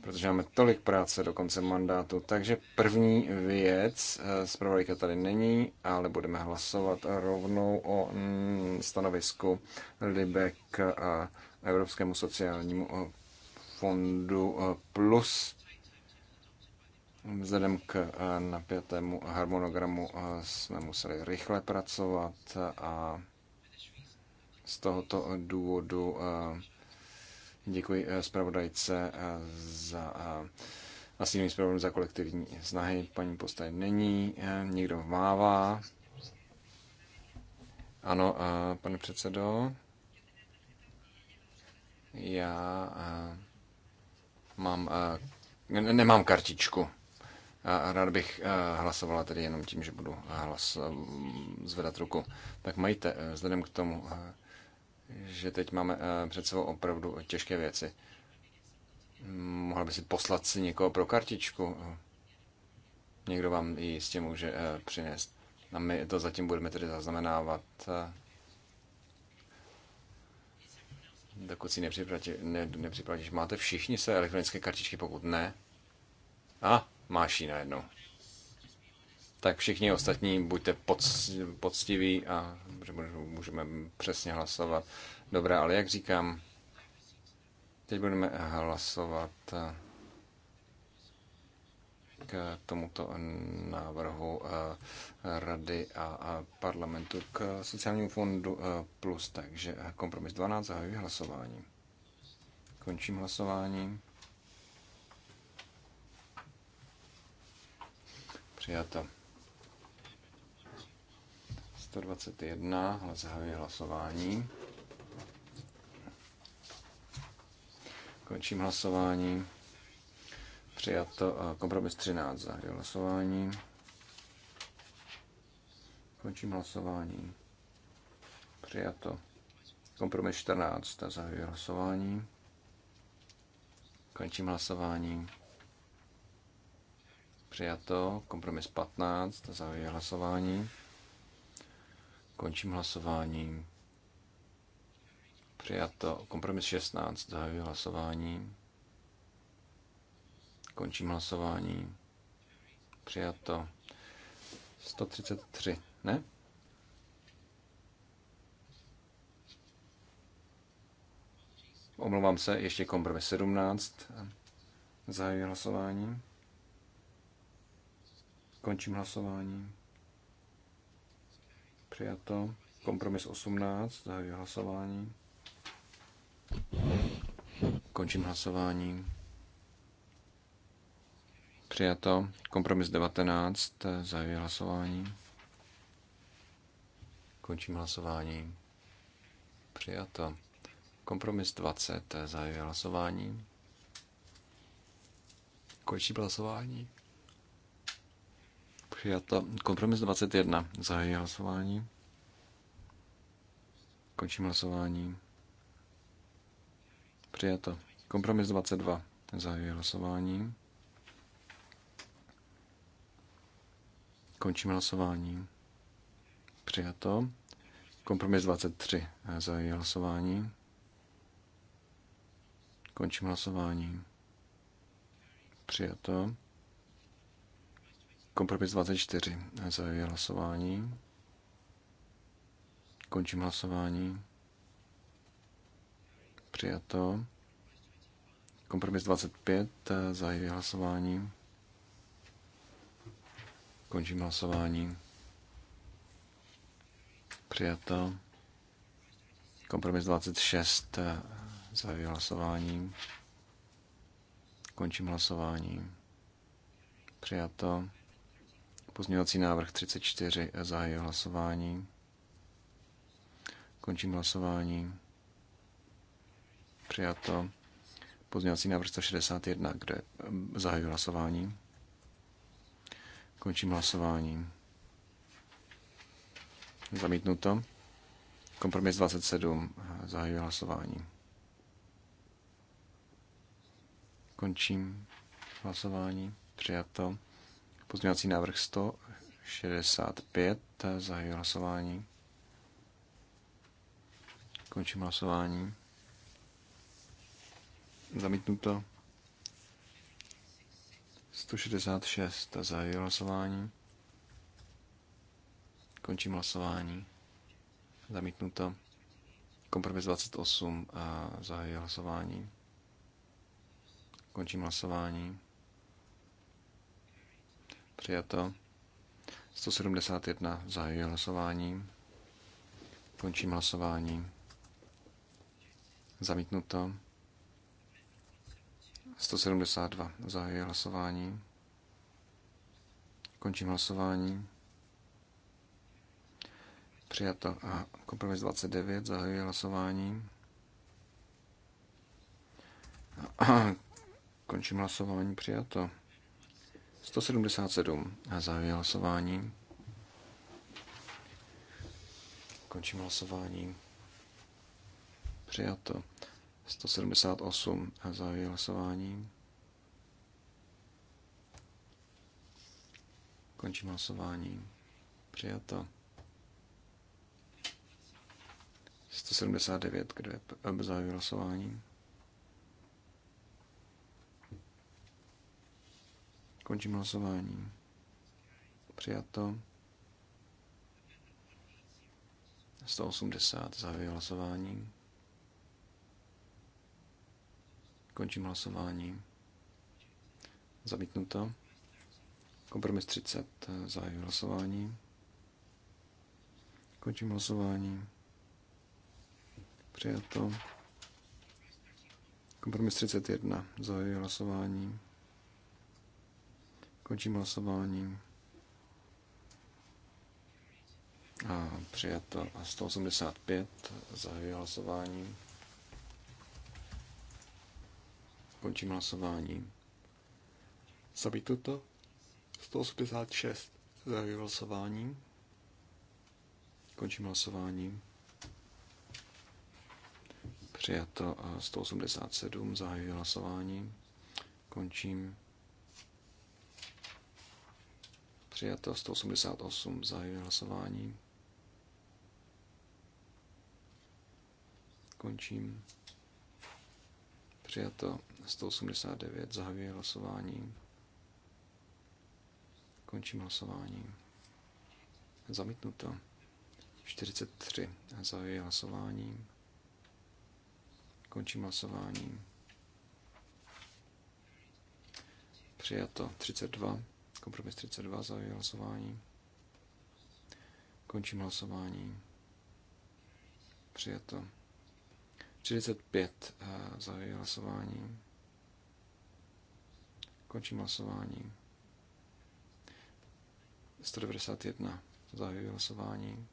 Protože máme tolik práce do konce mandátu. Takže první věc, zpravodajka tady není, ale budeme hlasovat rovnou o mm, stanovisku Libek a Evropskému sociálnímu fondu plus Vzhledem k eh, napětému harmonogramu eh, jsme museli rychle pracovat a z tohoto důvodu eh, děkuji zpravodajce za a s tím zpravodajem za kolektivní snahy. Paní postaje není, někdo mává. Ano, pane předsedo. Já mám, nemám kartičku. A rád bych eh, hlasovala tedy jenom tím, že budu hlas, eh, zvedat ruku. Tak majte, eh, vzhledem k tomu, že teď máme před sebou opravdu těžké věci. Mohla by si poslat si někoho pro kartičku. Někdo vám ji jistě může přinést. A my to zatím budeme tedy zaznamenávat. Dokud si nepřipratíš, ne, nepřipratíš. Máte všichni své elektronické kartičky, pokud ne? A, ah, máš ji najednou. Tak všichni ostatní buďte poctiví a můžeme přesně hlasovat. Dobrá, ale jak říkám, teď budeme hlasovat eh, k tomuto návrhu eh, Rady a parlamentu k sociálnímu fondu eh, plus. Takže kompromis 12 zahajuji hlasování. Končím hlasování. Přijato. 121, zahajuji hlasování. Končím hlasování. Přijato kompromis 13, zahajuji hlasování. Končím hlasování. Přijato. Kompromis 14, zahajuji hlasování. Končím hlasování. Přijato. Kompromis 15. Zahajuji hlasování. Končím hlasování. Přijato. Kompromis 16. Zahajuji hlasování. Končím hlasování. Přijato. 133, ne? Omlouvám se, ještě kompromis 17. Zahajuji hlasování. Končím hlasování. Přijato. Kompromis 18. Zahajuji hlasování. Končím hlasování. Přijato. Kompromis 19. Zahajuji hlasování. Končím hlasování. Přijato. Kompromis 20. Zahajuji hlasování. Končím hlasování. Přijata. Kompromis 21. Zahají hlasování. Končím hlasování. Přijata. Kompromis 22. Zahajuji hlasování. Končím hlasování. Přijato. Kompromis 23. Zahajuji hlasování. Končím hlasování. Přijato. Kompromis 24. Zajímavé hlasování. Končím hlasování. Přijato. Kompromis 25. Zajímavé hlasování. Končím hlasování. Přijato. Kompromis 26. Zajímavé hlasování. Končím hlasování. Přijato. Pozměňovací návrh 34. Eh, zahajuji hlasování. Končím hlasování. Přijato. Pozměňovací návrh 161, kde eh, zahajuji hlasování. Končím hlasování. Zamítnuto. Kompromis 27. Eh, zahajuji hlasování. Končím hlasování. Přijato. Pozměňovací návrh 165. Zahajuji hlasování. Končím hlasování. Zamítnuto. 166. Zahajuji hlasování. Končím hlasování. Zamítnuto. Kompromis 28. Zahajuji hlasování. Končím hlasování. Přijato. 171. Zahajuji hlasování. Končím hlasování. Zamítnuto. 172. Zahajuji hlasování. Končím hlasování. Přijato. A kompromis 29. Zahajuji hlasování. Končím hlasování. Přijato. 177. a Zahajuji hlasování. Končím hlasování. Přijato. 178. a Zahajuji hlasování. Končím hlasování. Přijato. 179. Kde je zahajuji hlasování. Končím hlasování. Přijato. 180 zahajuji hlasování. Končím hlasování. Zamítnuto. Kompromis 30 zahajuji hlasování. Končím hlasování. Přijato. Kompromis 31 zahajuji hlasování. Končím hlasování. A přijato 185. Zahajuji hlasování. Končím hlasování. Zabít to. 186. Zahajuji hlasování. Končím hlasování. Přijato 187. Zahajuji hlasování. Končím. Přijato 188, zahajuji hlasování. Končím. Přijato 189, zahajuji hlasování. Končím hlasování. Zamítnuto. 43, zahajuji hlasování. Končím hlasování. Přijato 32. Kompromis 32 zahajuji hlasování. Končím hlasování. Přijato. 35 eh, zahajuji hlasování. Končím hlasování. 191 za hlasování.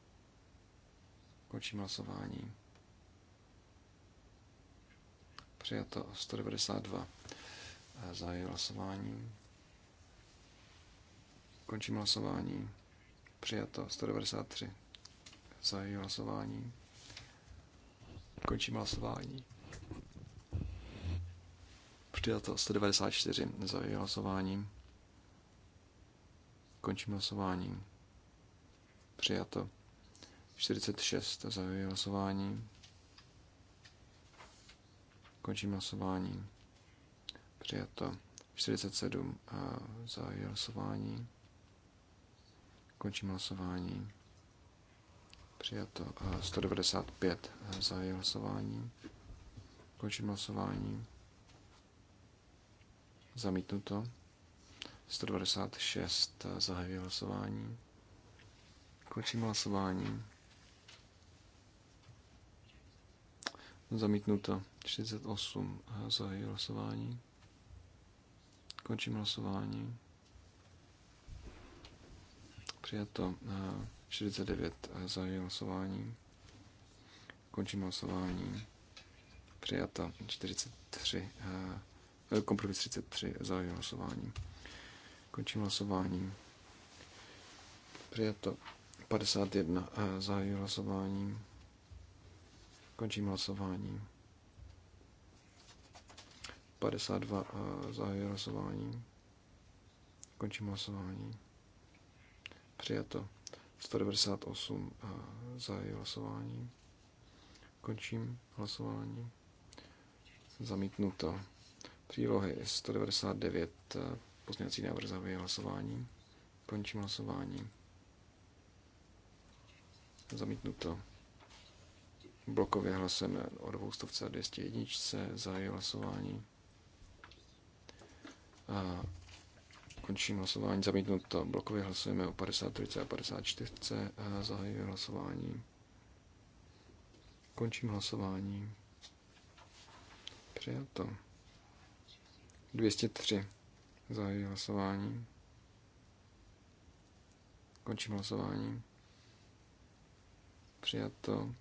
Končím hlasování. Přijato 192. Eh, za hlasování. Končím hlasování. Přijato 193. Zahajuji hlasování. Končím hlasování. Přijato 194. Zahajuji hlasování. Končím hlasování. Přijato 46. Zahajuji hlasování. Končím hlasování. Přijato 47. Zahajuji hlasování. Končím hlasování. Přijato 195 za hlasování. Končím hlasování. Zamítnuto. 196 zahajuji hlasování. Končím hlasování. Zamítnuto. 48 eh, zahajuji hlasování. Končím hlasování. Přijato 49 eh, eh, za hlasování. Končím hlasování. Přijato 43. Eh, kompromis 33 za hlasování. Končím hlasování. Přijato 51 za hlasování. Končím hlasování. 52 zahajuji hlasování. Končím hlasování. Přijato. 198 za její hlasování. Končím hlasování. Zamítnuto. Přílohy 199 eh, pozměňovací návrh za její hlasování. Končím hlasování. Zamítnuto. Blokově hlasujeme o 200 a 201 za její hlasování. A eh, Končím hlasování, zamítnout to Blokově hlasujeme o 53 a 54. Zahajuji hlasování. Končím hlasování. Přijato. 203. Zahajuji hlasování. Končím hlasování. Přijato.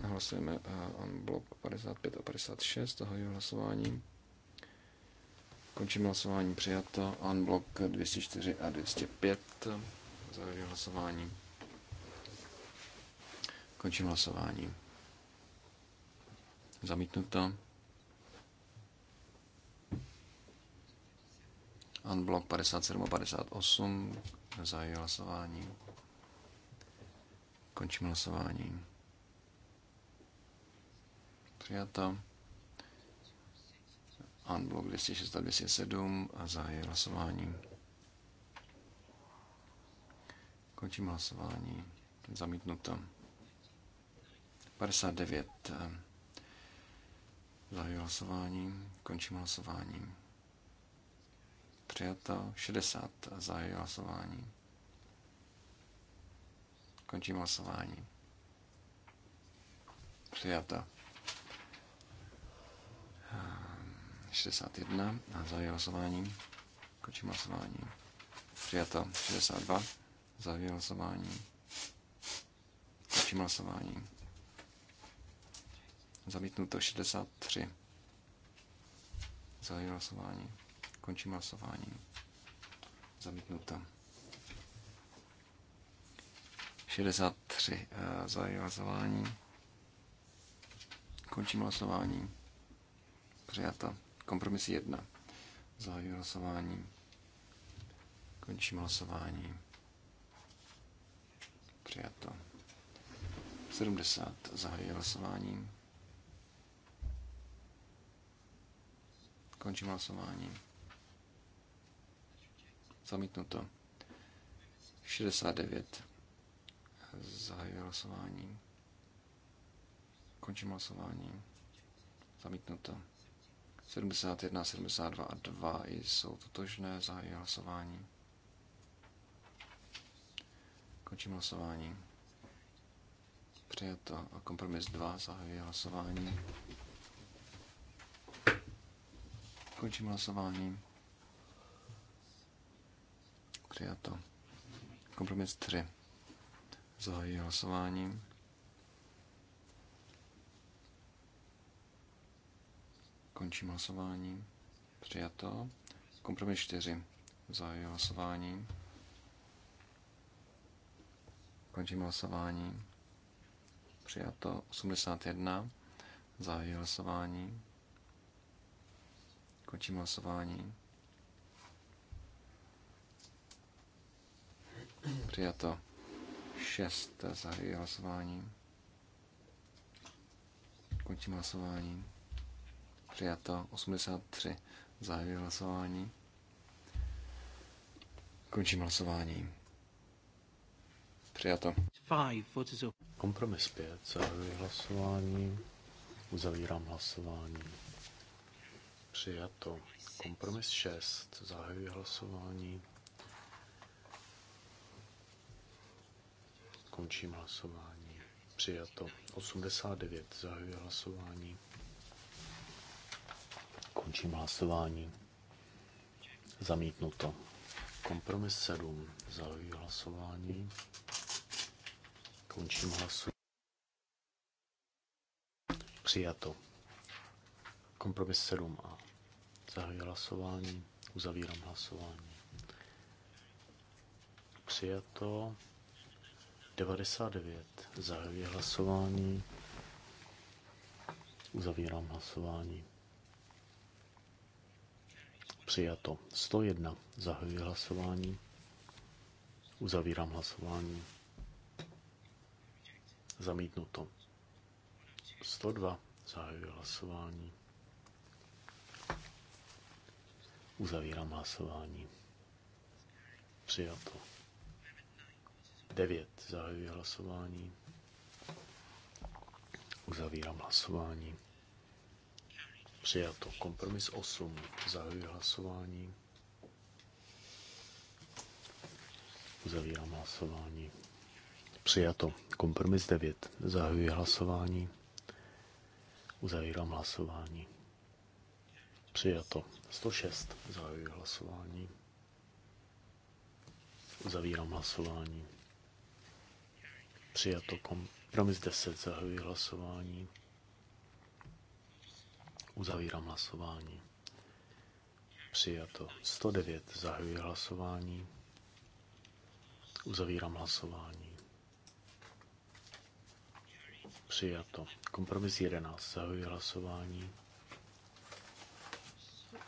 Hlasujeme on blok 55 a 56. Zahajuji hlasování. Končím hlasování přijato. Unblock 204 a 205. Zahajuji hlasování. Končím hlasování. Zamítnuto. Unblock 57 a 58. Zahajuji hlasování. Končím hlasování. Přijato. Unblock 206 a 207 a zahájí hlasování. Končím hlasování. Zamítnuto. 59. Eh, Zahajuji hlasování. Končím hlasování. Přijato. 60. Eh, Zahajuji hlasování. Končím hlasování. Přijata. Eh, 61 a zahajuji hlasování. Končím hlasování. Přijato 62. Zahajuji hlasování. Končím hlasování. Zamítnuto 63. Zahajuji hlasování. Končím hlasování. Zamítnuto. 63 eh, za hlasování. Končím hlasování. Přijato. Kompromis 1. Zahajuji hlasování. Končím hlasování. Přijato. 70. Zahajuji hlasování. Končím hlasování. Zamítnuto. 69. Zahajuji hlasování. Končím hlasování. Zamítnuto. 71, 72 a 2 jsou totožné, za hlasování. Končím hlasování. Přijato a kompromis 2, za hlasování. Končím hlasování. Přijato. Kompromis 3. za hlasování. Končím hlasování. Přijato. Kompromis 4. Zahajuji hlasování. Končím hlasování. Přijato 81. Zahajuji hlasování. Končím hlasování. Přijato 6. Zahajuji hlasování. Končím hlasování. Přijato 83. Zahajuji hlasování. Končím hlasování. Přijato. Kompromis 5. Zahajuji hlasování. Uzavírám hlasování. Přijato. Kompromis 6. Zahajuji hlasování. Končím hlasování. Přijato. 89. Zahajuji hlasování. Končím hlasování. Zamítnuto. Kompromis 7. Zahajuji hlasování. Končím hlasování. Přijato. Kompromis 7a. Zahajuji hlasování. Uzavírám hlasování. Přijato. 99. Zahajuji hlasování. Uzavírám hlasování. Přijato. 101. Zahajuji hlasování. Uzavírám hlasování. Zamítnuto. 102. Zahajuji hlasování. Uzavírám hlasování. Přijato. 9. Zahajuji hlasování. Uzavírám hlasování. Přijato. Kompromis 8. Zahajuji hlasování. Uzavírám hlasování. Přijato. Kompromis 9. Zahajuji hlasování. Uzavírám hlasování. Přijato. 106. Zahajuji hlasování. Uzavírám hlasování. Přijato. Kompromis 10. Zahajuji hlasování. Uzavírám hlasování. Přijato. 109. Zahajuji hlasování. Uzavírám hlasování. Přijato. Kompromis 11. Zahajuji hlasování.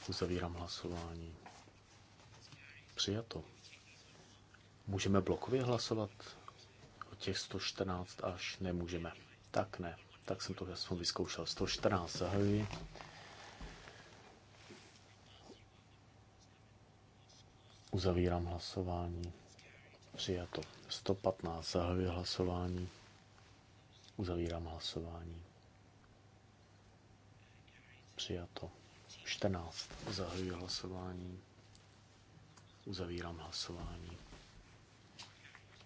Uzavírám hlasování. Přijato. Můžeme blokově hlasovat o těch 114 až nemůžeme. Tak ne tak jsem to aspoň vyzkoušel. 114 zahajuji. Uzavírám hlasování. Přijato. 115 zahajuji hlasování. Uzavírám hlasování. Přijato. 14 zahajuji hlasování. Uzavírám hlasování.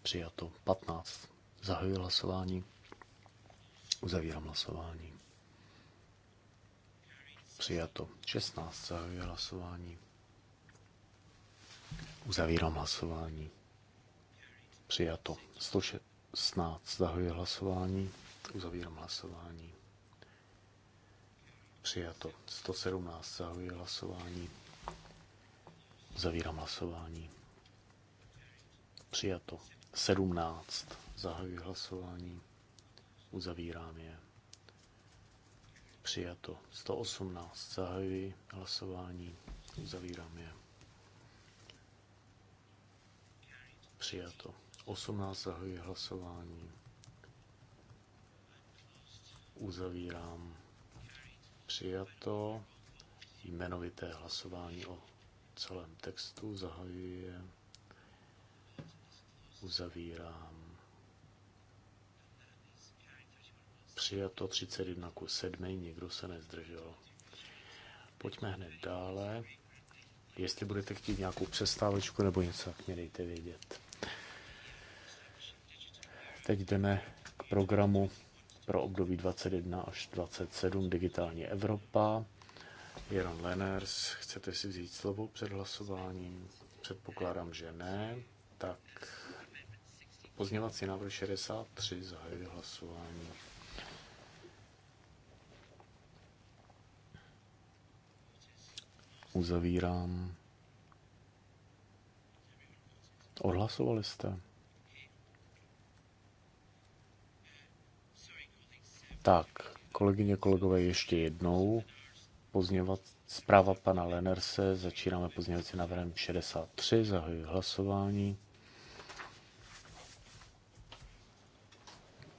Přijato. 15 zahajuji hlasování. Uzavírám hlasování. Přijato. 16. Zahajuji hlasování. Uzavírám hlasování. Přijato. 116. Zahajuji hlasování. Uzavírám hlasování. Přijato. 117. Zahajuji hlasování. Uzavírám hlasování. Přijato. 17. Zahajuji hlasování. Uzavírám je. Přijato. 118. Zahajuji hlasování. Uzavírám je. Přijato. 18. Zahajuji hlasování. Uzavírám. Přijato. Jmenovité hlasování o celém textu. Zahajuji je. Uzavírám. Přijato 31 ku 7, nikdo se nezdržel. Pojďme hned dále. Jestli budete chtít nějakou přestávečku nebo něco, tak mě dejte vědět. Teď jdeme k programu pro období 21 až 27 Digitální Evropa. Jaron Lenners, chcete si vzít slovo před hlasováním? Předpokládám, že ne. Tak pozněvací návrh 63 zahajuji hlasování. Uzavírám. Odhlasovali jste? Tak, kolegyně, kolegové, ještě jednou. Pozněvat zpráva pana Lenerse. Začínáme pozněvací návrhem 63. Zahajuji hlasování.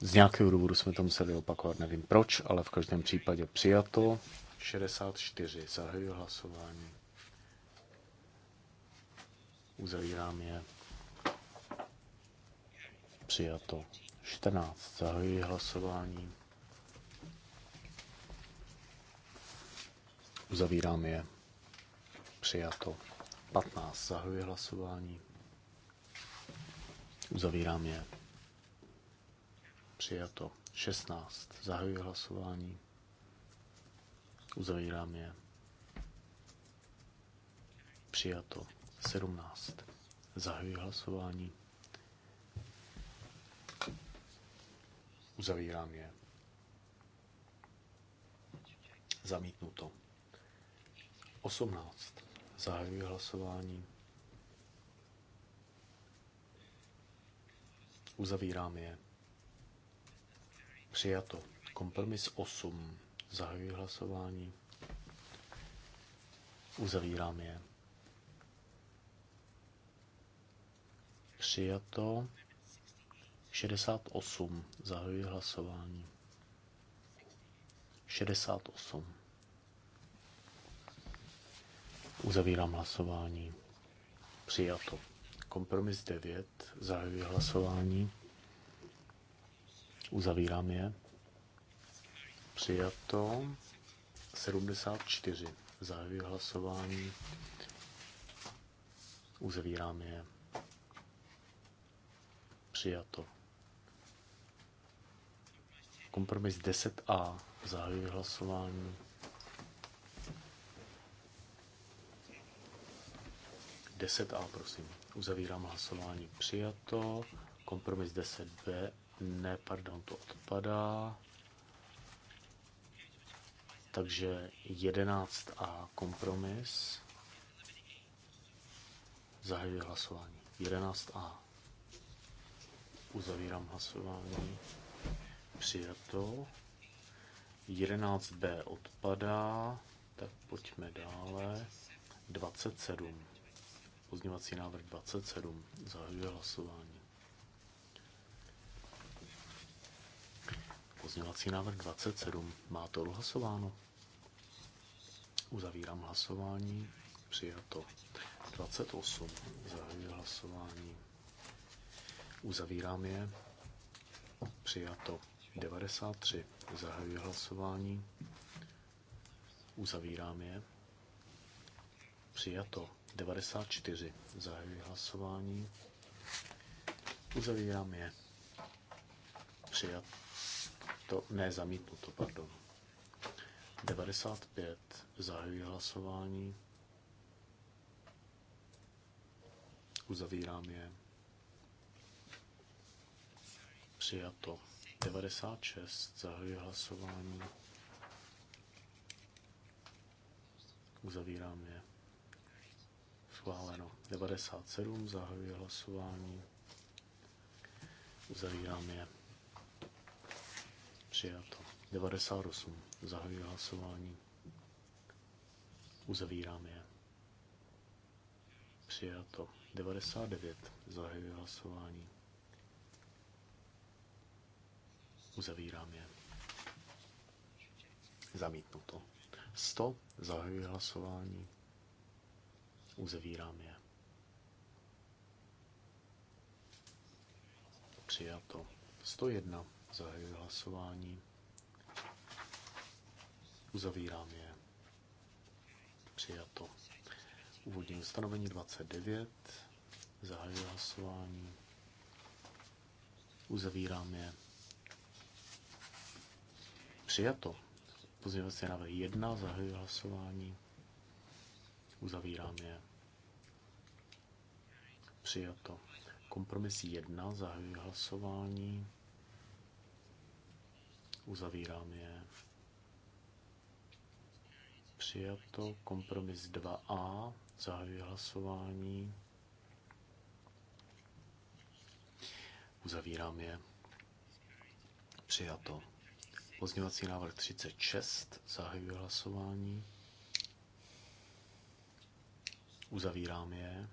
Z nějakého důvodu jsme to museli opakovat, nevím proč, ale v každém případě přijato. 64. Zahajuji hlasování. Uzavírám je. Přijato. 14. Zahajuji hlasování. Uzavírám je. Přijato. 15. Zahajuji hlasování. Uzavírám je. Přijato. 16. Zahajuji hlasování. Uzavírám je. Přijato. 17. Zahajuji hlasování. Uzavírám je. Zamítnuto. 18. Zahajuji hlasování. Uzavírám je. Přijato. Kompromis 8. Zahajuji hlasování. Uzavírám je. Přijato. 68. Zahajuji hlasování. 68. Uzavírám hlasování. Přijato. Kompromis 9. Zahajuji hlasování. Uzavírám je. Přijato 74. Zahajuji hlasování. Uzavírám je. Přijato. Kompromis 10a. Zahajuji hlasování. Deset A, prosím. Uzavírám hlasování. Přijato. Kompromis 10b. Ne, pardon, to odpadá. Takže 11 a kompromis. Zahajuji hlasování. 11 a. Uzavírám hlasování. Přijato. 11b odpadá. Tak pojďme dále. 27. Pozněvací návrh 27. Zahajuji hlasování. Pozměňovací návrh 27. Má to odhlasováno? Uzavírám hlasování. Přijato. 28. Zahajuji hlasování. Uzavírám je. Přijato. 93. Zahajuji hlasování. Uzavírám je. Přijato. 94. Zahajuji hlasování. Uzavírám je. Přijato to ne zamítnuto, pardon. 95. Zahajuji hlasování. Uzavírám je. Přijato. 96. Zahajuji hlasování. Uzavírám je. Schváleno. 97. Zahajuji hlasování. Uzavírám je Přijato. 98. Zahajuji hlasování. Uzavírám je. Přijato. 99. Zahajuji hlasování. Uzavírám je. Zamítnuto. 100. Zahajuji hlasování. Uzavírám je. Přijato. 101. Zahajuji hlasování. Uzavírám je. Přijato. Úvodní ustanovení 29. Zahajuji hlasování. Uzavírám je. Přijato. Pozměňovací návrh 1. Zahajuji hlasování. Uzavírám je. Přijato. Kompromis 1. Zahajuji hlasování. Uzavírám je. Přijato. Kompromis 2a. Zahajuji hlasování. Uzavírám je. Přijato. Pozměňovací návrh 36. Zahajuji hlasování. Uzavírám je.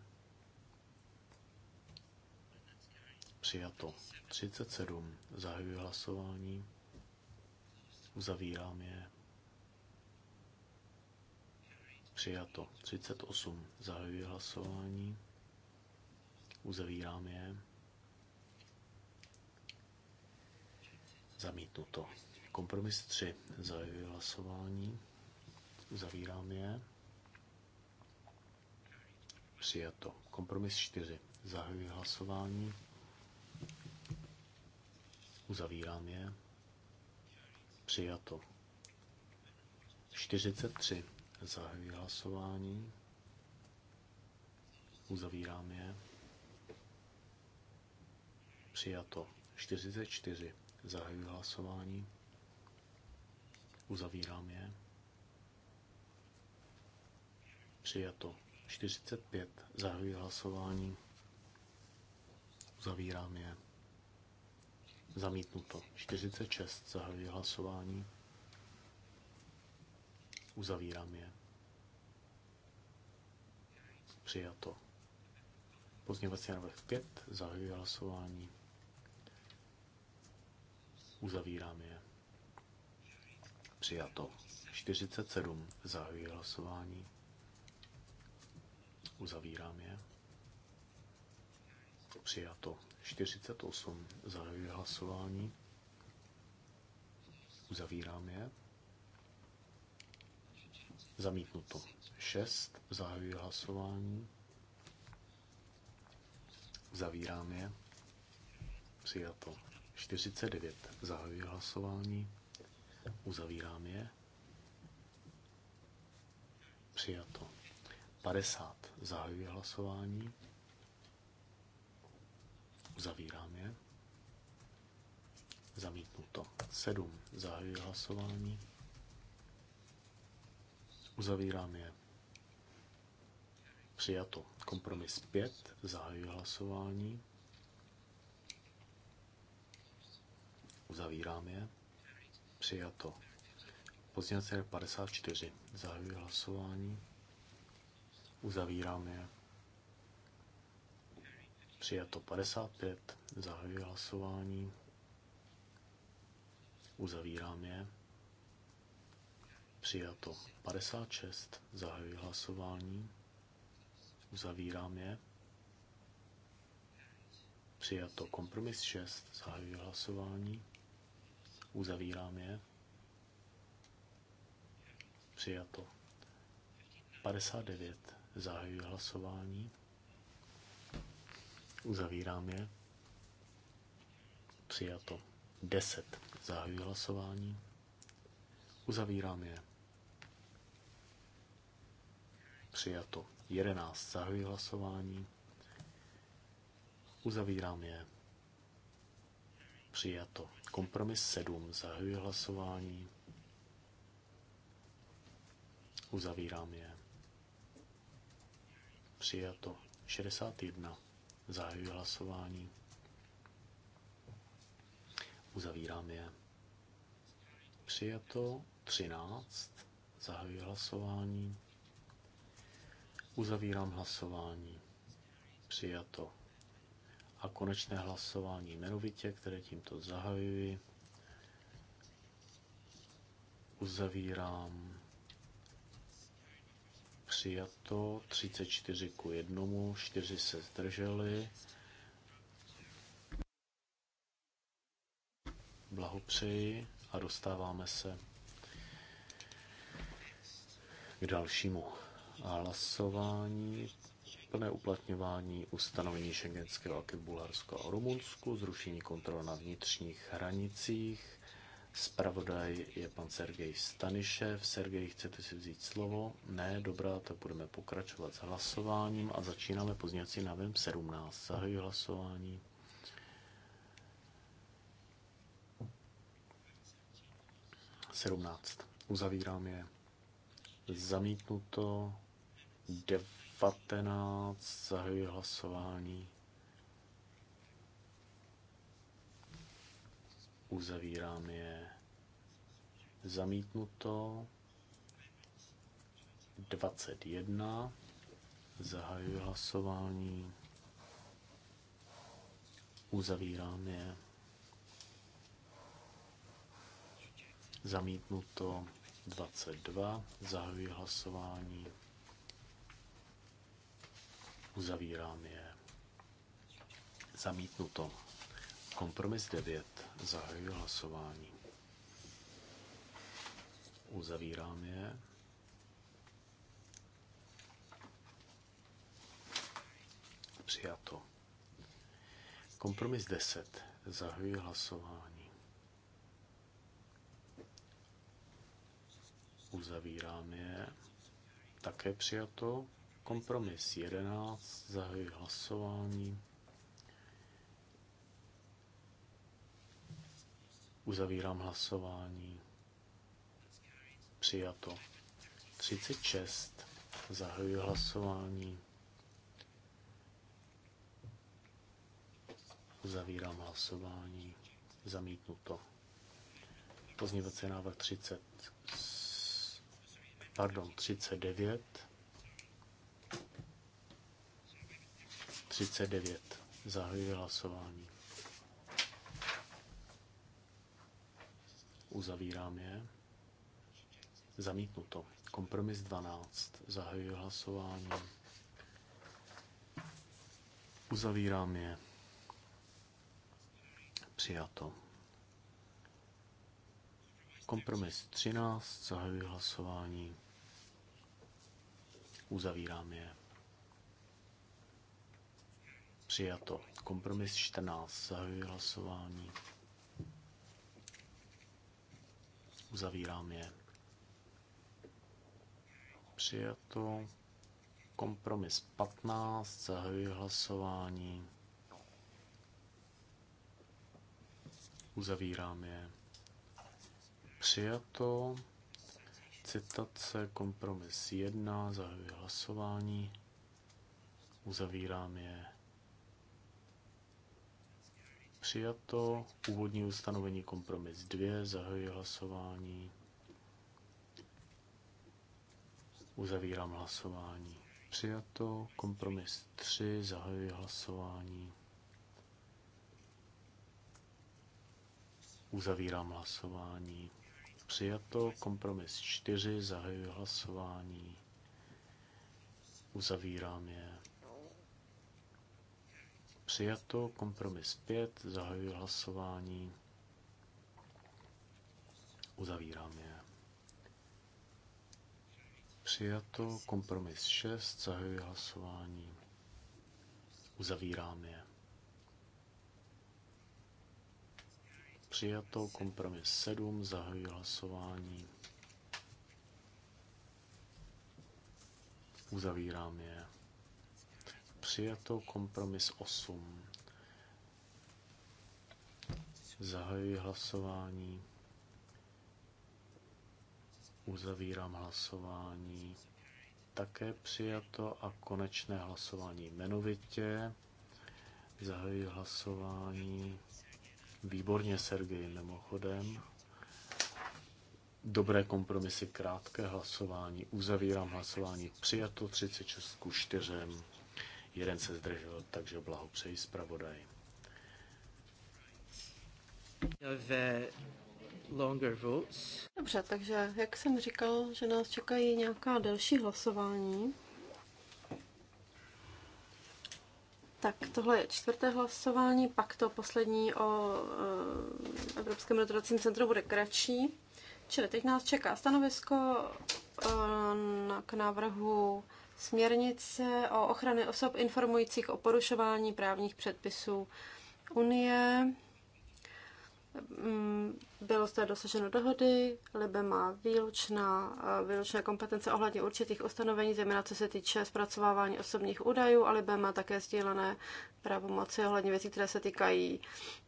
Přijato. 37. Zahajuji hlasování. Uzavírám je. Přijato. 38. Zahajuji hlasování. Uzavírám je. Zamítnuto. Kompromis 3. Zahajuji hlasování. Uzavírám je. Přijato. Kompromis 4. Zahajuji hlasování. Uzavírám je. Přijato. 43. Zahajuji hlasování. Uzavírám je. Přijato. 44. Zahajuji hlasování. Uzavírám je. Přijato. 45. Zahajuji hlasování. Uzavírám je. Zamítnuto. 46. Zahajuji hlasování. Uzavírám je. Přijato. Pozměňovací návrh 5. Zahajuji hlasování. Uzavírám je. Přijato. 47. Zahajuji hlasování. Uzavírám je. Přijato. 48. Zahajuji hlasování. Uzavírám je. Zamítnuto. 6. Zahajuji hlasování. Zavírám je. Přijato. 49. Zahajuji hlasování. Uzavírám je. Přijato. 50. Zahajuji hlasování. Uzavírám je. Zamítnuto. 7. Zahajuji hlasování. Uzavírám je. Přijato. Kompromis 5. Zahajuji hlasování. Uzavírám je. Přijato. Pozdělce 54. Zahajuji hlasování. Uzavírám je. Přijato 55. Zahajuji hlasování. Uzavírám je. Přijato 56. Zahajuji hlasování. Uzavírám je. Přijato kompromis 6. Zahajuji hlasování. Uzavírám je. Přijato 59. Zahajuji hlasování. Uzavírám je. Přijato. 10. Zahajuji hlasování. Uzavírám je. Přijato. 11. Zahajuji hlasování. Uzavírám je. Přijato. Kompromis 7. Zahajuji hlasování. Uzavírám je. Přijato. 61. Zahajuji hlasování. Uzavírám je. Přijato 13. Zahajuji hlasování. Uzavírám hlasování. Přijato. A konečné hlasování jmenovitě, které tímto zahajuji. Uzavírám přijato, 34 ku 1, 4 se zdrželi. Blahopřeji a dostáváme se k dalšímu hlasování plné uplatňování ustanovení šengenského aky v Bulharsku a Rumunsku, zrušení kontrol na vnitřních hranicích, Spravodaj je pan Sergej Stanišev. Sergej, chcete si vzít slovo? Ne, dobrá, tak budeme pokračovat s hlasováním a začínáme pozněcí návrhem 17. Zahajuji hlasování. Sedmnáct. Uzavírám je. Zamítnuto. Devatenáct. Zahajuji hlasování. Uzavírám je. Zamítnuto. 21. Zahajuji hlasování. Uzavírám je. Zamítnuto 22. Zahajuji hlasování. Uzavírám je. Zamítnuto Kompromis 9. Zahajuji hlasování. Uzavírám je. Přijato. Kompromis 10. Zahajuji hlasování. Uzavírám je. Také přijato. Kompromis 11. Zahajuji hlasování. Uzavírám hlasování. Přijato. 36. Zahajuji hlasování. Uzavírám hlasování. Zamítnuto. Pozněvací návrh 30. Pardon, 39. 39. Zahajuji hlasování. Uzavírám je. Zamítnuto. Kompromis 12. Zahajuji hlasování. Uzavírám je. Přijato. Kompromis 13. Zahajuji hlasování. Uzavírám je. Přijato. Kompromis 14. Zahajuji hlasování. Uzavírám je. Přijato. Kompromis 15. Zahajuji hlasování. Uzavírám je. Přijato. Citace, kompromis 1, zahajuji hlasování, uzavírám je. Přijato úvodní ustanovení kompromis 2, zahajuji hlasování. Uzavírám hlasování. Přijato kompromis 3, zahajuji hlasování. Uzavírám hlasování. Přijato kompromis 4, zahajuji hlasování. Uzavírám je. Přijato. Kompromis 5. Zahajuji hlasování. Uzavírám je. Přijato. Kompromis 6. Zahajuji hlasování. Uzavírám je. Přijato. Kompromis 7. Zahajuji hlasování. Uzavírám je. Přijato kompromis 8. Zahajuji hlasování. Uzavírám hlasování. Také přijato a konečné hlasování jmenovitě. Zahajuji hlasování. Výborně, Sergej, mimochodem. Dobré kompromisy, krátké hlasování. Uzavírám hlasování. Přijato 36 ku 4 jeden se zdržel, takže blahopřeji zpravodaj. Dobře, takže jak jsem říkal, že nás čekají nějaká další hlasování. Tak tohle je čtvrté hlasování, pak to poslední o e, Evropském rotovacím centru bude kratší. Čili teď nás čeká stanovisko e, k návrhu směrnice o ochraně osob informujících o porušování právních předpisů Unie. Mm, Bylo zde dosaženo dohody, Libe má výlučná, eh, výlučné kompetence ohledně určitých ustanovení, zejména co se týče zpracovávání osobních údajů, a Libe má také sdílené pravomoci ohledně věcí, které se týkají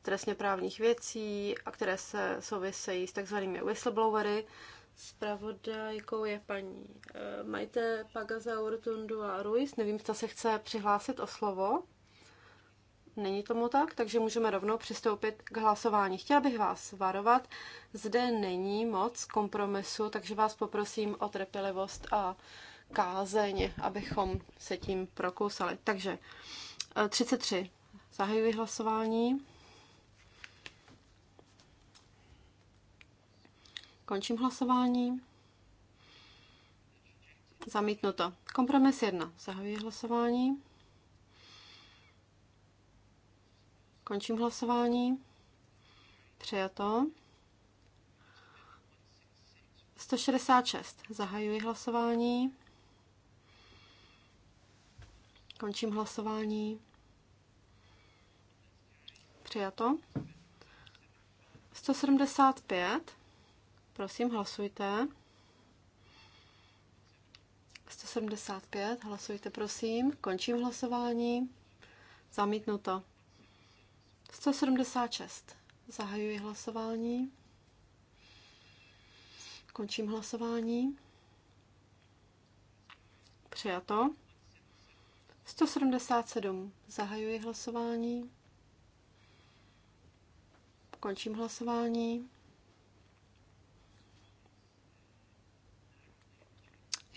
trestně právních věcí a které se souvisejí s takzvanými whistleblowery. Spravodajkou je paní eh, Majte Pagaza Urtundua Ruiz. Nevím, zda se chce přihlásit o slovo. Není tomu tak, takže můžeme rovnou přistoupit k hlasování. Chtěla bych vás varovat, zde není moc kompromisu, takže vás poprosím o trpělivost a kázeň, abychom se tím prokousali. Takže 33. Eh, Zahajuji hlasování. Končím hlasování. Zamítnuto. Kompromis 1. Zahajuji hlasování. Končím hlasování. Přijato. 166. Zahajuji hlasování. Končím hlasování. Přijato. 175. Prosím, hlasujte. 175, hlasujte prosím. Končím hlasování. Zamítnuto. 176. Zahajuji hlasování. Končím hlasování. Přijato. 177. Zahajuji hlasování. Končím hlasování.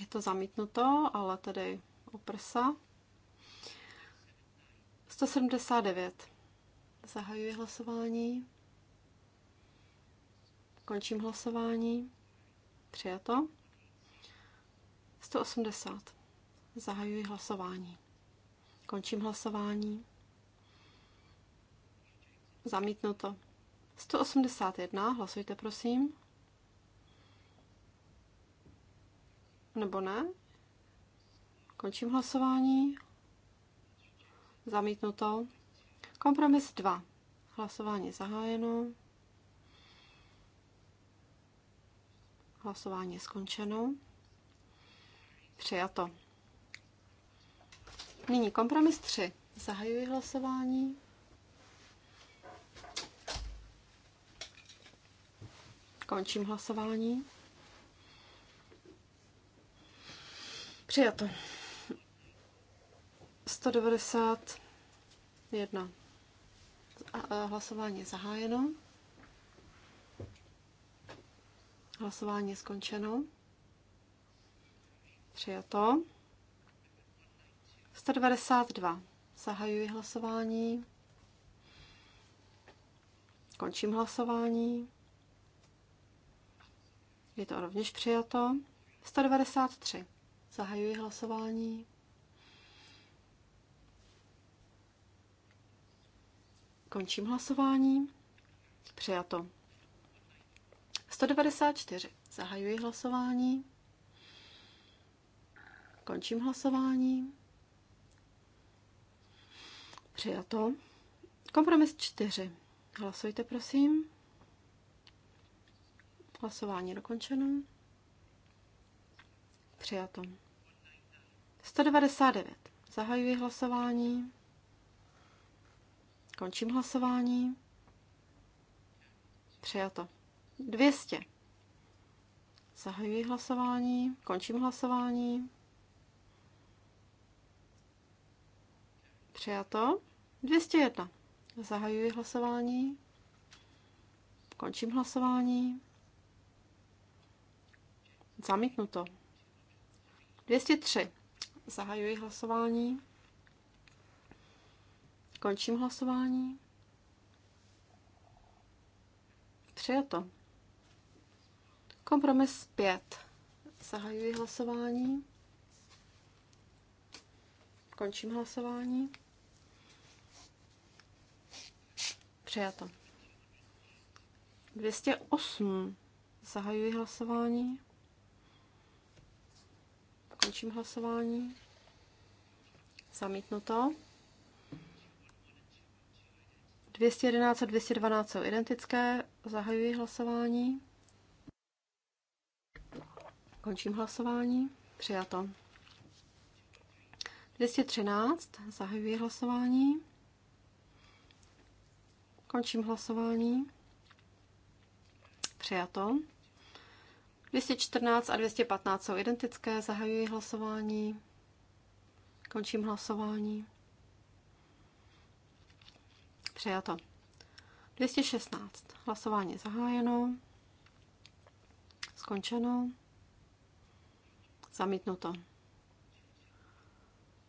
Je to zamítnuto, ale tedy o prsa. 179. Zahajuji hlasování. Končím hlasování. Přijato. 180. Zahajuji hlasování. Končím hlasování. Zamítnuto. 181. Hlasujte, prosím. Nebo ne? Končím hlasování. Zamítnuto. Kompromis 2. Hlasování zahájeno. Hlasování skončeno. Přijato. Nyní kompromis 3. Zahajuji hlasování. Končím hlasování. Přijato. 191. Hlasování je zahájeno. Hlasování je skončeno. Přijato. 192. Zahajuji hlasování. Končím hlasování. Je to rovněž přijato. 193. Zahajuji hlasování. Končím hlasování. Přijato. 194. Zahajuji hlasování. Končím hlasování. Přijato. Kompromis 4. Hlasujte, prosím. Hlasování dokončeno. Přijato. 199. Zahajuji hlasování. Končím hlasování. Přijato. 200. Zahajuji hlasování. Končím hlasování. Přijato. 201. Zahajuji hlasování. Končím hlasování. Zamítnuto. 203. Zahajuji hlasování. Končím hlasování. Přijato. Kompromis 5. Zahajuji hlasování. Končím hlasování. Přijato. 208. Zahajuji hlasování. Končím hlasování. Zamítnuto. 211 a 212 jsou identické. Zahajuji hlasování. Končím hlasování. Přijato. 213. Zahajuji hlasování. Končím hlasování. Přijato. 214 a 215 jsou identické, zahajuji hlasování, končím hlasování. Přijato. 216. Hlasování zahájeno. Skončeno. Zamítnuto.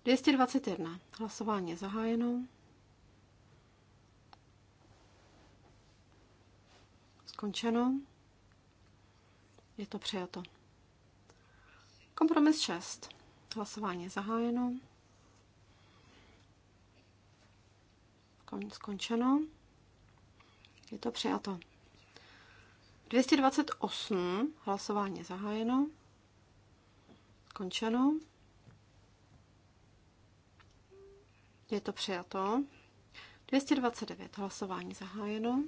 221. Hlasování zahájeno. Skončeno. Je to přijato. Kompromis 6. Hlasování je zahájeno. Skončeno. Je to přijato. 228. Hlasování je zahájeno. Končeno. Je to přijato. 229. Hlasování zahájeno.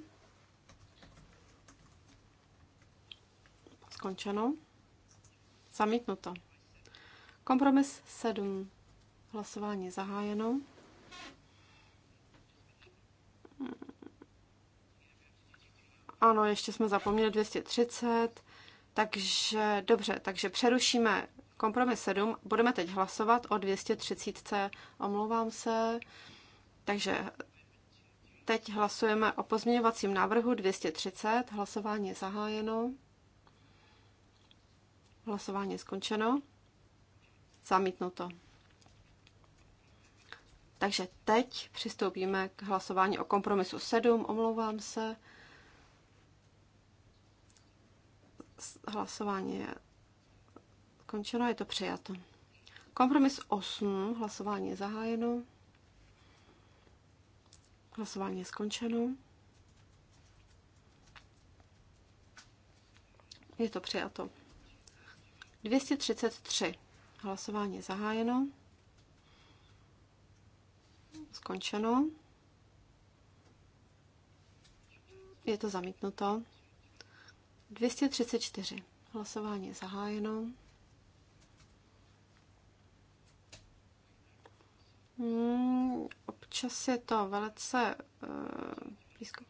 Skončeno. Zamítnuto. Kompromis 7. Hlasování zahájeno. Ano, ještě jsme zapomněli 230. Takže dobře, takže přerušíme kompromis 7. Budeme teď hlasovat o 230. Omlouvám se. Takže teď hlasujeme o pozměňovacím návrhu 230. Hlasování je zahájeno. Hlasování je skončeno. Zamítnuto. Takže teď přistoupíme k hlasování o kompromisu 7. Omlouvám se. Hlasování je skončeno, je to přijato. Kompromis 8. Hlasování je zahájeno. Hlasování je skončeno. Je to přijato. 233. Hlasování je zahájeno. Skončeno. Je to zamítnuto. 234. Hlasování je zahájeno. Hmm, občas je to velice uh, blízko.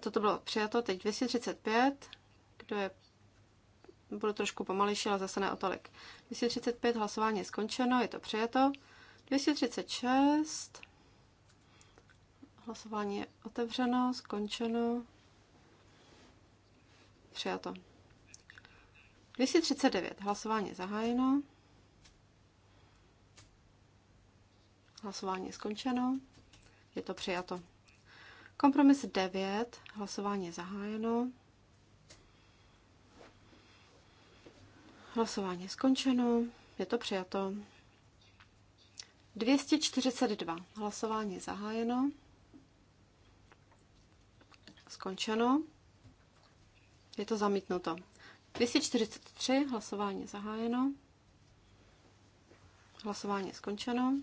Toto bylo přijato. Teď 235. Kdo je budu trošku pomalejší, ale zase ne o tolik. 235 hlasování je skončeno, je to přijato. 236 hlasování je otevřeno, skončeno, přijato. 239 hlasování je zahájeno. Hlasování je skončeno. Je to přijato. Kompromis 9. Hlasování je zahájeno. Hlasování je skončeno, je to přijato. 242. Hlasování je zahájeno. Skončeno. Je to zamítnuto. 243. Hlasování je zahájeno. Hlasování je skončeno.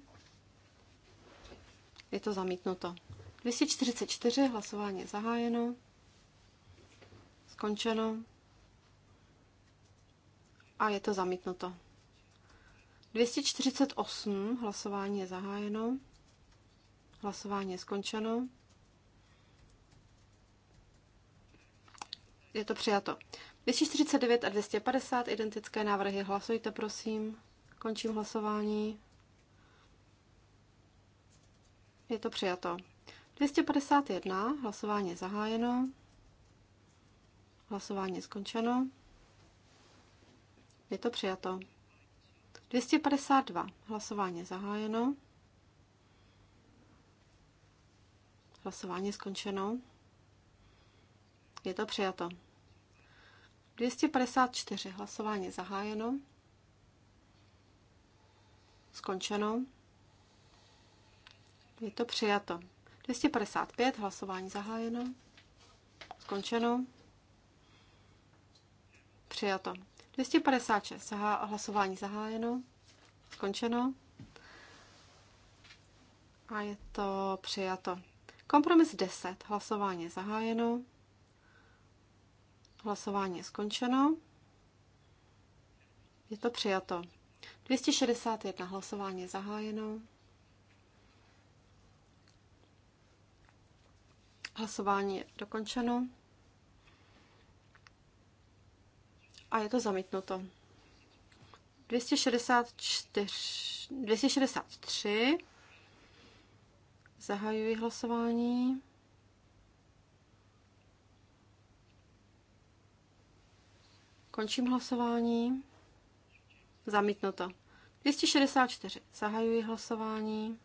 Je to zamítnuto. 244. Hlasování je zahájeno. Skončeno a je to zamítnuto. 248, hlasování je zahájeno, hlasování je skončeno. Je to přijato. 249 a 250, identické návrhy, hlasujte prosím. Končím hlasování. Je to přijato. 251, hlasování je zahájeno. Hlasování je skončeno. Je to přijato. 252. Hlasování zahájeno. Hlasování skončeno. Je to přijato. 254. Hlasování zahájeno. Skončeno. Je to přijato. 255. Hlasování zahájeno. Skončeno. Přijato. 256. Zahá, hlasování zahájeno. Skončeno. A je to přijato. Kompromis 10. Hlasování zahájeno. Hlasování je skončeno. Je to přijato. 261 hlasování je zahájeno. Hlasování je dokončeno. a je to zamítnuto. 264, 263. Zahajuji hlasování. Končím hlasování. Zamítnuto. 264. Zahajuji hlasování.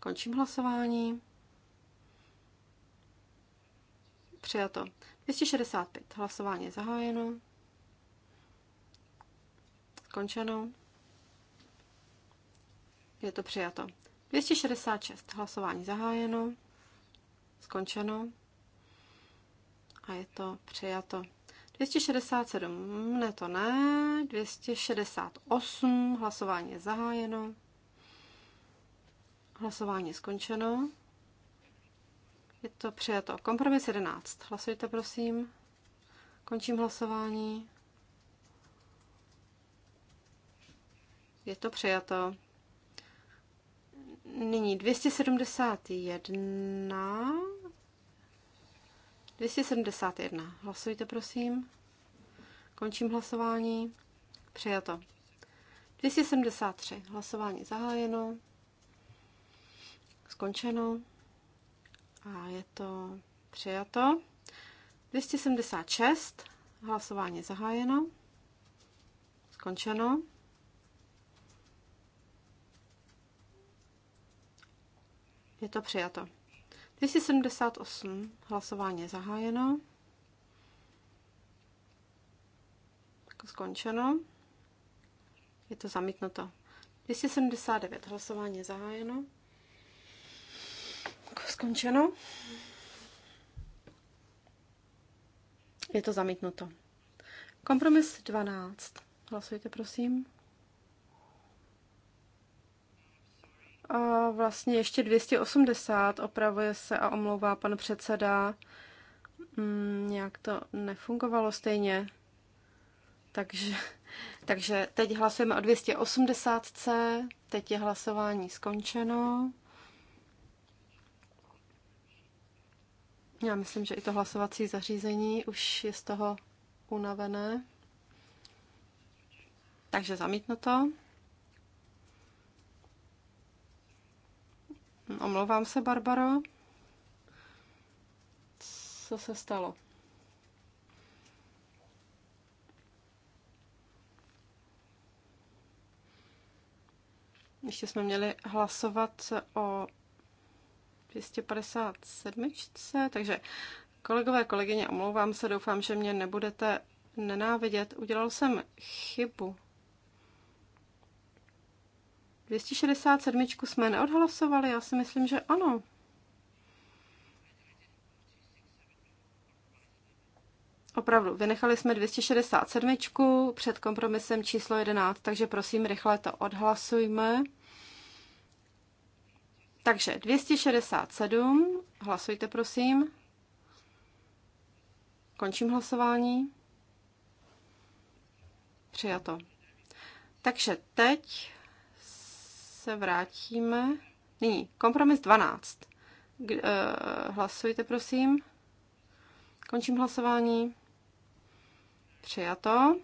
Končím hlasování. Přijato. 265. Hlasování je zahájeno. skončeno. Je to přijato. 266. Hlasování zahájeno. Skončeno. A je to přijato. 267, ne to ne, 268, hlasování je zahájeno, hlasování je skončeno je to přijato. Kompromis 11. Hlasujte, prosím. Končím hlasování. Je to přijato. Nyní 271. 271. Hlasujte, prosím. Končím hlasování. Přijato. 273. Hlasování zahájeno. Skončeno. A je to přijato. 276. Hlasování zahájeno. Skončeno. Je to přijato. 278. Hlasování zahájeno. Skončeno. Je to zamítnuto. 279. Hlasování zahájeno skončeno. Je to zamítnuto. Kompromis 12. Hlasujte, prosím. A vlastně ještě 280 opravuje se a omlouvá pan předseda. Mm, nějak to nefungovalo stejně. Takže, takže teď hlasujeme o 280C. Teď je hlasování skončeno. Já myslím, že i to hlasovací zařízení už je z toho unavené. Takže zamítnu to. Omlouvám se, Barbaro. Co se stalo? Ještě jsme měli hlasovat o 257. Takže kolegové, kolegyně, omlouvám se, doufám, že mě nebudete nenávidět. Udělal jsem chybu. 267 jsme neodhlasovali, já si myslím, že ano. Opravdu, vynechali jsme 267 před kompromisem číslo 11, takže prosím, rychle to odhlasujme. Takže 267, hlasujte prosím. Končím hlasování. Přijato. Takže teď se vrátíme. Nyní, kompromis 12. Eh, hlasujte, prosím. Končím hlasování. Přijato.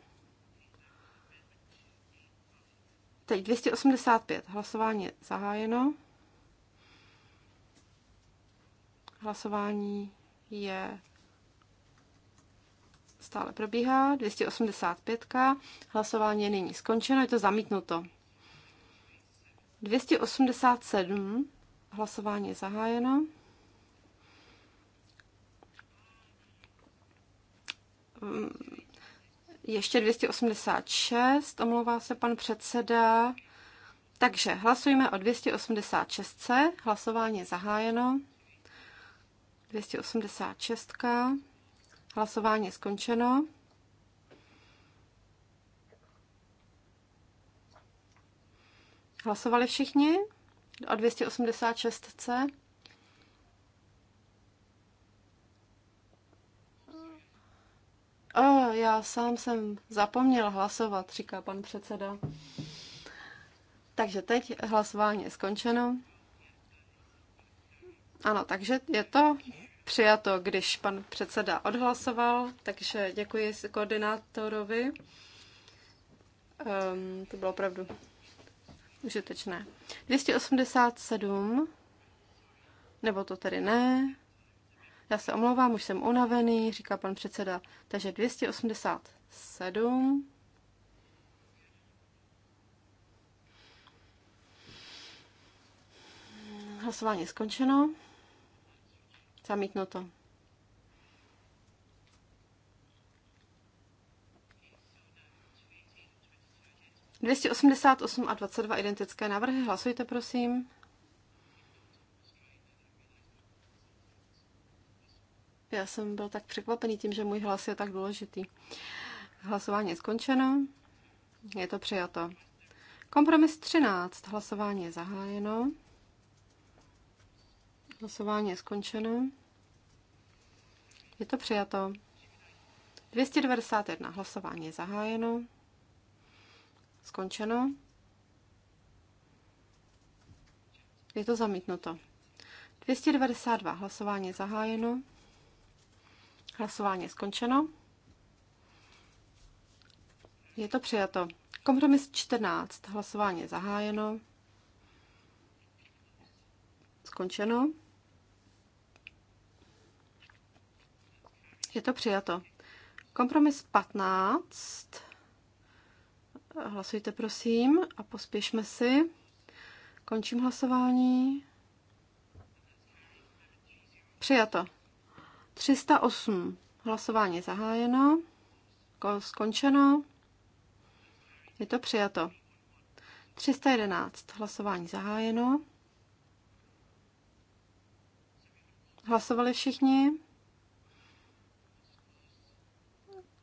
Teď 285. Hlasování je zahájeno. Hlasování je stále probíhá. 285. Hlasování je nyní skončeno, je to zamítnuto. 287. Hlasování je zahájeno. Mm, ještě 286, omlouvá se pan předseda. Takže hlasujeme o 286. Hlasování je zahájeno. 286. Hlasování je skončeno. Hlasovali všichni o 286C? já sám jsem zapomněl hlasovat, říká pan předseda. Takže teď hlasování je skončeno. Ano, takže je to přijato, když pan předseda odhlasoval, takže děkuji koordinátorovi. Um, to bylo opravdu užitečné. 287, nebo to tedy ne, já se omlouvám, už jsem unavený, říká pan předseda, takže 287. Hlasování skončeno. Zamítnuto. Dvěstě osmdesát osm a dvacet dva identické návrhy. Hlasujte, prosím. Já jsem byl tak překvapený tím, že můj hlas je tak důležitý. Hlasování je skončeno. Je to přijato. Kompromis 13. Hlasování je zahájeno. Hlasování je skončeno. Je to přijato. 291. Hlasování je zahájeno. Skončeno. Je to zamítnuto. 292. Hlasování je zahájeno. Hlasování je skončeno. Je to přijato. Kompromis 14. Hlasování je zahájeno. Skončeno. Je to přijato. Kompromis 15. Hlasujte prosím a pospěšme si. Končím hlasování. Přijato. 308. Hlasování zahájeno. Skončeno. Je to přijato. 311. Hlasování zahájeno. Hlasovali všichni?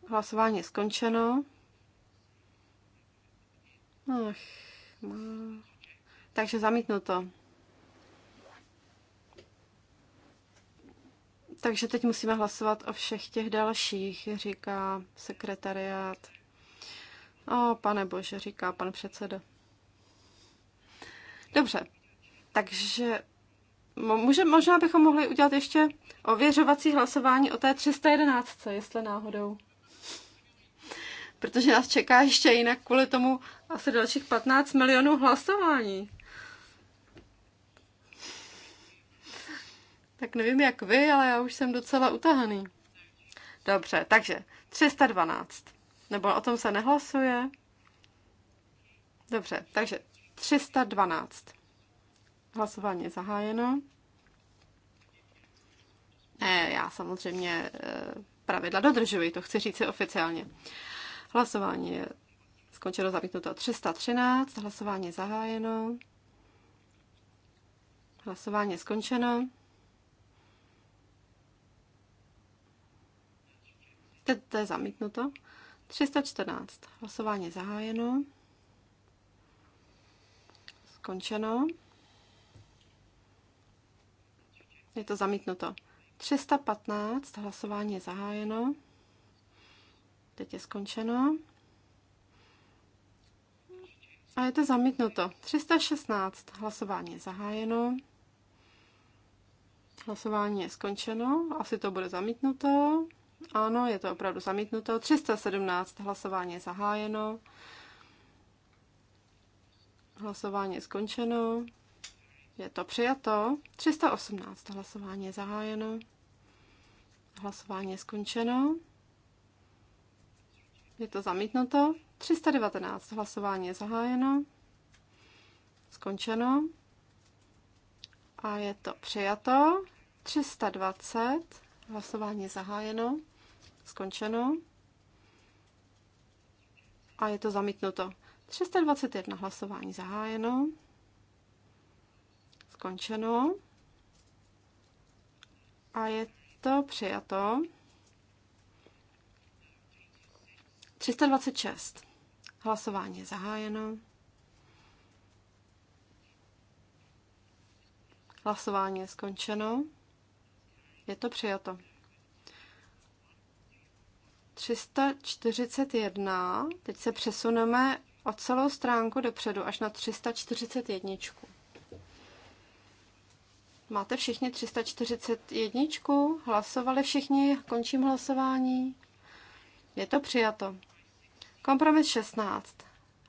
Hlasování je skončeno. Ach, takže zamítnu to. Takže teď musíme hlasovat o všech těch dalších, říká sekretariát. O, pane bože, říká pan předseda. Dobře, takže může, možná bychom mohli udělat ještě ověřovací hlasování o té 311, jestli náhodou protože nás čeká ještě jinak kvůli tomu asi dalších 15 milionů hlasování. Tak nevím jak vy, ale já už jsem docela utahaný. Dobře, takže 312. Nebo o tom se nehlasuje? Dobře, takže 312. Hlasování je zahájeno. Ne, já samozřejmě eh, pravidla dodržuji, to chci říct si oficiálně. Hlasování je skončeno zamítnuto 313, hlasování je zahájeno, hlasování je skončeno. Teď to je zamítnuto. 314, hlasování je zahájeno, skončeno. Je to zamítnuto. 315, hlasování je zahájeno. Teď je skončeno. A je to zamítnuto. 316. Hlasování je zahájeno. Hlasování je skončeno. Asi to bude zamítnuto. Ano, je to opravdu zamítnuto. 317. Hlasování je zahájeno. Hlasování je skončeno. Je to přijato. 318. Hlasování je zahájeno. Hlasování je skončeno. Je to zamítnuto. 319 hlasování je zahájeno. Skončeno. A je to přijato. 320 hlasování je zahájeno. Skončeno. A je to zamítnuto. 321 hlasování zahájeno. Skončeno. A je to přijato. 326. Hlasování je zahájeno. Hlasování je skončeno. Je to přijato. 341. Teď se přesuneme o celou stránku dopředu až na 341. Máte všichni 341? Hlasovali všichni? Končím hlasování. Je to přijato. Kompromis 16.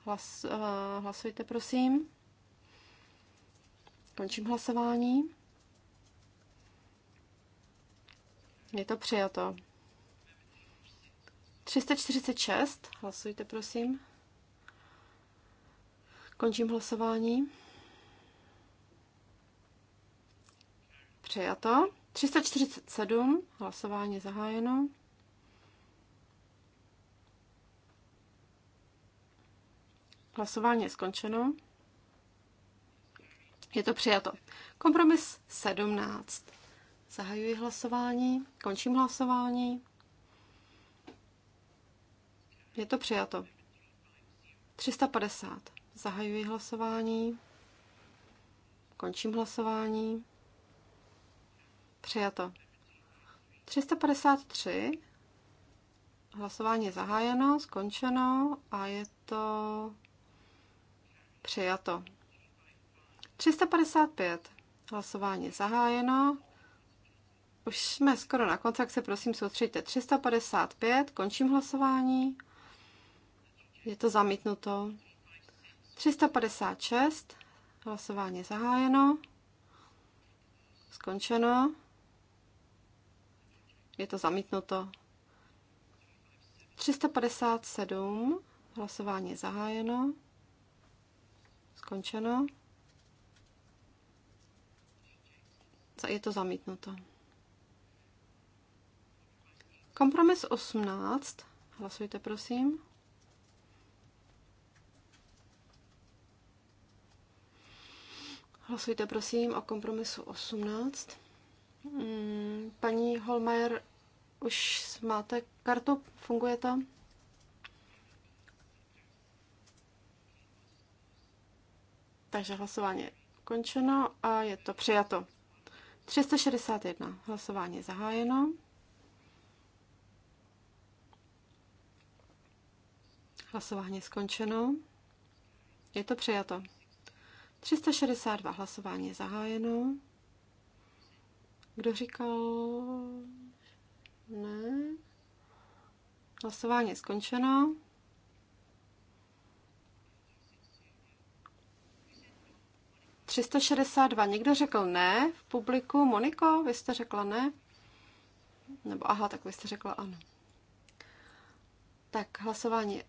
Hlas, uh, hlasujte, prosím. Končím hlasování. Je to přijato. 346. Hlasujte, prosím. Končím hlasování. Přijato. 347. Hlasování zahájeno. Hlasování je skončeno. Je to přijato. Kompromis 17. Zahajuji hlasování, končím hlasování. Je to přijato. 350. Zahajuji hlasování. Končím hlasování. Přijato. 353. Hlasování je zahájeno, skončeno a je to Přijato. 355. Hlasování zahájeno. Už jsme skoro na konci, tak se prosím soustřeďte. 355. Končím hlasování. Je to zamítnuto. 356. Hlasování zahájeno. Skončeno. Je to zamítnuto. 357. Hlasování zahájeno. Skončeno. Je to zamítnuto. Kompromis 18. Hlasujte, prosím. Hlasujte, prosím, o kompromisu 18. Mm, paní Holmajer, už máte kartu? Funguje to? Takže hlasování je končeno a je to přijato. 361. Hlasování je zahájeno. Hlasování je skončeno. Je to přijato. 362. Hlasování je zahájeno. Kdo říkal? Ne. Hlasování je skončeno. 362. Někdo řekl ne v publiku. Moniko, vy jste řekla ne? Nebo aha, tak vy jste řekla ano. Tak, hlasování je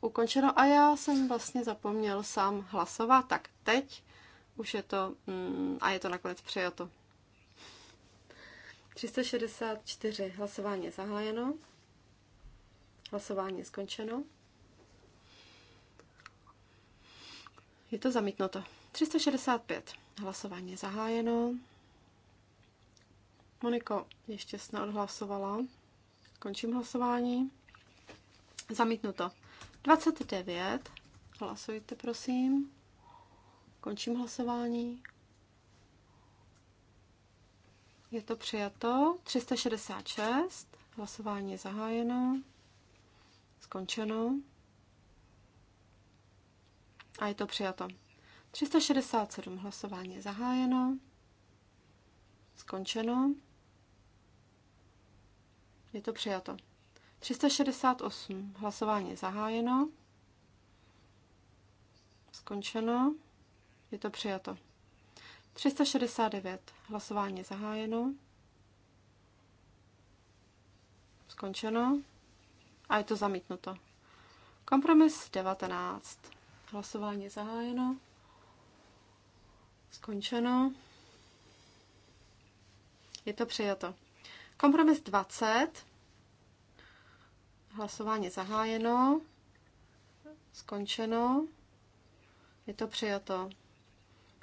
ukončeno a já jsem vlastně zapomněl sám hlasovat. Tak teď už je to mm, a je to nakonec přijato. 364. Hlasování je zahájeno. Hlasování je skončeno. Je to zamítnuto. 365. Hlasování je zahájeno. Moniko ještě snad odhlasovala. Končím hlasování. Zamítnuto. 29. Hlasujte, prosím. Končím hlasování. Je to přijato. 366. Hlasování je zahájeno. Skončeno. A je to přijato. 367 hlasování zahájeno, skončeno, je to přijato. 368 hlasování zahájeno, skončeno, je to přijato. 369 hlasování zahájeno, skončeno a je to zamítnuto. Kompromis 19. Hlasování zahájeno. Skončeno. Je to přijato. Kompromis 20. Hlasování zahájeno. Skončeno. Je to přijato.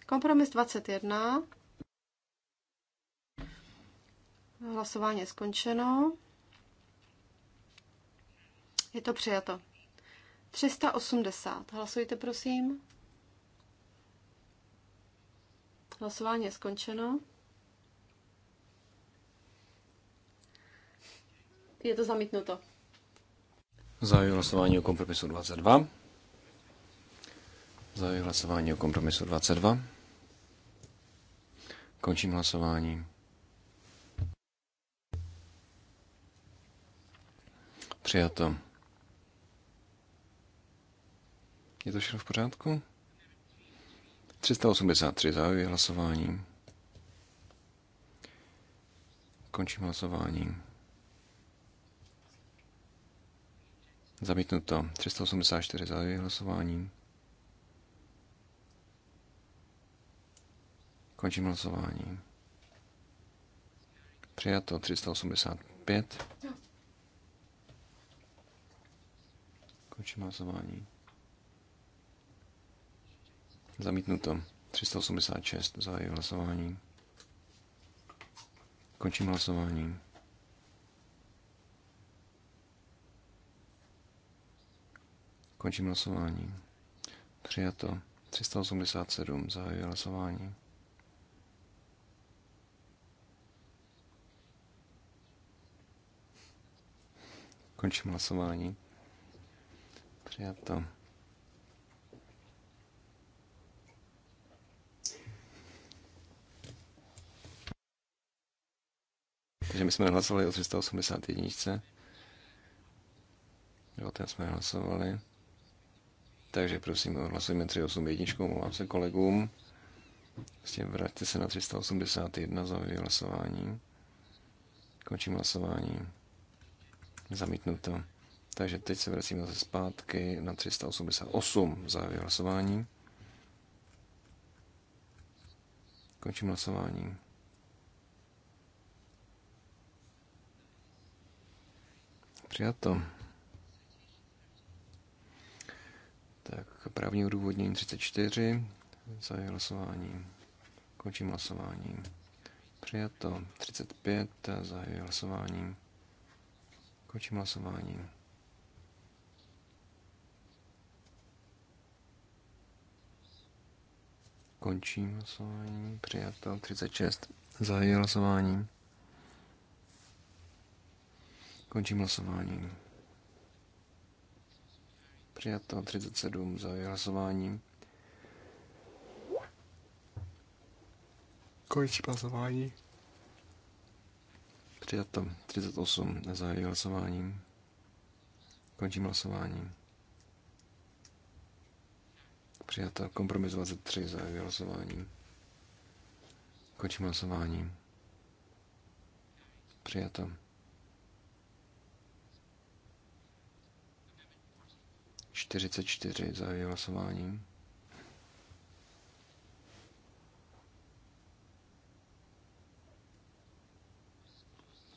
Kompromis 21. Hlasování skončeno. Je to přijato. 380. Hlasujte, prosím. Hlasování je skončeno. Je to zamítnuto. Zahajuji hlasování o kompromisu 22. Zahajuji hlasování o kompromisu 22. Končím hlasování. Přijato. Je to všechno v pořádku? 383 zahajuji hlasování. Končím hlasování. Zamítnuto. 384 zahajuji hlasování. Končím hlasování. Přijato 385. Končím hlasování. Zamítnuto. 386. za její hlasování. Končím hlasování. Končím hlasování. Přijato. 387. za její hlasování. Končím hlasování. Přijato. Takže my jsme hlasovali o 381. Jo, ten jsme hlasovali. Takže prosím, hlasujeme 381. Omlouvám se kolegům. Prostě vraťte se na 381 za hlasování. Končím hlasování. Zamítnuto. Takže teď se vracíme zase zpátky na 388 za hlasování. Končím hlasování. Přijato. Tak právní odůvodnění 34. Zahajuji hlasování. Končím hlasování. Přijato. 35. Zahajuji hlasování. Končím hlasování. Končím hlasování. Přijato. 36. Zahajuji hlasování. Končím hlasování. Přijato 37 za hlasování. Končím hlasování. Přijato 38 za hlasování. Končím hlasování. Přijato kompromis 23 za hlasování. Končím hlasování. Přijato. 44 zahajuji hlasování.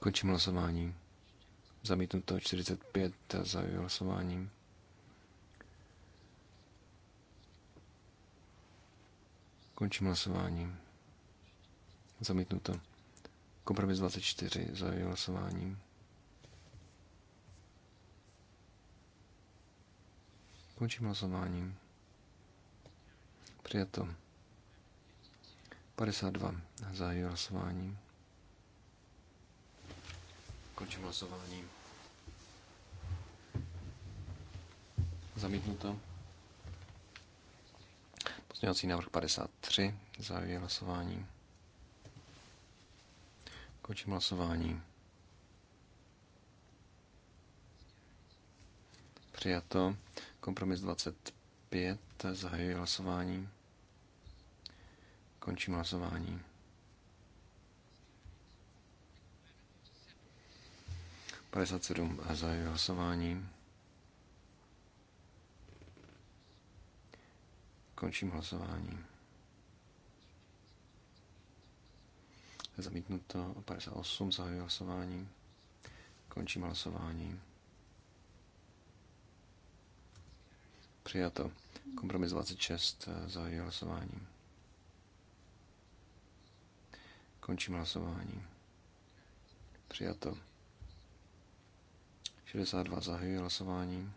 Končím hlasování. Zamítnuto 45 zahajuji hlasování. Končím hlasování. Zamítnuto. Kompromis 24 za hlasování. skončím hlasování. Přijato. 52. Zahajuji hlasování. Končím hlasování. Zamítnuto. Pozměňovací návrh 53. Zahajuji hlasování. Končím hlasování. Přijato. Kompromis 25. Zahajuji hlasování. Končím hlasování. Padesát sedm a zahajuji hlasování. Končím hlasování. Zamítnuto 58, zahajuji hlasování. Končím hlasování. Přijato. Kompromis 26. Eh, za hlasování. Končím hlasování. Přijato. 62. Zahajuji hlasování.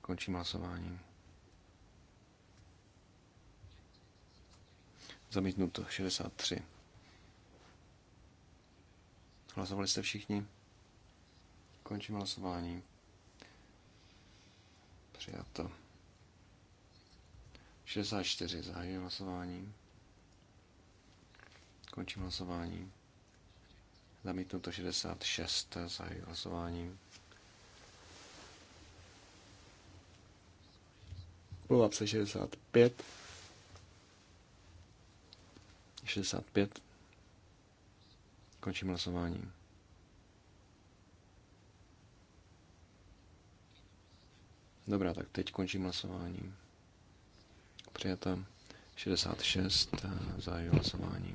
Končím hlasování. Zamítnuto 63. Hlasovali jste všichni? Končím hlasování. Přijato. 64. Zahajuji hlasování. Končím hlasování. to 66. Zahajuji hlasování. Bylo se 65. 65. Končím hlasování. Dobrá, tak teď končím hlasování. Přijete 66, zahájí hlasování.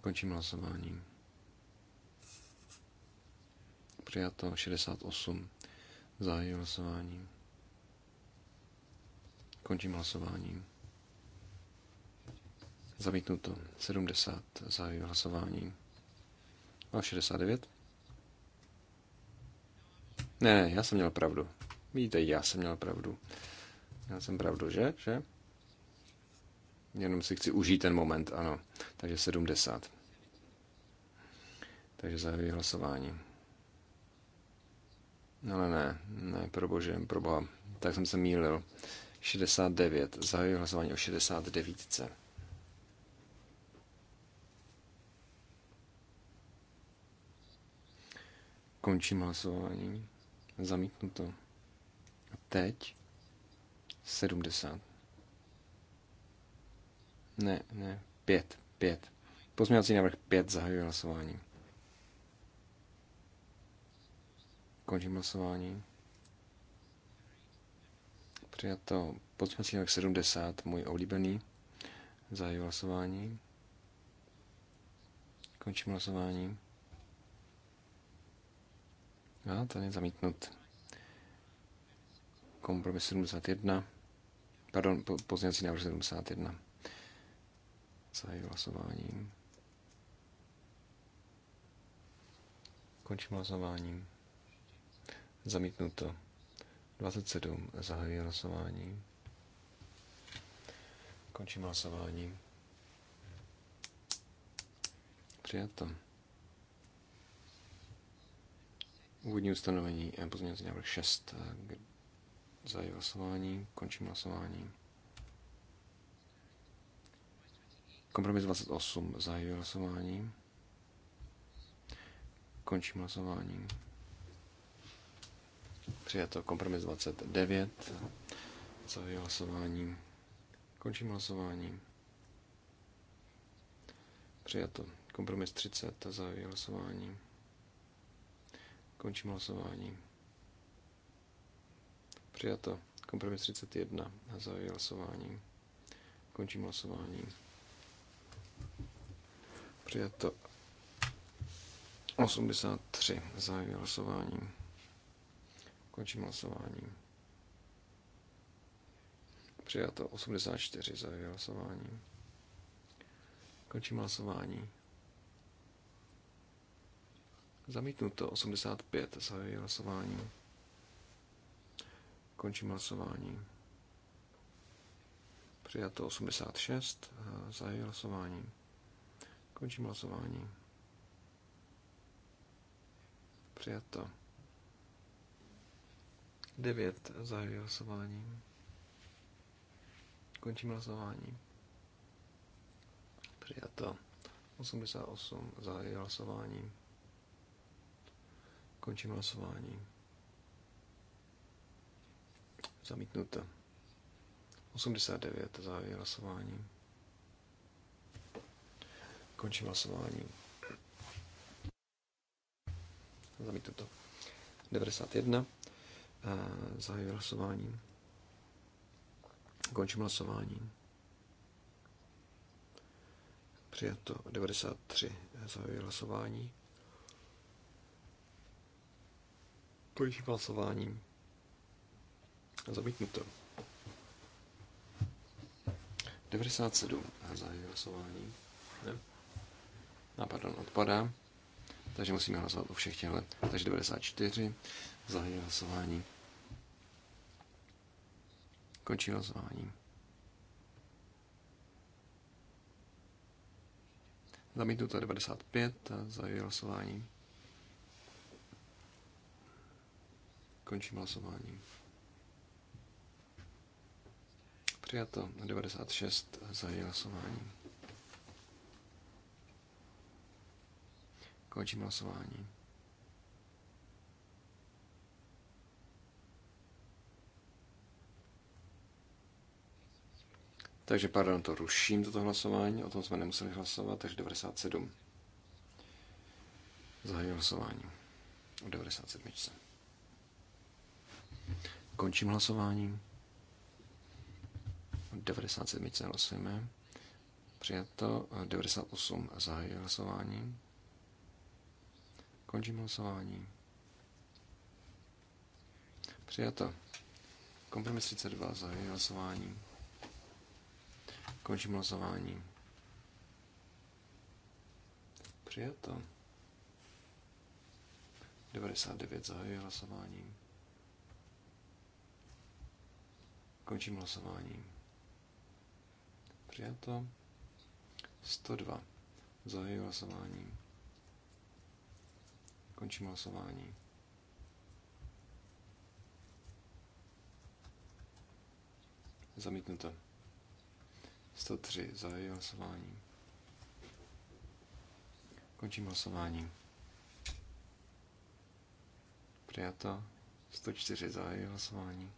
Končím hlasování. Přijato 68, zahájí hlasování. Končím hlasování. Zamítnuto 70, zahájí hlasování. A 69. Ne, ne, já jsem měl pravdu. Víte, já jsem měl pravdu. Já jsem pravdu, že? Že? Jenom si chci užít ten moment, ano. Takže 70. Takže zahajuji hlasování. No, ale ne, ne, pro bože, pro boha. Tak jsem se mýlil. 69. Zahajuji hlasování o 69. Končím hlasování to. A teď 70. Ne, ne, 5, 5. Pozměňovací návrh 5 zahajuje hlasování. Končím hlasování. Přijato pozměňovací návrh 70, můj oblíbený. Zahajuji hlasování. Končím hlasování. A no, ten je zamítnut. Kompromis 71. Pardon, pozněcí návrh 71. Zahajuji hlasováním. Končím hlasováním. Zamítnuto. 27. Zahajuji hlasování. Končím hlasování. Přijato. Úvodní ustanovení eh, pozměňovací návrh 6. Eh, Zají hlasování, končím hlasování. Kompromis 28. Zahajuji hlasování. Končím hlasování. Přijato kompromis 29. Zahajuji hlasování. Končím hlasování. Přijato kompromis 30. Zahajuji hlasování. Končím hlasování. Přijato. Kompromis 31. Zahajuji hlasování. Končím hlasování. Přijato. 83. Zahajuji hlasování. Končím hlasování. Přijato 84. Zahajuji hlasování. Končím hlasování. Zamítnuto 85. její hlasování. Končím hlasování. Přijato 86. její hlasování. Končím hlasování. Přijato. 9. její hlasování. Končím hlasování. Přijato. 88. Zahajuji hlasování. Končím hlasování. Zamítnuto. 89 Závěr hlasování. Končím hlasování. Zamítnuto. 91 eh, Závěr hlasování. Končím hlasování. Přijato 93 Závěr hlasování. Končím hlasování. Zamítnuto. 97. a Zahájí hlasování. Ne? A pardon, odpadá. Takže musíme hlasovat o všech těchto. Takže 94. Zahájí hlasování. Končí hlasování. Zamítnuto 95. a Zahájí hlasování. Končím hlasování. Přijato 96 za její hlasování. Končím hlasování. Takže pardon, to ruším, toto hlasování, o tom jsme nemuseli hlasovat, takže 97. Zahajuji hlasování o 97. Končím hlasování. 97 hlasujeme. Přijato 98 zahájí hlasování. Končím hlasování. Přijato. Kompromis 32 zahájí hlasování. Končím hlasování. Přijato. 99 zahájí hlasování. Končím hlasování. Přijato. 102. Zahajuji hlasování. Končím hlasování. Zamítnuto. 103. Zahajuji hlasování. Končím hlasování. Přijato. 104. Zahajuji hlasování.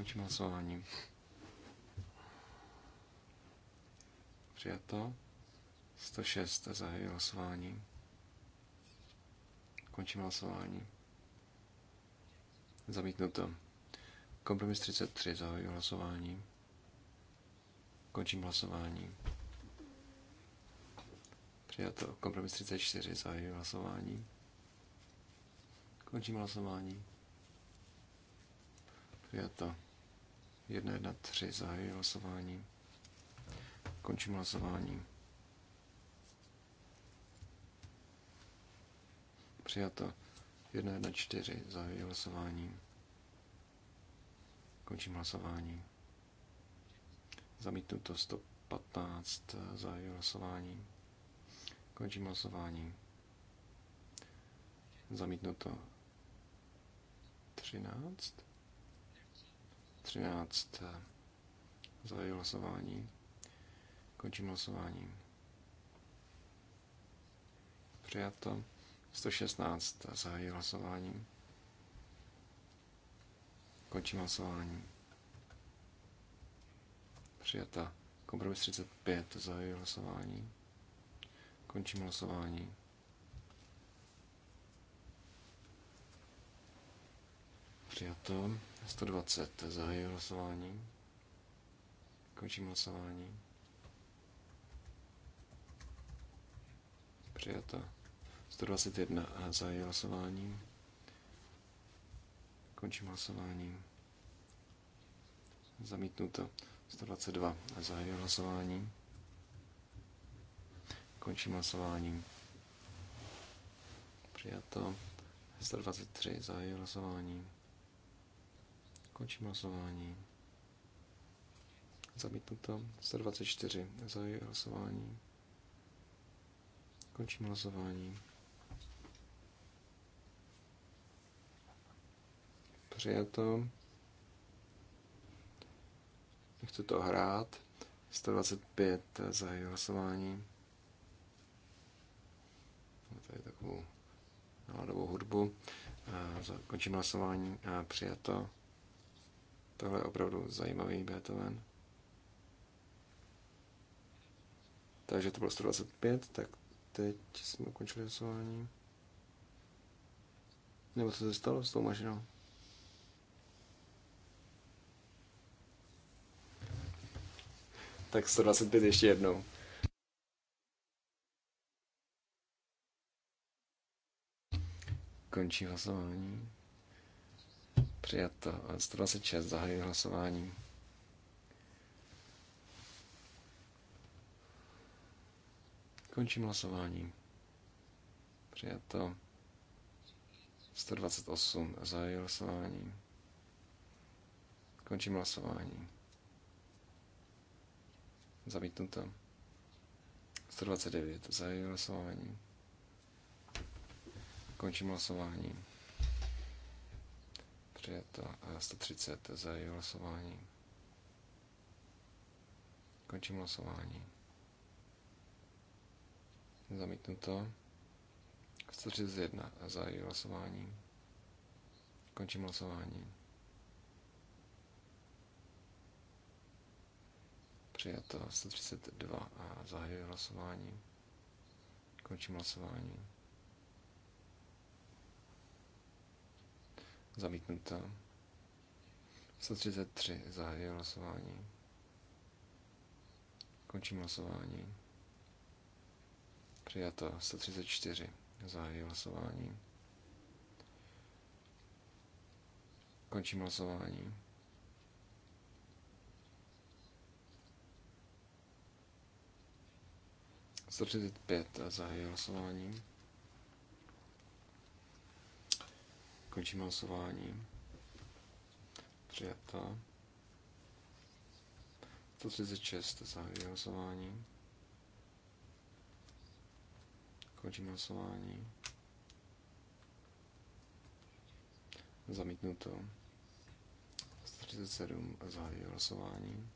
Končím hlasování. Přijato. 106. Zahajuji hlasování. Končím hlasování. Zamítnuto. Kompromis 33. Zahajuji hlasování. Končím hlasování. Přijato. Kompromis 34. Zahajuji hlasování. Končím hlasování. Přijato. 1, 1, 3, zahajuji hlasování. Končím hlasování. Přijato 1, 1, 4, zahajuji hlasování. Končím hlasování. Zamítnuto 115, zahajuji hlasování. Končím hlasování. Zamítnuto 13. 13. Zahajuji hlasování. Končím hlasování. Přijato. 116. Zahajuji hlasování. Končím hlasování. Přijata. Kompromis 35. Zahajuji hlasování. Končím hlasování. Přijato. 120. Zahajuji hlasování. Končím hlasování. Přijata. 121. Zahajuji hlasování. Končím hlasování. Zamítnuto. 122. Zahajuji hlasování. Končím hlasování. Přijato. 123. Zahajuji hlasování. Končím hlasování. Zamítnuto 124. Zahajuji hlasování. Končím hlasování. Přijato. Nechci to hrát. 125. Zahajuji hlasování. Máme tady takovou náladovou hudbu. Končím hlasování. Přijato. Tohle je opravdu zajímavý Beethoven. Takže to bylo 125, tak teď jsme ukončili hlasování. Nebo co se stalo s tou mašinou? Tak 125 ještě jednou. Končí hlasování. Přijato 126, zahajuji hlasování. Končím hlasování. Přijato 128, zahajuji hlasování. Končím hlasování. Zamítnuto. 129, zahajuji hlasování. Končím hlasování přijato a eh, 130 za její hlasování. Končím hlasování. Zamítnuto. 131 za její hlasování. Končím hlasování. Přijato 132 a zahajuji hlasování. Končím hlasování. Zamítnuto. 133. Zahajuji hlasování. Končím hlasování. Přijato. 134. Zahajuji hlasování. Končím hlasování. pět a zahajuji hlasování. Končím hlasování. Přijata. 136. Zahajuji hlasování. Končím hlasování. Zamítnuto. 137. Zahajuji hlasování.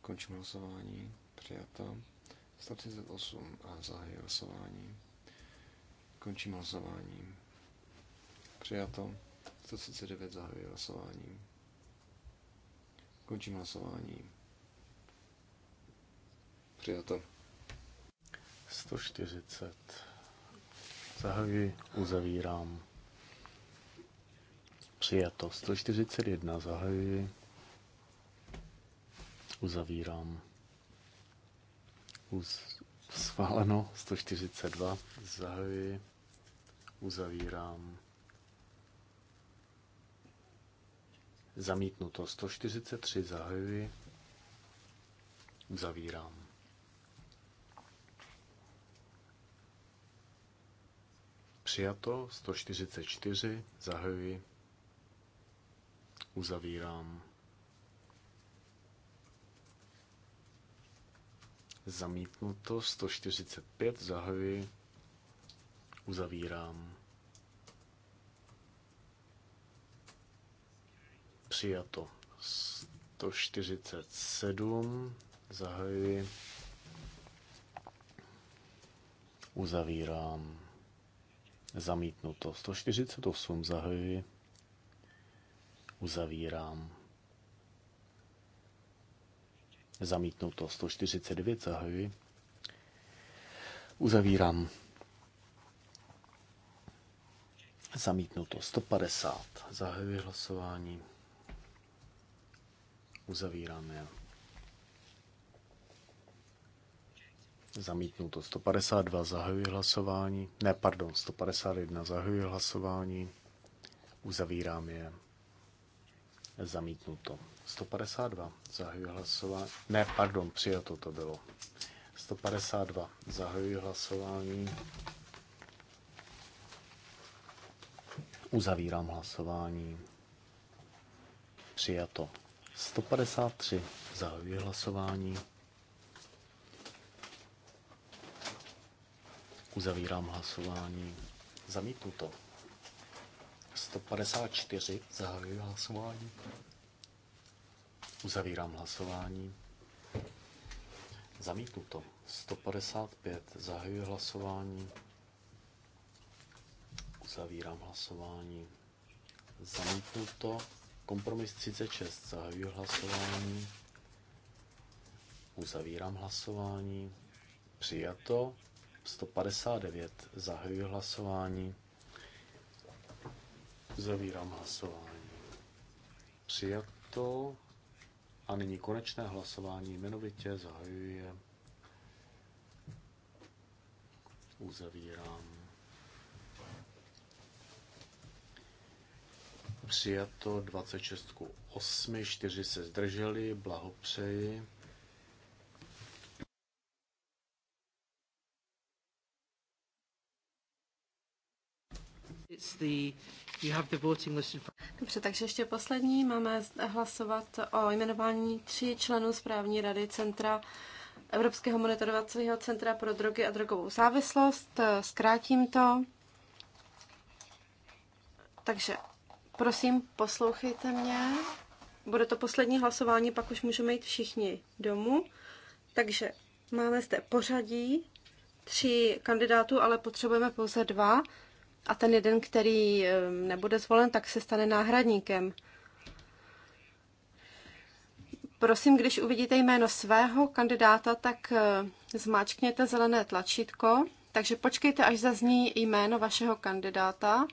Končím hlasování. Přijata. 138. zahajuji hlasování. Končím hlasováním. Přijato. 139 zahajuje hlasování. Končím hlasování. Přijato. 140. Zahajuji, uzavírám. Přijato. 141. Zahajuji. Uzavírám. Uz... Schváleno 142. Zahajuji. Uzavírám. Zamítnuto 143. Zahajuji. Uzavírám. Přijato 144. Zahajuji. Uzavírám. Zamítnuto 145, zahajuji, uzavírám. Přijato 147, zahajuji, uzavírám. Zamítnuto 148, zahajuji, uzavírám. Zamítnuto 149 zahajuji. Uzavírám. Zamítnuto 150. Zahajuji hlasování. Uzavírám je. Zamítnuto 152. Zahajuji hlasování. Ne, pardon, 151. Zahajuji hlasování. Uzavírám je. Zamítnuto. 152. Zahajuji hlasování. Ne, pardon, přijato to bylo. 152. Zahajuji hlasování. Uzavírám hlasování. Přijato. 153. Zahajuji hlasování. Uzavírám hlasování. Zamítnuto. 154. Zahajuji hlasování. Uzavírám hlasování. Zamítnuto. 155. Zahajuji hlasování. Uzavírám hlasování. Zamítnuto. Kompromis 36. Zahajuji hlasování. Uzavírám hlasování. Přijato. 159. Zahajuji hlasování. Zavírám hlasování. Přijato. A nyní konečné hlasování jmenovitě zahajuje. Uzavírám. Přijato 26 k 8, 4 se zdrželi, blahopřeji. It's the Dobře, takže ještě poslední. Máme hlasovat o jmenování tří členů správní rady Centra Evropského monitorovacího centra pro drogy a drogovou závislost. Zkrátím to. Takže prosím, poslouchejte mě. Bude to poslední hlasování, pak už můžeme jít všichni domů. Takže máme zde pořadí tří kandidátů, ale potřebujeme pouze dva a ten jeden, který eh, nebude zvolen, tak se stane náhradníkem. Prosím, když uvidíte jméno svého kandidáta, tak eh, zmáčkněte zelené tlačítko. Takže počkejte, až zazní jméno vašeho kandidáta.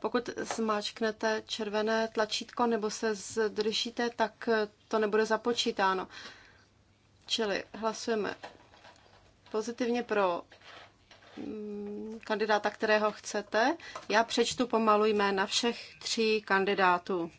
Pokud zmáčknete červené tlačítko nebo se zdržíte, tak eh, to nebude započítáno. Čili hlasujeme pozitivně pro Mm, kandidáta, kterého chcete. Já přečtu pomalu jména všech tří kandidátů.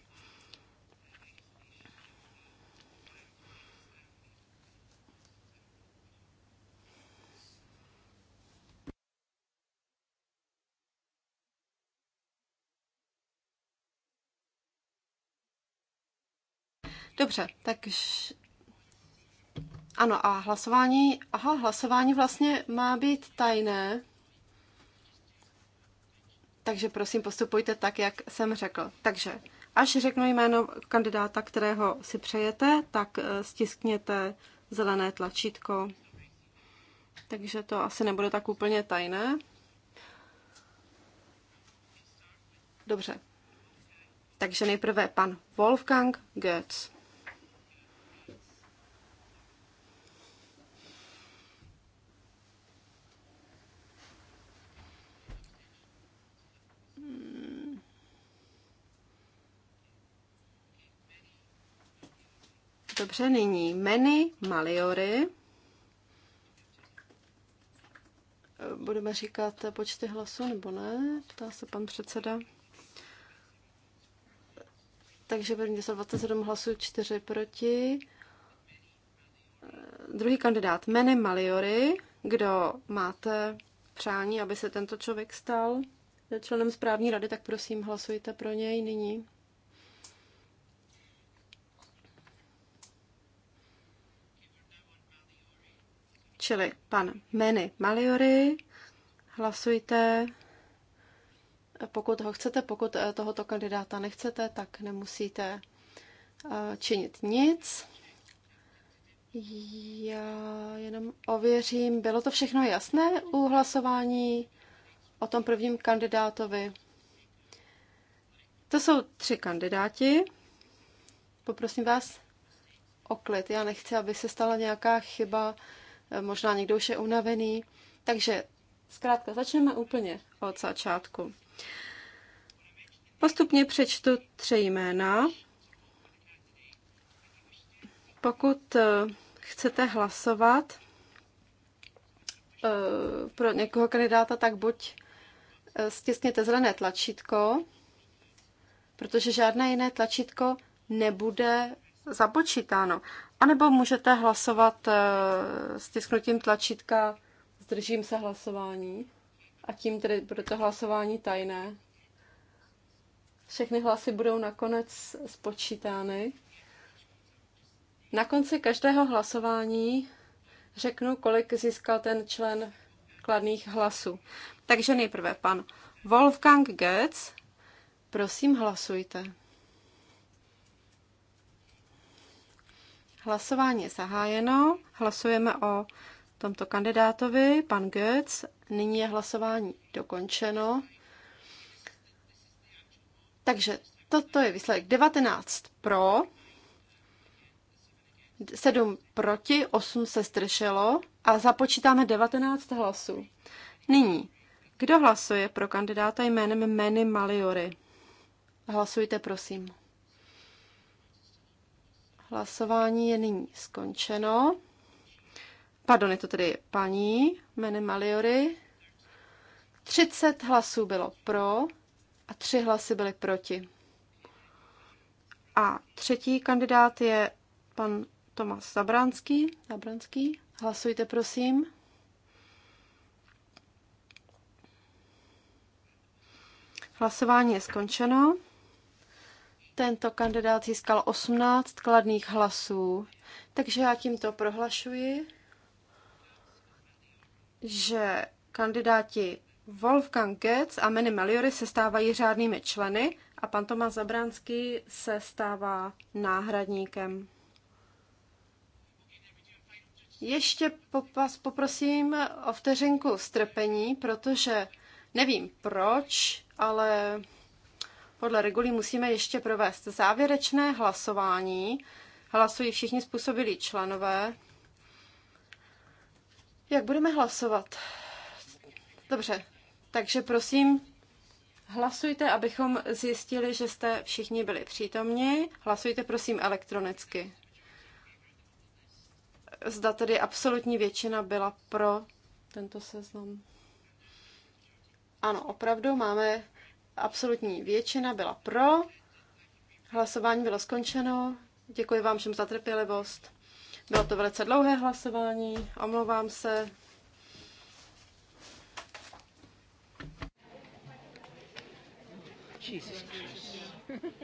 Dobře, takže ano, a hlasování, aha, hlasování vlastně má být tajné. Takže prosím, postupujte tak, jak jsem řekl. Takže až řeknu jméno kandidáta, kterého si přejete, tak eh, stiskněte zelené tlačítko. Takže to asi nebude tak úplně tajné. Dobře. Takže nejprve pan Wolfgang Goetz. Dobře, nyní meny maliory. Budeme říkat počty hlasů nebo ne? Ptá se pan předseda. Takže první 27 hlasů, 4 proti. Druhý kandidát Meny Maliory. Kdo máte přání, aby se tento člověk stal členem správní rady, tak prosím hlasujte pro něj nyní. Čili pan Meny Maliori, hlasujte, pokud ho chcete, pokud eh, tohoto kandidáta nechcete, tak nemusíte eh, činit nic. Já jenom ověřím, bylo to všechno jasné u hlasování o tom prvním kandidátovi. To jsou tři kandidáti. Poprosím vás o klid. Já nechci, aby se stala nějaká chyba Eh, možná někdo už je unavený. Takže zkrátka začneme úplně od začátku. Postupně přečtu tři jména. Pokud eh, chcete hlasovat eh, pro někoho kandidáta, tak buď stiskněte zelené tlačítko, protože žádné jiné tlačítko nebude započítáno anebo můžete hlasovat eh, stisknutím tlačítka zdržím se hlasování a tím tedy bude to hlasování tajné. Všechny hlasy budou nakonec spočítány. Na konci každého hlasování řeknu, kolik získal ten člen kladných hlasů. Takže nejprve pan Wolfgang Goetz, prosím hlasujte. Hlasování je zahájeno. Hlasujeme o tomto kandidátovi, pan Götz. Nyní je hlasování dokončeno. Takže toto je výsledek 19 pro, 7 proti, 8 se stršelo a započítáme 19 hlasů. Nyní, kdo hlasuje pro kandidáta jménem Manny Maliory? Hlasujte, prosím. Hlasování je nyní skončeno. Pardon, je to tedy paní Mene Maliory. 30 hlasů bylo pro a 3 hlasy byly proti. A třetí kandidát je pan Tomas Zabranský. Zabranský. Hlasujte, prosím. Hlasování je skončeno. Tento kandidát získal 18 kladných hlasů, takže já tímto prohlašuji, že kandidáti Wolfgang Goetz a Manny Meliory se stávají řádnými členy a pan Tomáš Zabránský se stává náhradníkem. Ještě vás poprosím o vteřinku strpení, protože nevím proč, ale podle regulí musíme ještě provést závěrečné hlasování. Hlasují všichni způsobilí členové. Jak budeme hlasovat? Dobře, takže prosím, hlasujte, abychom zjistili, že jste všichni byli přítomni. Hlasujte prosím elektronicky. Zda tedy absolutní většina byla pro tento seznam. Ano, opravdu máme absolutní většina byla pro, hlasování bylo skončeno, děkuji vám všem za trpělivost. Bylo to velice dlouhé hlasování, omlouvám se. Jesus Christ.